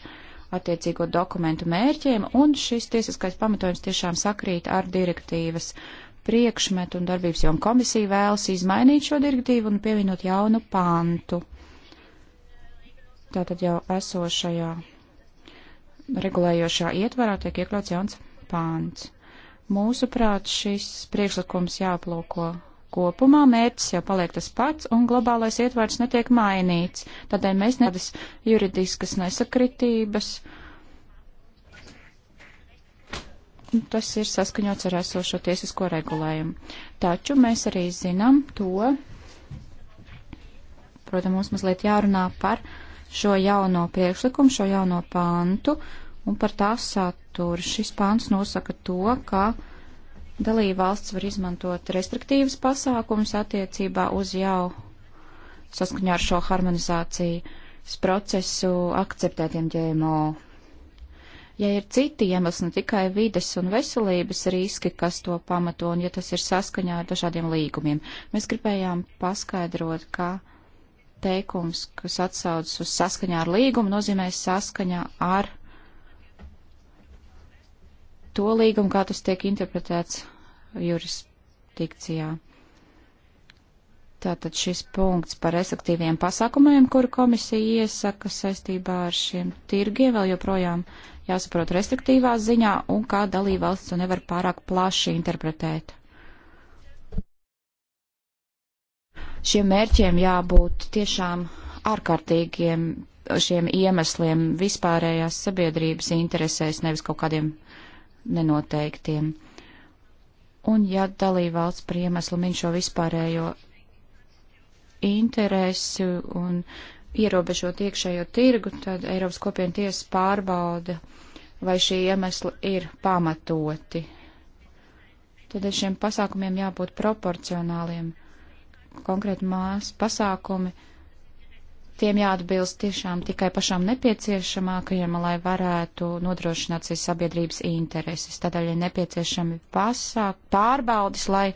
attiecīgo dokumentu mērķiem, un šis tiesiskais pamatojums tiešām sakrīt ar direktīvas priekšmetu un darbības jomu komisija vēlas izmainīt šo direktīvu un pievienot jaunu pantu. Tātad jau esošajā regulējošā ietvarā tiek iekļauts jauns pants. Mūsuprāt, šis priekšlikums jāplūko kopumā, mērķis jau paliek tas pats, un globālais ietvars netiek mainīts. Tādēļ mēs nekādas juridiskas nesakritības. Tas ir saskaņots ar esošo tiesisko regulējumu. Taču mēs arī zinām to, protams, mums mazliet jārunā par šo jauno priekšlikumu, šo jauno pantu un par tā sat struktūru. Šis pāns nosaka to, ka dalībvalsts var izmantot restriktīvas pasākumus attiecībā uz jau saskaņā ar šo harmonizācijas procesu akceptētiem ģēmo. Ja ir citi iemesli, ne tikai vides un veselības riski, kas to pamato, un ja tas ir saskaņā ar dažādiem līgumiem, mēs gribējām paskaidrot, ka teikums, kas atsaucas uz saskaņā ar līgumu, nozīmē saskaņā ar to līgumu, kā tas tiek interpretēts jurisdikcijā. Tātad šis punkts par efektīviem pasākumiem, kuru komisija iesaka saistībā ar šiem tirgiem, vēl joprojām jāsaprot restriktīvā ziņā un kā dalībvalsts to nevar pārāk plaši interpretēt. Šiem mērķiem jābūt tiešām ārkārtīgiem šiem iemesliem vispārējās sabiedrības interesēs, nevis kaut kādiem nenoteiktiem. Un ja dalībvalsts par iemeslu min šo vispārējo interesi un ierobežot iekšējo tirgu, tad Eiropas kopiena tiesa pārbauda, vai šī iemesla ir pamatoti. Tad ir šiem pasākumiem jābūt proporcionāliem. Konkrēti mās pasākumi Tiem jāatbilst tiešām tikai pašām nepieciešamākajiem, lai varētu nodrošināt šīs sabiedrības intereses. Tādēļ ir nepieciešami pasāk, pārbaudis, lai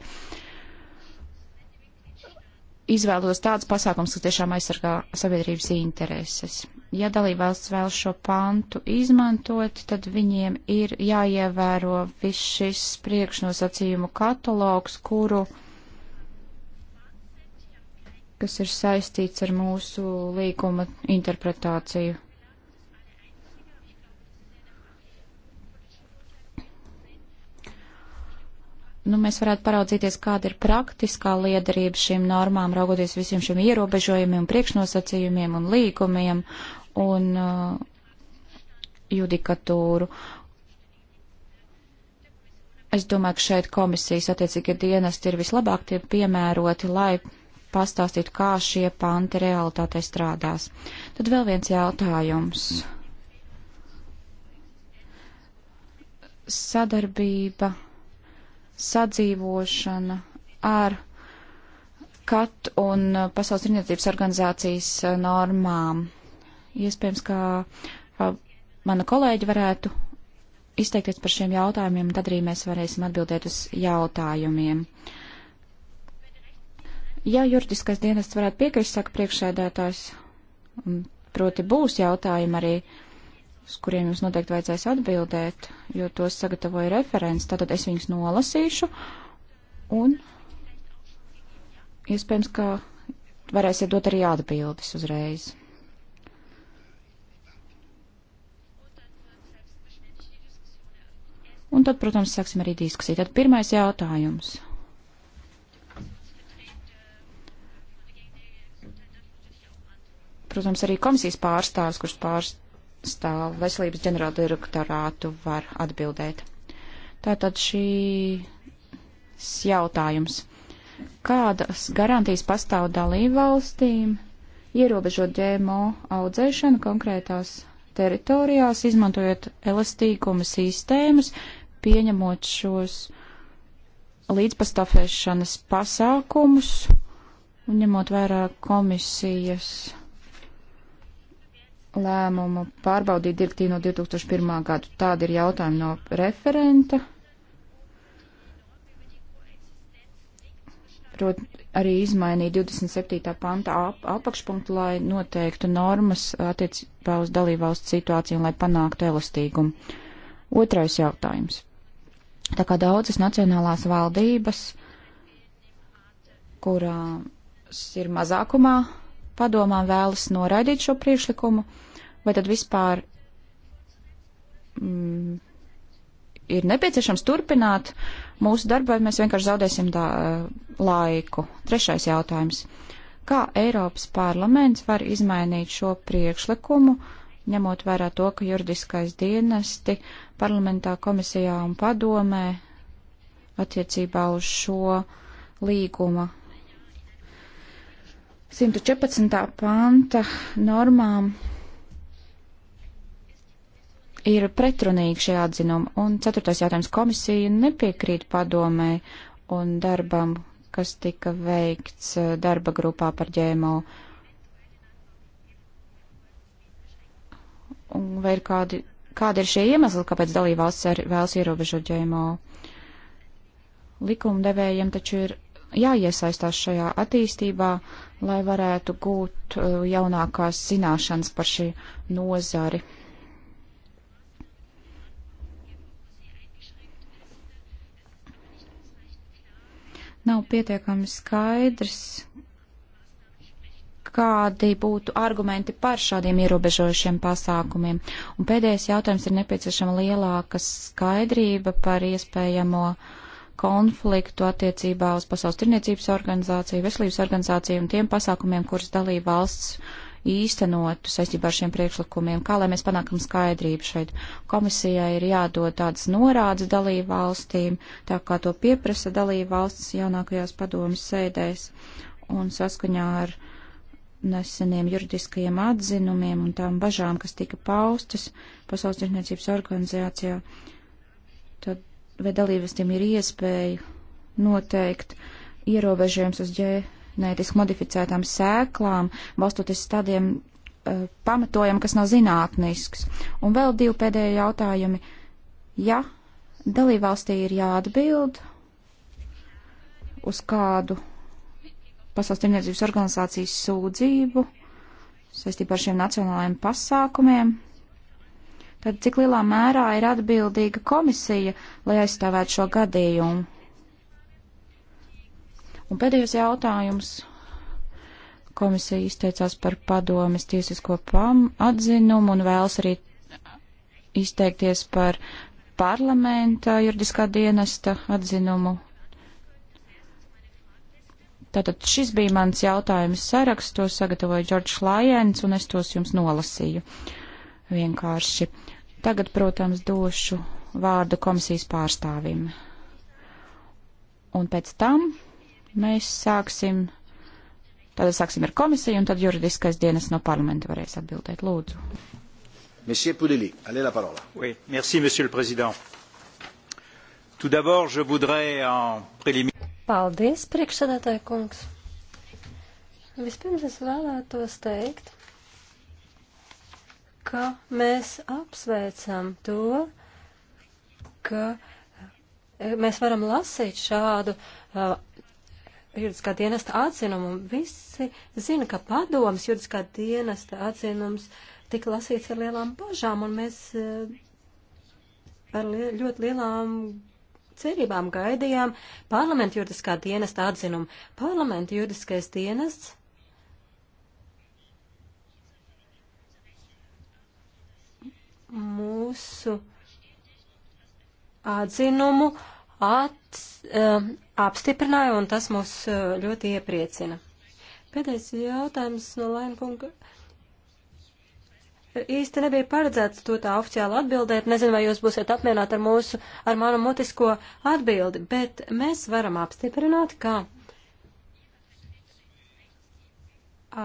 izvēlos tāds pasākums, kas tiešām aizsargā sabiedrības intereses. Ja dalībvalsts vēl šo pantu izmantot, tad viņiem ir jāievēro viss šis priekšnosacījumu katalogs, kuru uh, kas ir saistīts ar mūsu līguma interpretāciju. Nu, mēs varētu paraudzīties, kāda ir praktiskā liederība šīm normām, raugoties visiem šiem ierobežojumiem, priekšnosacījumiem un līgumiem un uh, judikatūru. Es domāju, ka šeit komisijas attiecīgie dienesti ir vislabāk tie piemēroti, lai pastāstītu, kā šie panti realitātē strādās. Tad vēl viens jautājums. Sadarbība, sadzīvošana ar KAT un Pasaules tirniecības organizācijas normām. Iespējams, ka mana kolēģi varētu izteikties par šiem jautājumiem, tad arī mēs varēsim atbildēt uz jautājumiem. Uh, Ja juridiskais dienests varētu piekrist, saka priekšsēdētājs, proti būs jautājumi arī, uz kuriem jums noteikti vajadzēs atbildēt, jo tos sagatavoja referents, tātad es viņus nolasīšu un iespējams, ka varēsiet dot arī atbildes uzreiz. Un tad, protams, sāksim arī diskusiju. Tad pirmais jautājums. protams, arī komisijas pārstāvs, kurš pārstāv veselības ģenerāla direktorātu, var atbildēt. Tātad šīs jautājums. Kādas garantijas pastāv dalību valstīm ierobežot ģēmo audzēšanu konkrētās teritorijās, izmantojot elastīguma sistēmas, pieņemot šos līdzpastāvēšanas pasākumus un ņemot vērā komisijas lēmumu pārbaudīt direktīvu no 2001. gadu. Tāda ir jautājuma no referenta. Prot, arī izmainīja 27. panta ap, apakšpunktu, lai noteiktu normas attiecībā uz dalībvalstu situāciju un lai panāktu elastīgumu. Otrais jautājums. Tā kā daudzas nacionālās valdības, kurās ir mazākumā padomām vēlas noraidīt šo priekšlikumu, vai tad vispār mm, ir nepieciešams turpināt mūsu darbu, vai mēs vienkārši zaudēsim dā, eh, laiku. Trešais jautājums. Kā Eiropas parlaments var izmainīt šo priekšlikumu, ņemot vērā to, ka juridiskais dienesti parlamentā, komisijā un padomē attiecībā uz šo līguma 114. panta normām ir pretrunīgi šie atzinumi, un ceturtais jautājums komisija nepiekrīt padomē un darbam, kas tika veikts eh, darba grupā par ģēmo. Un vai ir kādi, kādi ir šie iemesli, kāpēc dalībvalsts vēlas ierobežot ģēmo? Likumdevējiem taču ir jāiesaistās šajā attīstībā, lai varētu gūt uh, jaunākās zināšanas par šī nozari. Nav pietiekami skaidrs, kādi būtu argumenti par šādiem ierobežojušiem pasākumiem. Un pēdējais jautājums ir nepieciešama lielāka skaidrība par iespējamo uh, konfliktu attiecībā uz Pasaules tirniecības organizāciju, veselības organizāciju un tiem pasākumiem, kuras dalība valsts īstenotu saistībā ar šiem priekšlikumiem, kā lai mēs panākam skaidrību šeit. Komisijai ir jādod tādas norādes dalību valstīm, tā kā to pieprasa dalību valsts jaunākajās padomas sēdēs un saskaņā ar neseniem juridiskajiem atzinumiem un tām bažām, kas tika paustas Pasaules tirniecības organizācijā, tad vai dalībvalstīm ir iespēja noteikt ierobežojums uz ģenētiski modificētām sēklām, balstoties tādiem uh, eh, pamatojumiem, kas nav zinātnisks. Un vēl divi pēdējie jautājumi. Ja dalībvalstī ir jāatbild uz kādu Pasaules tirniecības organizācijas sūdzību saistībā ar šiem nacionālajiem pasākumiem, tad cik lielā mērā ir atbildīga komisija, lai aizstāvētu šo gadījumu? Un pēdējais jautājums. Komisija izteicās par padomes tiesisko pam atzinumu un vēlas arī izteikties par parlamenta juridiskā dienesta atzinumu. Tātad šis bija mans jautājums sarakstos, sagatavoja Džordžs Lajens, un es tos jums nolasīju. Uh, vienkārši. Tagad, protams, došu vārdu komisijas pārstāvim. Un pēc tam mēs sāksim, tad sāksim ar komisiju, un tad juridiskais dienas no parlamenta varēs atbildēt. Lūdzu. Monsieur Poudeli, allez la parole. Oui, merci, monsieur le président. Tout d'abord, je voudrais en préliminaire. Paldies, priekšsēdētāji kungs. Vispirms es vēlētos teikt, ka mēs apsveicam to, ka e, mēs varam lasīt šādu uh, juridiskā dienesta atzinumu. Visi zina, ka padoms juridiskā dienesta atzinums tika lasīts ar lielām bažām, un mēs uh, ar li ļoti lielām cerībām gaidījām parlamentu juridiskā dienesta atzinumu. Parlamentu juridiskais dienests mūsu atzinumu at, um, apstiprināja, un tas mūs uh, ļoti iepriecina. Pēdējais jautājums no Lainkunga. Īsti nebija paredzēts to tā oficiāli atbildēt. Nezinu, vai jūs būsiet apmierināti ar mūsu, ar manu mutisko atbildi, bet mēs varam apstiprināt, ka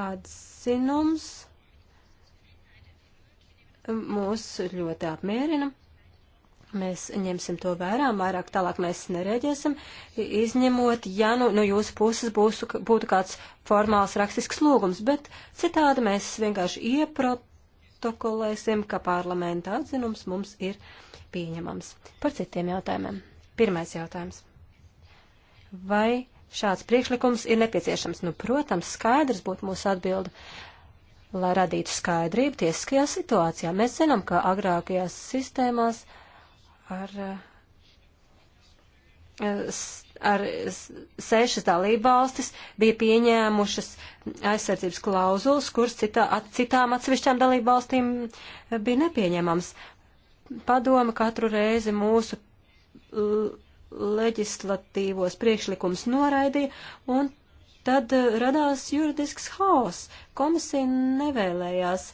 atzinums mūs ļoti apmierina. Mēs ņemsim to vērā, vairāk tālāk mēs nereaģēsim, izņemot, ja nu no nu jūsu puses būs, būtu kāds formāls rakstisks lūgums, bet citādi mēs vienkārši ieprotokolēsim, ka parlamenta atzinums mums ir pieņemams. Par citiem jautājumiem. Pirmais jautājums. Vai šāds priekšlikums ir nepieciešams? Nu, protams, skaidrs būtu mūsu atbildi lai radītu skaidrību tiesiskajā situācijā. Mēs zinām, ka agrākajās sistēmās ar, eh, ar sešas dalībvalstis bija pieņēmušas aizsardzības klauzulas, kuras citā, at, citām atsevišķām dalībvalstīm eh, bija nepieņemams. Padoma katru reizi mūsu leģislatīvos priekšlikums noraidīja, un tad eh, radās juridisks haoss. Komisija nevēlējās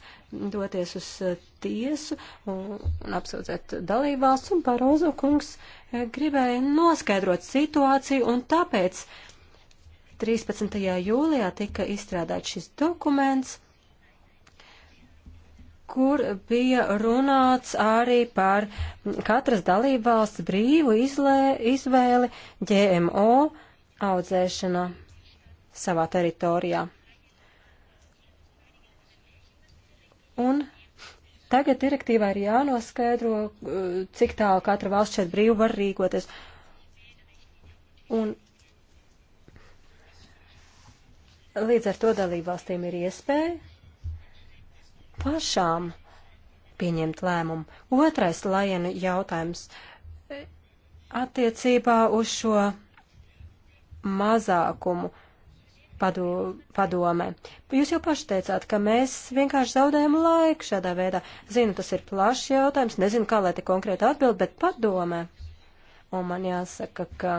doties uz eh, tiesu un, un apsūdzēt dalībvalsts, un Parozo kungs eh, gribēja noskaidrot situāciju, un tāpēc 13. jūlijā tika izstrādāts šis dokuments, kur bija runāts arī par katras dalībvalsts brīvu izlē, izvēli GMO audzēšanā savā teritorijā. Un tagad direktīvā ir jānoskaidro, uh, cik tālu katra valsts šeit brīvi var rīkoties. Un līdz ar to dalībvalstīm ir iespēja pašām pieņemt lēmumu. Otrais lajena jautājums attiecībā uz šo mazākumu padu, padome. Jūs jau paši teicāt, ka mēs vienkārši zaudējam laiku šādā veidā. Zinu, tas ir plašs jautājums, nezinu, kā lai te konkrēti atbild, bet padome. Un man jāsaka, ka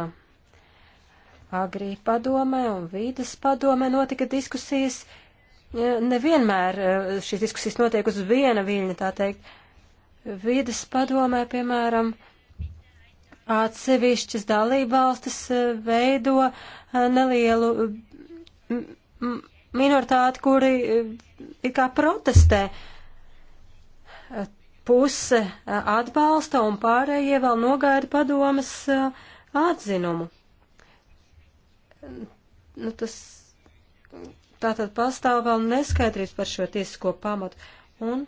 agrī padomē un vīdas padomē notika diskusijas. Nevienmēr eh, šīs diskusijas notiek uz viena viļņa, tā teikt. Vīdas padomē, piemēram, atsevišķas dalībvalstis eh, veido eh, nelielu minoritāti, kuri eh, ir kā protestē. Eh, puse eh, atbalsta un pārējie vēl nogaida padomas atzinumu. Nu, tas tātad pastāv vēl neskaidrības par šo tiesisko pamatu. Un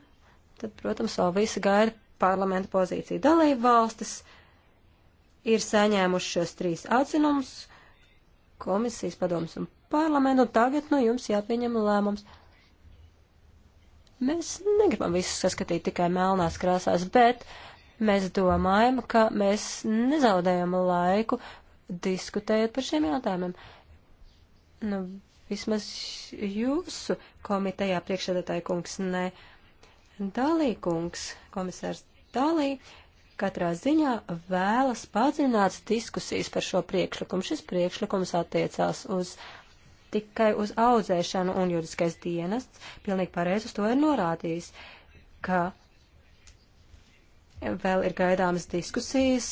tad, protams, vēl visi gaida parlamenta pozīciju. Dalība valstis ir saņēmuši šos trīs atzinumus komisijas padomus un parlamentu, un tagad no jums jāpieņem lēmums. Mēs negribam visus saskatīt tikai melnās krāsās, bet mēs domājam, ka mēs nezaudējam laiku diskutējot par šiem jautājumiem. Nu, vismaz jūsu komitejā priekšsēdētāja kungs, ne Dalī kungs, komisārs Dalī, katrā ziņā vēlas padzināt diskusijas par šo priekšlikumu. Šis priekšlikums attiecās uz tikai uz audzēšanu, un juridiskais dienests pilnīgi pareizi uz to ir norādījis, ka vēl ir gaidāmas diskusijas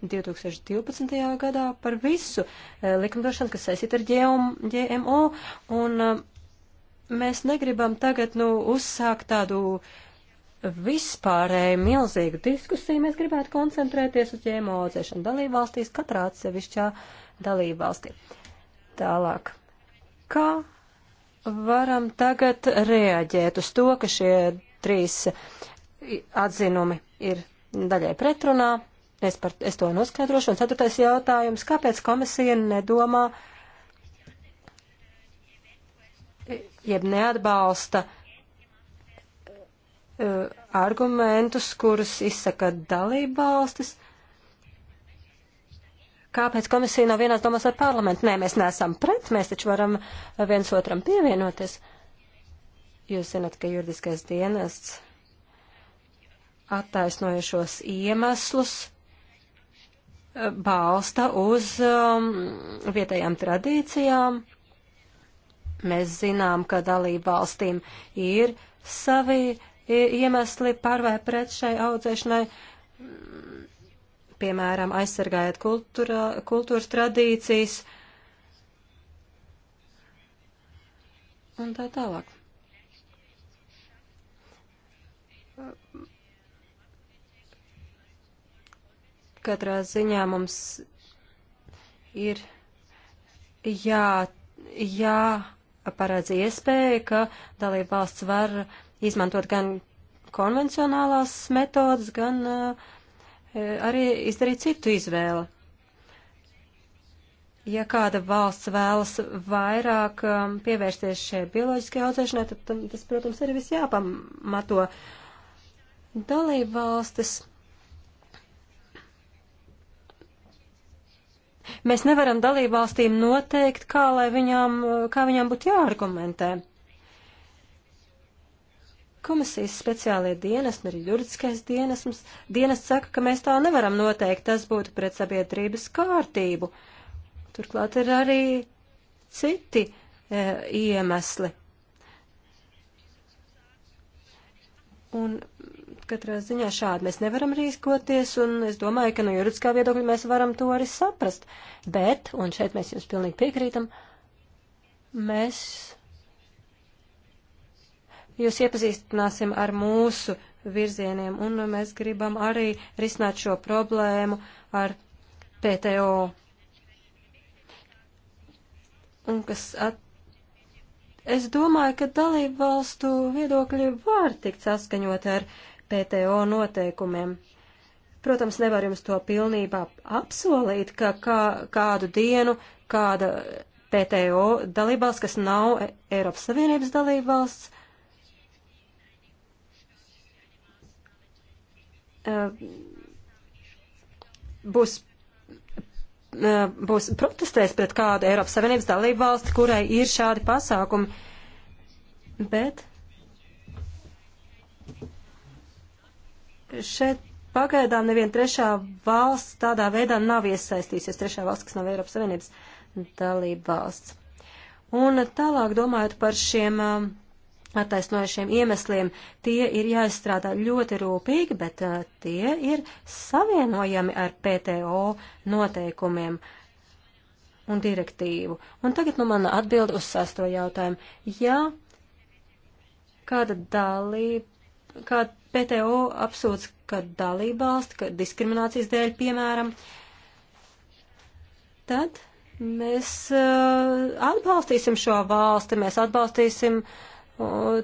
2012. gadā par visu eh, likumdošanu, kas saistīta ar GMO, un eh, mēs negribam tagad, nu, uzsākt tādu vispārēju milzīgu diskusiju. Mēs gribētu koncentrēties uz ģēmo audzēšanu dalībvalstīs, katrā atsevišķā dalībvalstī. Tālāk. Kā varam tagad reaģēt uz to, ka šie trīs atzinumi ir daļai pretrunā? Es, par, es to noskaidrošu. Un ceturtais jautājums, kāpēc komisija nedomā, jeb neatbalsta uh, argumentus, kurus izsaka dalībvalstis? Uh, Kāpēc komisija nav vienās domās ar parlamentu? Nē, mēs neesam pret, mēs taču varam viens otram pievienoties. Jūs zināt, ka juridiskais dienests attaisnojušos iemeslus e, balsta uz um, vietējām tradīcijām. Mēs zinām, ka dalību valstīm ir savi e, iemesli par vai pret šai audzēšanai piemēram, aizsargājot kultūra, kultūras tradīcijas un tā tālāk. Katrā ziņā mums ir jā, jā paredz iespēja, ka dalība valsts var izmantot gan konvencionālās metodas, gan uh, E, arī izdarīt citu izvēli. Ja kāda valsts vēlas vairāk um, pievērsties šai bioloģiskajai audzēšanai, tad tas, protams, arī viss jāpamato. Dalība valstis. Mēs nevaram dalību valstīm noteikt, kā, viņām, kā viņām būtu jāargumentē. Komisijas speciālie dienesti un arī juridiskais dienesms, dienests saka, ka mēs tā nevaram noteikt, tas būtu pret sabiedrības kārtību. Turklāt ir arī citi e, iemesli. Un katrā ziņā šādi mēs nevaram rīkoties, un es domāju, ka no juridiskā viedokļa mēs varam to arī saprast. Bet, un šeit mēs jums pilnīgi piekrītam, mēs jūs iepazīstināsim ar mūsu virzieniem, un mēs gribam arī risināt šo problēmu ar PTO. Un kas at... Es domāju, ka dalību valstu viedokļi var tikt saskaņot ar PTO noteikumiem. Protams, nevar jums to pilnībā apsolīt, ka kā, kādu dienu kāda PTO dalībvalsts, kas nav Eiropas Savienības dalībvalsts, Uh, būs uh, būs protestēs pret kādu Eiropas Savienības dalību valsti, kurai ir šādi pasākumi. Bet šeit pagaidām neviena trešā valsts tādā veidā nav iesaistīsies, trešā valsts, kas nav Eiropas Savienības dalība valsts. Un tālāk domājot par šiem uh, attaisnojušiem iemesliem, tie ir jāizstrādā ļoti rūpīgi, bet uh, tie ir savienojami ar PTO noteikumiem un direktīvu. Un tagad nu mana atbilda uz sasto jautājumu. Ja kāda dalība, kā PTO apsūdz, ka dalībvalsts, ka diskriminācijas dēļ, piemēram, tad mēs uh, atbalstīsim šo valsti, mēs atbalstīsim uh,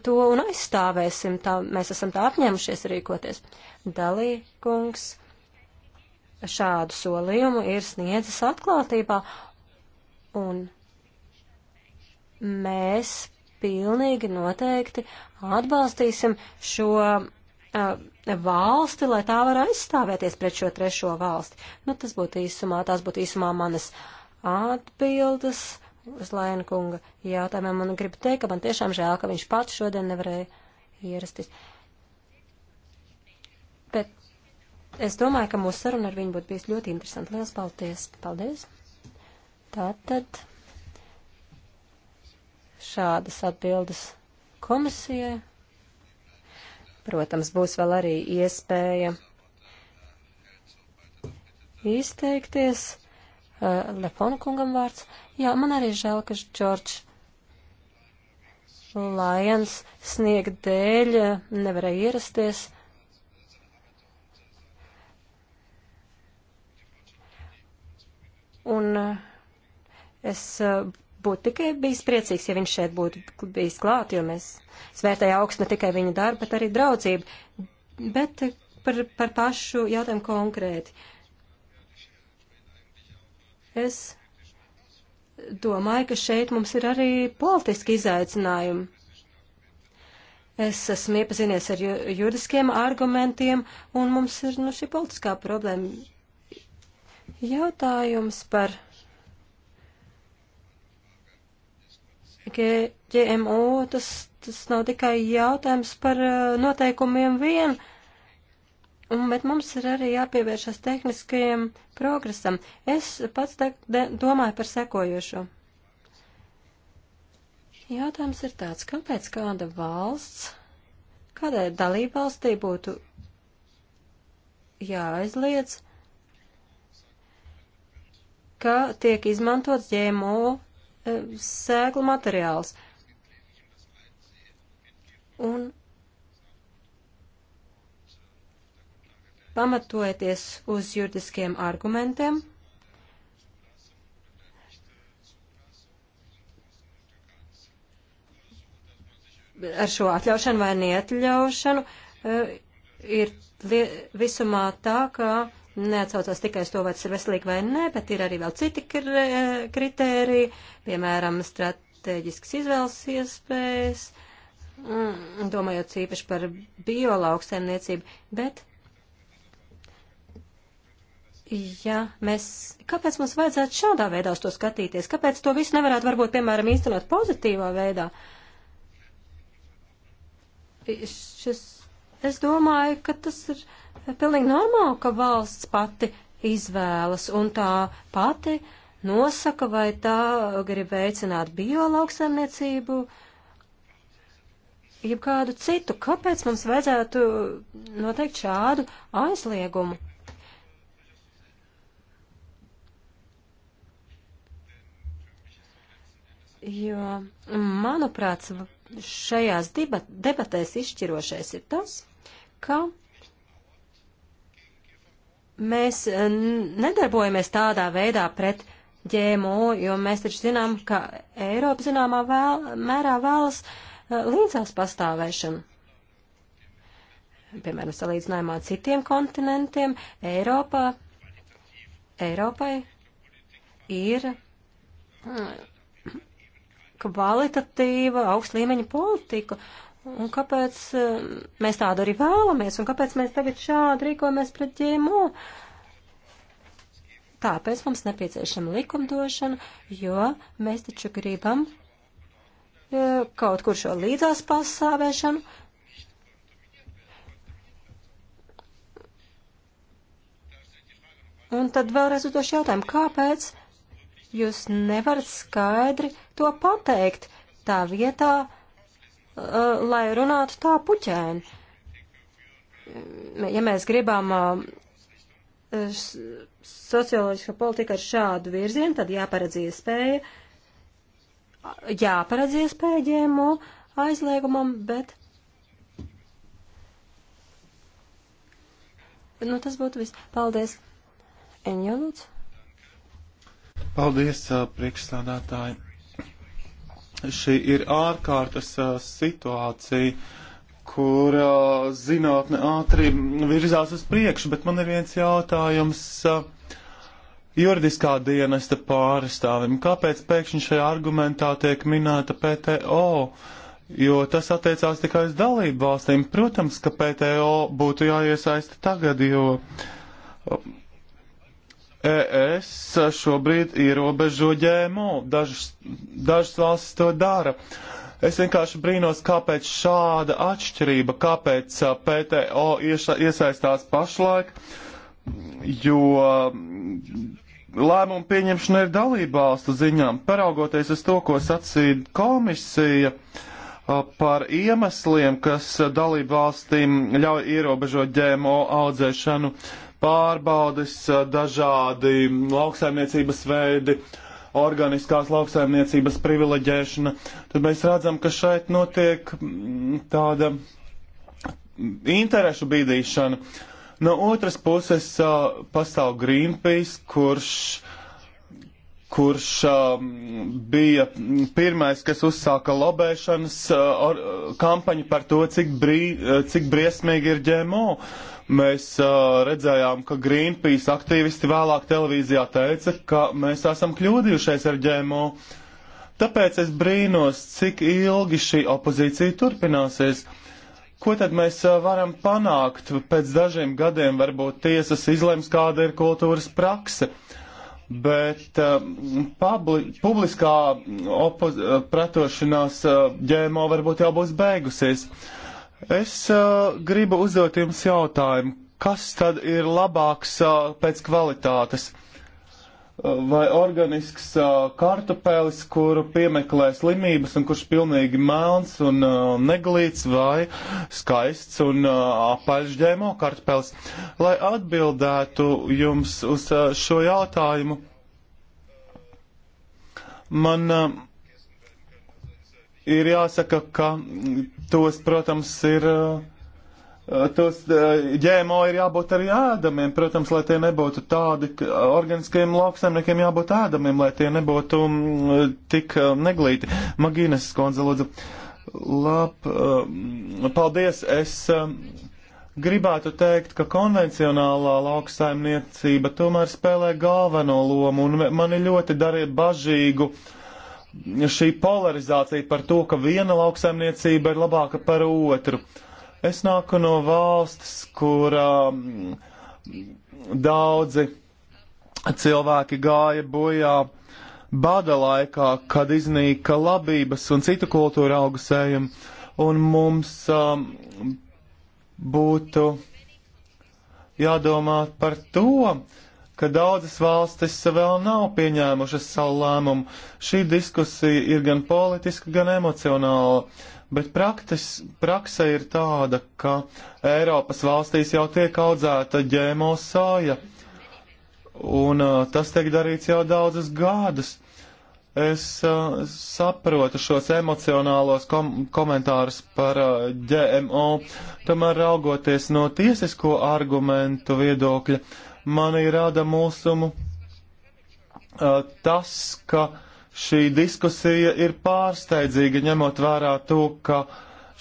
to un aizstāvēsim. Tā, mēs esam tā apņēmušies rīkoties. Dalīkungs šādu solījumu ir sniedzis atklātībā, un mēs pilnīgi noteikti atbalstīsim šo uh, valsti, lai tā var aizstāvēties pret šo trešo valsti. Nu, tas būtu īsumā, tās būtu īsumā manas atbildes uz Laina kunga jautājumiem. Man gribu teikt, ka man tiešām žēl, ka viņš pats šodien nevarēja ierasties. Bet es domāju, ka mūsu saruna ar viņu būtu bijusi ļoti interesanta. Lielas paldies! Paldies! Tātad šādas atbildes komisijai. Protams, būs vēl arī iespēja izteikties. Uh, eh, Lefona kungam vārds. Uh, Jā, man arī žēl, ka Džordžs Lajans sniega dēļ nevarēja ierasties. Un eh, es eh, būtu tikai bijis priecīgs, ja viņš šeit būtu bijis klāt, jo mēs svērtēja augstu ne tikai viņa darbu, bet arī draudzību. Bet eh, par, par pašu jautājumu konkrēti. Es domāju, ka šeit mums ir arī politiski izaicinājumi. Es esmu iepazinies ar ju juridiskiem argumentiem, un mums ir nu, šī politiskā problēma. Jautājums par GMO, tas, tas nav tikai jautājums par eh, noteikumiem vienu. Un, bet mums ir arī jāpievēršas tehniskajam progresam. Es pats domāju par sekojošo. Jautājums ir tāds, kāpēc kāda valsts, kādai dalībvalstī būtu jāaizliedz, ka tiek izmantots ģēmo eh, sēklu materiāls. Un pamatojoties uz juridiskiem argumentiem. Ar šo atļaušanu vai neatļaušanu eh, ir visumā tā, ka neatsaucās tikai uz to, vai tas ir veselīgi vai nē, bet ir arī vēl citi eh, kritēriji, piemēram, strateģisks izvēles iespējas, mm, domājot īpaši par biolauksaimniecību, bet ja mēs, kāpēc mums vajadzētu šādā veidā uz to skatīties? Kāpēc to visu nevarētu varbūt, piemēram, īstenot pozitīvā veidā? Šis, es domāju, ka tas ir pilnīgi normāli, ka valsts pati izvēlas un tā pati nosaka, vai tā grib veicināt biolauksaimniecību, jeb kādu citu. Kāpēc mums vajadzētu noteikt šādu aizliegumu? Jo, manuprāt, šajās debatēs izšķirošais ir tas, ka mēs e, nedarbojamies tādā veidā pret ģēmo, jo mēs taču zinām, ka Eiropa zināmā vēl, mērā vēlas e, līdzās pastāvēšanu. Piemēram, salīdzinājumā ar citiem kontinentiem, Eiropā, Eiropai ir kvalitatīvu, augstu līmeņu politiku. Un kāpēc eh, mēs tādu arī vēlamies, un kāpēc mēs tagad šādi rīkojamies pret ģēmo? Tāpēc mums nepieciešama likumdošana, jo mēs taču gribam eh, kaut kur šo līdzās pasāvēšanu. Un tad vēlreiz uz to jautājumu, kāpēc jūs nevarat skaidri to pateikt tā vietā, uh, lai runātu tā puķēni. Ja mēs gribam uh, socioloģisko politiku ar šādu virzienu, tad jāparedz iespēja, jāparedz iespēja ģēmo aizliegumam, bet. Nu, tas būtu viss. Paldies. Eņģelūts. Paldies, priekšstādātāji. Šī ir ārkārtas situācija, kur zinātne ātri virzās uz priekšu, bet man ir viens jautājums juridiskā dienesta pārstāvim. Kāpēc pēkšņi šajā argumentā tiek minēta PTO? Jo tas attiecās tikai uz dalību valstīm. Protams, ka PTO būtu jāiesaista tagad, jo ES šobrīd ierobežo ģēmo, dažas, dažas valstis to dara. Es vienkārši brīnos, kāpēc šāda atšķirība, kāpēc PTO ieša, iesaistās pašlaik, jo mm, lēmumu pieņemšana ir dalībvalstu ziņām. Paraugoties uz to, ko sacīja komisija, uh, par iemesliem, kas dalību valstīm ļauj ierobežot ģēmo audzēšanu. Uh, pārbaudes, dažādi lauksaimniecības veidi, organiskās lauksaimniecības privileģēšana, tad mēs redzam, ka šeit notiek mm, tāda interešu bīdīšana. No otras puses uh, pastāv Greenpeace, kurš kurš uh, bija pirmais, kas uzsāka lobēšanas uh, kampaņu par to, cik, brī, cik briesmīgi ir ģēmo. Uh, Mēs uh, redzējām, ka Greenpeace aktīvisti vēlāk televīzijā teica, ka mēs esam kļūdījušies ar ģēmo. Tāpēc es brīnos, cik ilgi šī opozīcija turpināsies. Ko tad mēs uh, varam panākt? Pēc dažiem gadiem varbūt tiesas izlems, kāda ir kultūras prakse bet uh, publi, publiskā opoz, pretošanās uh, ģēmo varbūt jau būs beigusies. Es uh, gribu uzdot jums jautājumu, kas tad ir labāks uh, pēc kvalitātes? Eh, vai organisks kartupelis, kuru piemeklē slimības un kurš pilnīgi melns un uh, neglīts vai skaists un uh, apaļš ģēmo kartupelis. Lai atbildētu jums uz uh, šo jautājumu, man ir jāsaka, ka tos, protams, ir. Eh, eh, tos eh, ģēmo ir jābūt arī ēdamiem, protams, lai tie nebūtu tādi, organiskiem lauksaimniekiem jābūt ēdamiem, lai tie nebūtu mm, tik neglīti. Magīnes skondze, lūdzu. Lab, paldies. Es gribētu teikt, ka konvencionālā lauksaimniecība tomēr spēlē galveno lomu, un mani ļoti darīja bažīgu uh, šī polarizācija par to, ka viena lauksaimniecība ir labāka par otru. Es nāku no valsts, kur um, mm, daudzi cilvēki gāja bojā bada laikā, kad iznīka labības un citu kultūru augusējumi, un mums um, būtu jādomā par to, uh, ka daudzas valstis vēl nav pieņēmušas savu lēmumu. Šī diskusija ir gan politiska, gan emocionāla, bet praktis, praksa ir tāda, ka Eiropas valstīs jau tiek audzēta ģēmo sāja, un uh, tas tiek darīts jau daudzas gadus. Es uh, saprotu šos emocionālos kom komentārus par uh, GMO, tomēr raugoties no tiesisko argumentu viedokļa, uh, manī rada mūsumu tas, ka šī diskusija ir pārsteidzīga, ņemot vērā to, ka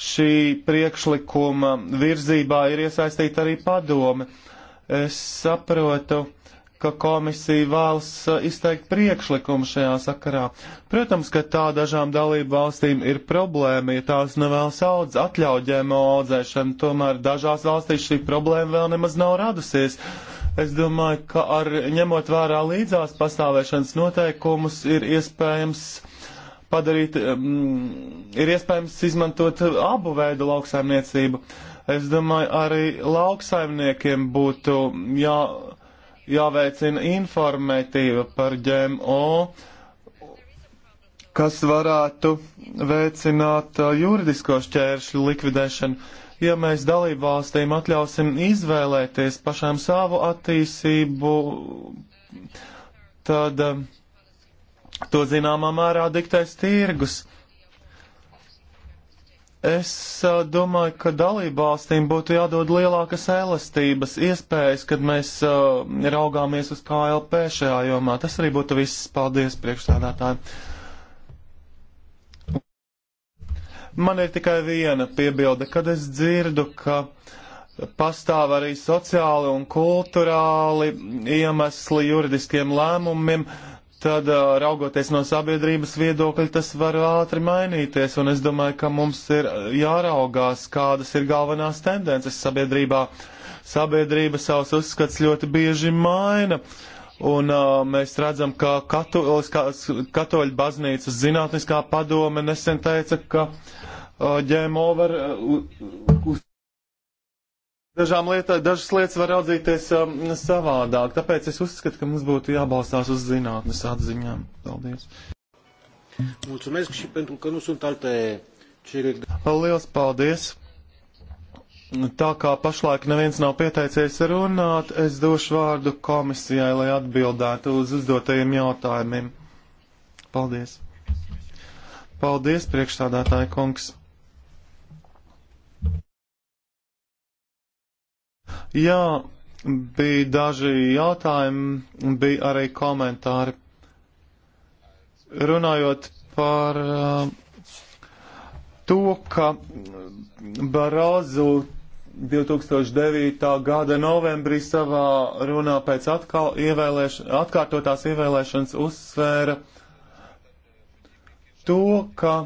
šī priekšlikuma virzībā ir iesaistīta arī padome. Es saprotu, ka komisija vēlas izteikt priekšlikumu šajā sakarā. Protams, ka tā dažām dalību valstīm ir problēma, ja tās nevēlas audz atļaut ģēmo audzēšanu, tomēr dažās valstīs šī problēma vēl nemaz nav radusies. Uh, Es domāju, ka ar ņemot vērā līdzās pastāvēšanas noteikumus ir iespējams padarīt, um, ir iespējams izmantot abu veidu lauksaimniecību. Es domāju, arī lauksaimniekiem būtu jā, jāveicina informētība par GMO, kas varētu veicināt uh, juridisko šķēršļu likvidēšanu ja mēs dalību valstīm atļausim izvēlēties pašām savu attīstību, tad um, to zināmā mērā diktēs tirgus. Es a, uh, domāju, ka dalībvalstīm būtu jādod lielākas elastības iespējas, kad mēs a, uh, raugāmies uz KLP šajā jomā. Tas arī būtu viss. Paldies, priekšstādātāji! Man ir tikai viena piebilde, kad es dzirdu, ka pastāv arī sociāli un kulturāli iemesli juridiskiem lēmumiem, tad raugoties no sabiedrības viedokļa, tas var ātri mainīties, un es domāju, ka mums ir jāraugās, kādas ir galvenās tendences sabiedrībā. Sabiedrība savus uzskats ļoti bieži maina. Un uh, mēs redzam, ka katoļu baznīcas zinātniskā padome nesen teica, ka uh, game over. Uz dažām lietām, dažas lietas var raudzīties um, savādāk. Tāpēc es uzskatu, ka mums būtu jābalstās uz zinātnes atziņām. Paldies! Mulțumesc și pentru că nu sunt alte cereri. Liels paldies! Tā kā pašlaik neviens nav pieteicies runāt, es došu vārdu komisijai, lai atbildētu uz uzdotajiem jautājumiem. Paldies! Paldies, priekšstādātāji kungs! Jā, bija daži jautājumi, bija arī komentāri. Runājot par uh, to, ka Barozu 2009. gada novembrī savā runā pēc atkal ievēlēš, atkārtotās ievēlēšanas uzsvēra to, ka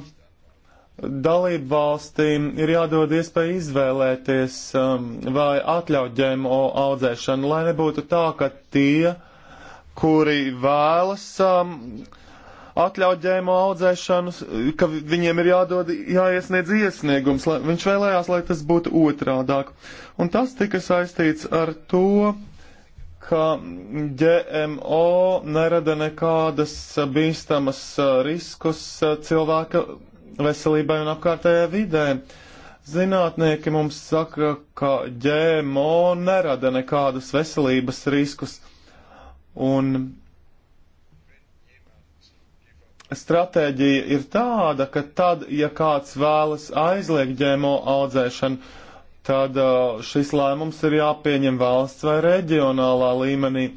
Dalību valstīm ir jādod iespēja izvēlēties um, vai atļaut ģēmo audzēšanu, lai nebūtu tā, ka tie, kuri vēlas um, atļaut ģēmo audzēšanu, ka viņiem ir jādod, jāiesniedz iesniegums. Lai, viņš vēlējās, lai tas būtu otrādāk. Un tas tika saistīts ar to, ka GMO nerada nekādas bīstamas uh, riskus uh, cilvēka veselībai un apkārtējai vidē. Zinātnieki mums saka, ka ģēmo nerada nekādus veselības riskus. Un stratēģija ir tāda, ka tad, ja kāds vēlas aizliegt ģēmo audzēšanu, tad uh, šis lēmums ir jāpieņem valsts vai reģionālā līmenī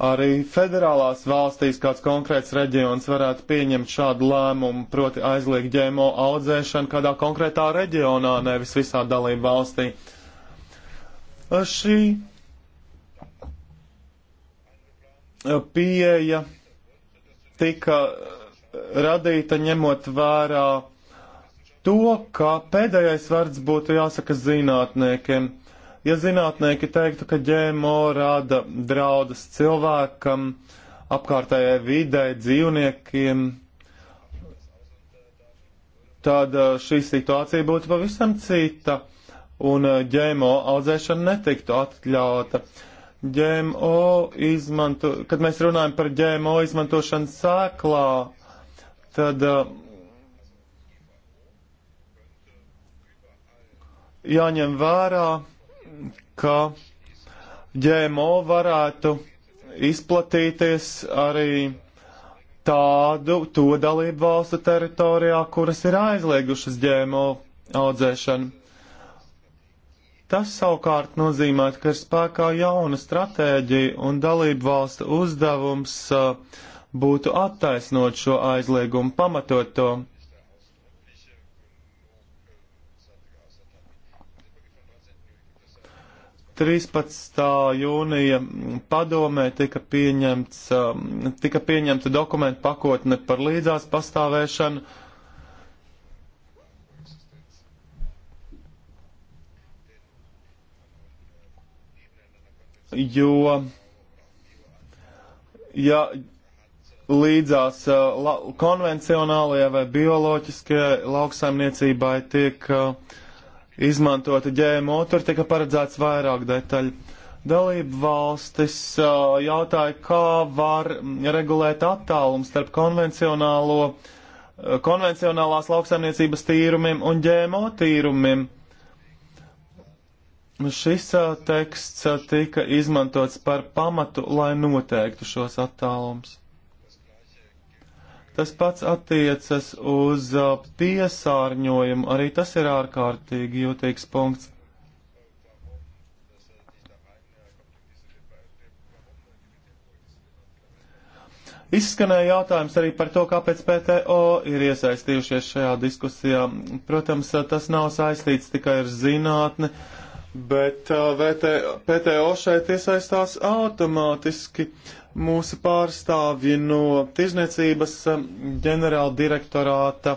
arī federālās valstīs kāds konkrēts reģions varētu pieņemt šādu lēmumu, proti aizliegt ģēmo audzēšanu kādā konkrētā reģionā, nevis visā dalību valstī. Šī e, pieeja tika e, radīta ņemot vērā to, ka pēdējais vārds būtu jāsaka zinātniekiem Ja zinātnieki teiktu, ka ģēmo rada draudas cilvēkam, apkārtējai videi, dzīvniekiem, tad eh, šī situācija būtu pavisam cita un eh, ģēmo audzēšana netiktu atļauta. GMO izmanto, kad mēs runājam par GMO izmantošanu sēklā, tad eh, jāņem vērā, ka ģēmo varētu izplatīties arī tādu to dalību valstu teritorijā, kuras ir aizliegušas ģēmo audzēšanu. Tas savukārt nozīmē, ka ir spēkā jauna stratēģija un dalību valstu uzdevums uh, būtu attaisnot šo aizliegumu, pamatot to. 13. jūnija padomē tika, pieņemts, um, tika pieņemta dokumentu pakotne par līdzās pastāvēšanu. Jo, ja līdzās uh, la, konvencionālajai vai bioloģiskajai lauksaimniecībai tiek uh, izmantoti ģēmo, tur tika paredzēts vairāk detaļu. Dalību valstis jautāja, kā var regulēt attālumu starp konvencionālo, konvencionālās lauksaimniecības tīrumiem un ģēmo tīrumiem. Šis teksts tika izmantots par pamatu, lai noteiktu šos attālums. Tas pats attiecas uz piesārņojumu, arī tas ir ārkārtīgi jūtīgs punkts. Izskanēja jautājums arī par to, kāpēc PTO ir iesaistījušies šajā diskusijā. Protams, tas nav saistīts tikai ar zinātni, bet VT, PTO šeit iesaistās automātiski. Uh, mūsu pārstāvji no Tirzniecības eh, ģenerāla direktorāta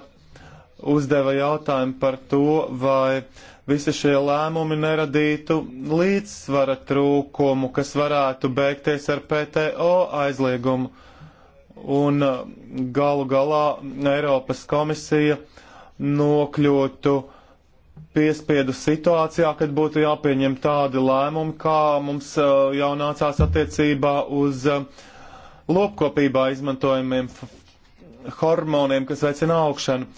uzdeva jautājumu par to, vai visi šie lēmumi neradītu līdzsvara trūkumu, kas varētu beigties ar PTO aizliegumu. Un eh, galu galā Eiropas komisija nokļūtu uh, piespiedu situācijā, kad būtu jāpieņem tādi lēmumi, kā mums uh, jau nācās attiecībā uz uh, lopkopībā izmantojumiem hormoniem, kas veicina augšanu.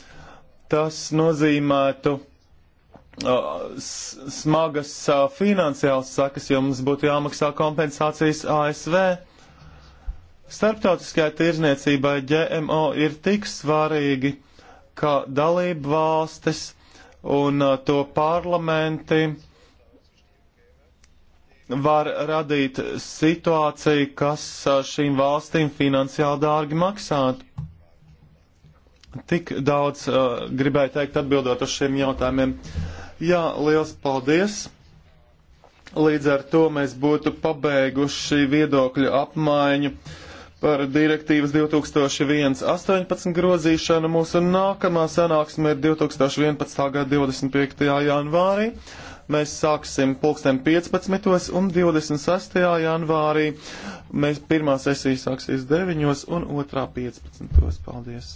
Tas nozīmētu uh, smagas finansiālas sakas, jo mums būtu jāmaksā kompensācijas ASV. Starptautiskajai tirzniecībai GMO ir tik svarīgi, ka dalību valstis un uh, to parlamenti var radīt situāciju, kas uh, šīm valstīm finansiāli dārgi maksātu. Tik daudz uh, gribēju teikt atbildot uz šiem jautājumiem. Jā, liels paldies! Līdz ar to mēs būtu pabeiguši viedokļu apmaiņu par direktīvas 2001-18 grozīšanu. Mūsu nākamā sanāksme ir 2011. gada 25. janvārī. Mēs sāksim pulksten 15. un 26. janvārī. Mēs pirmā sesija sāksies 9. un otrā 15. Paldies!